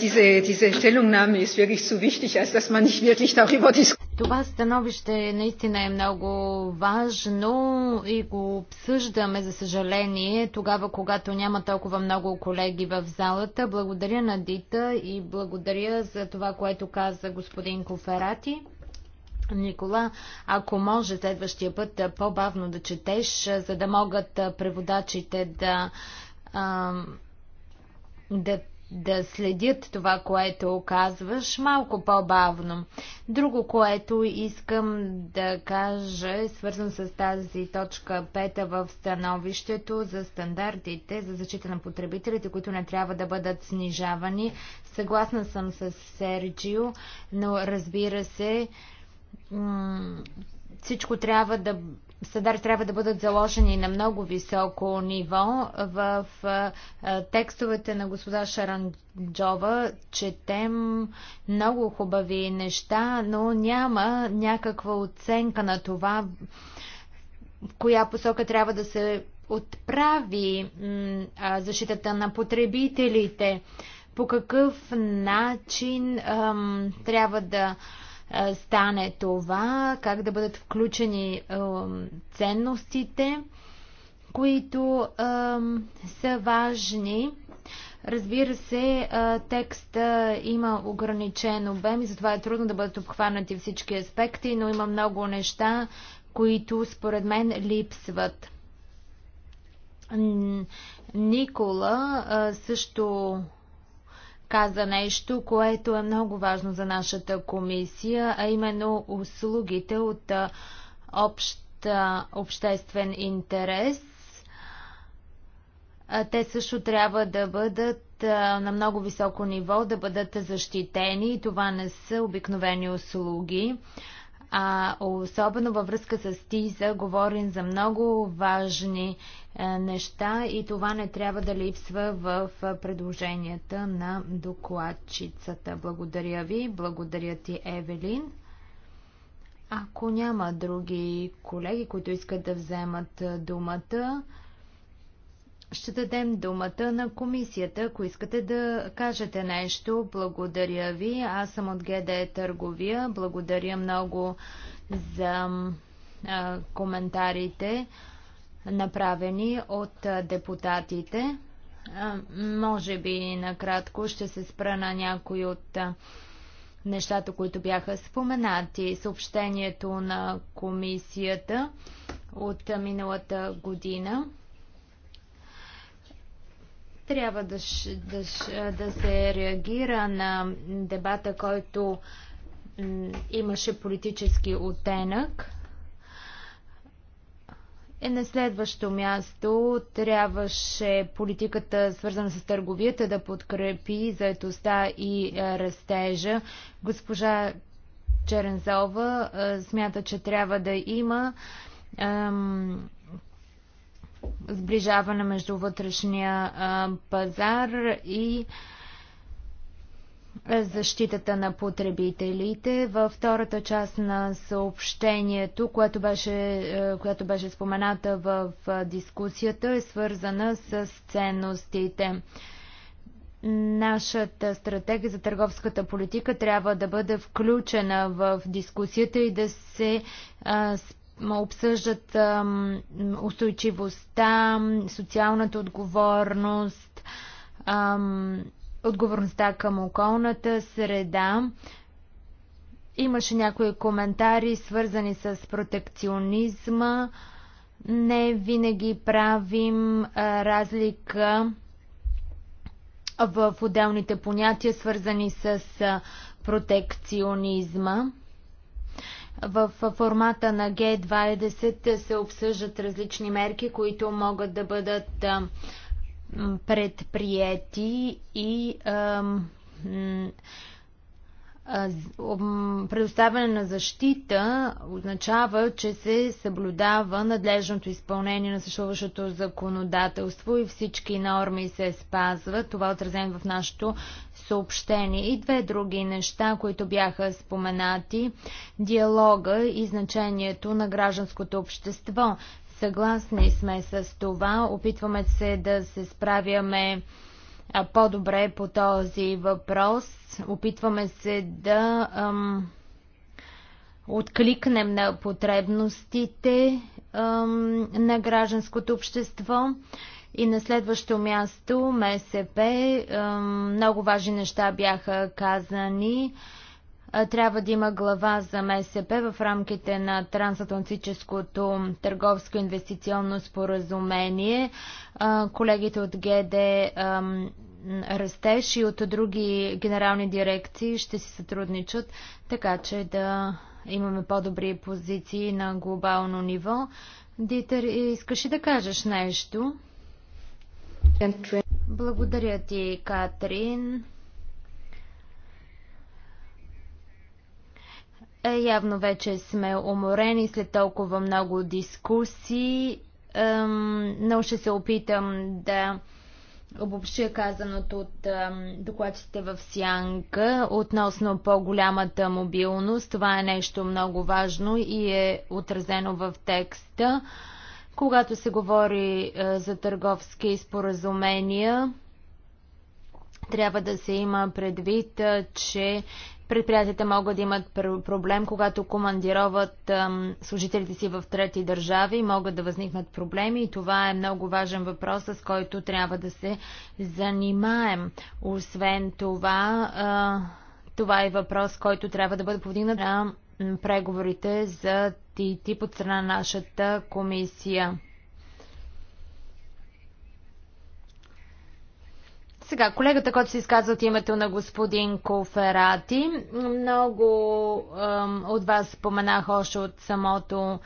diese, е, diese Stellungnahme ist wirklich so wichtig, als dass man nicht wirklich darüber diskutiert. Това становище наистина е много важно и го обсъждаме, за съжаление, тогава, когато няма толкова много колеги в залата. Благодаря на Дита и благодаря за това, което каза господин Коферати. Никола, ако може следващия път по-бавно да четеш, за да могат преводачите да, да, да следят това, което казваш, малко по-бавно. Друго, което искам да кажа, е свързано с тази точка 5 в становището за стандартите за защита на потребителите, които не трябва да бъдат снижавани. Съгласна съм с Серджио, но разбира се, всичко трябва да стандарти трябва да бъдат заложени на много високо ниво. В текстовете на господа Шаранджова четем много хубави неща, но няма някаква оценка на това, в коя посока трябва да се отправи защитата на потребителите, по какъв начин ам, трябва да е, стане това, как да бъдат включени е, ценностите, които е, са важни. Разбира се, текста има ограничен обем и затова е трудно да бъдат обхванати всички аспекти, но има много неща, които според мен липсват. Никола също каза нещо, което е много важно за нашата комисия, а именно услугите от общ обществен интерес. Те също трябва да бъдат на много високо ниво, да бъдат защитени. Това не са обикновени услуги а особено във връзка с ТИЗа говорим за много важни е, неща и това не трябва да липсва в предложенията на докладчицата. Благодаря ви, благодаря ти, Евелин. Ако няма други колеги, които искат да вземат е, думата, ще дадем думата на комисията, ако искате да кажете нещо. Благодаря ви. Аз съм от ГД Търговия. Благодаря много за а, коментарите, направени от депутатите. А, може би накратко ще се спра на някои от нещата, които бяха споменати. Съобщението на комисията от миналата година – трябва да, да, да се реагира на дебата, който имаше политически оттенък. Е на следващо място трябваше политиката, свързана с търговията, да подкрепи заетостта и е, растежа. Госпожа Черензова е, смята, че трябва да има сближаване между вътрешния пазар и защитата на потребителите. Във втората част на съобщението, което беше, което беше спомената в дискусията, е свързана с ценностите. Нашата стратегия за търговската политика трябва да бъде включена в дискусията и да се а, обсъждат устойчивостта, социалната отговорност, отговорността към околната среда. Имаше някои коментари, свързани с протекционизма. Не винаги правим разлика в отделните понятия, свързани с протекционизма. В формата на Г20 се обсъждат различни мерки, които могат да бъдат предприяти и предоставяне на защита означава, че се съблюдава надлежното изпълнение на съществуващото законодателство и всички норми се спазват. Това е отразено в нашето съобщение. И две други неща, които бяха споменати. Диалога и значението на гражданското общество. Съгласни сме с това. Опитваме се да се справяме по-добре е по този въпрос. Опитваме се да ам, откликнем на потребностите ам, на гражданското общество. И на следващо място МСП. Ам, много важни неща бяха казани трябва да има глава за МСП в рамките на трансатлантическото търговско инвестиционно споразумение. Колегите от ГД Растеж и от други генерални дирекции ще си сътрудничат, така че да имаме по-добри позиции на глобално ниво. Дитър, искаш ли да кажеш нещо? Благодаря ти, Катрин. Е, явно вече сме уморени след толкова много дискусии, но ще се опитам да обобщя казаното от докладчите в Сянка относно по-голямата мобилност. Това е нещо много важно и е отразено в текста. Когато се говори за търговски споразумения, трябва да се има предвид, че Предприятията могат да имат проблем, когато командироват служителите си в трети държави, могат да възникнат проблеми и това е много важен въпрос, с който трябва да се занимаем. Освен това, това е въпрос, който трябва да бъде повдигнат на преговорите за ТИТИП от страна на нашата комисия. Сега, колегата, който се изказва от името на господин Коферати, много от вас споменах още от самото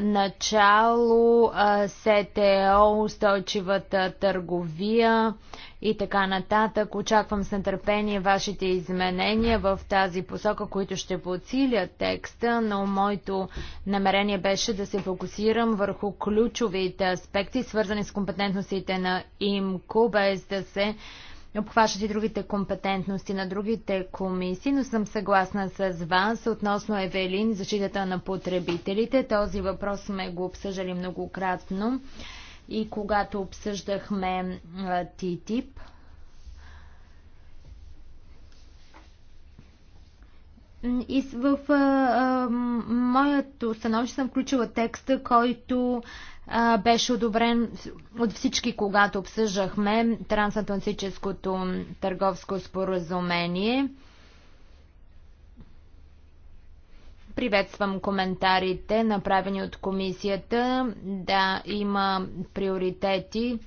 начало, СТО, устойчивата търговия и така нататък. Очаквам с нетърпение вашите изменения в тази посока, които ще подсилят текста, но моето намерение беше да се фокусирам върху ключовите аспекти, свързани с компетентностите на ИМКО, без да се а, обхващат и другите компетентности на другите комисии, но съм съгласна с вас относно Евелин, защитата на потребителите. Този въпрос сме го обсъждали многократно и когато обсъждахме ТИТИП. И в а, а, моето становище съм включила текста, който а, беше одобрен от всички, когато обсъждахме трансатлантическото търговско споразумение. Приветствам коментарите, направени от комисията. Да, има приоритети.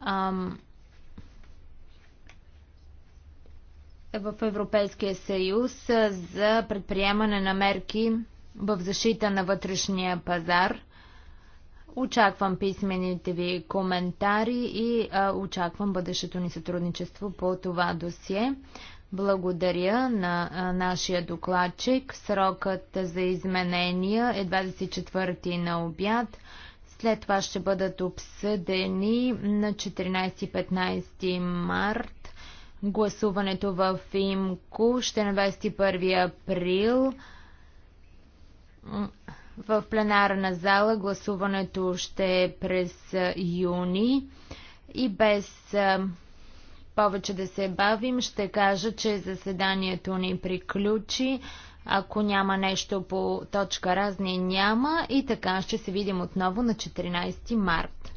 Ам, в Европейския съюз за предприемане на мерки в защита на вътрешния пазар. Очаквам писмените ви коментари и а, очаквам бъдещето ни сътрудничество по това досие. Благодаря на а, нашия докладчик. Срокът за изменения е 24 на обяд. След това ще бъдат обсъдени на 14-15 март Гласуването в ИМКО ще е на 21 април. В пленарна зала гласуването ще е през юни. И без повече да се бавим, ще кажа, че заседанието ни приключи. Ако няма нещо по точка разни, няма. И така ще се видим отново на 14 март.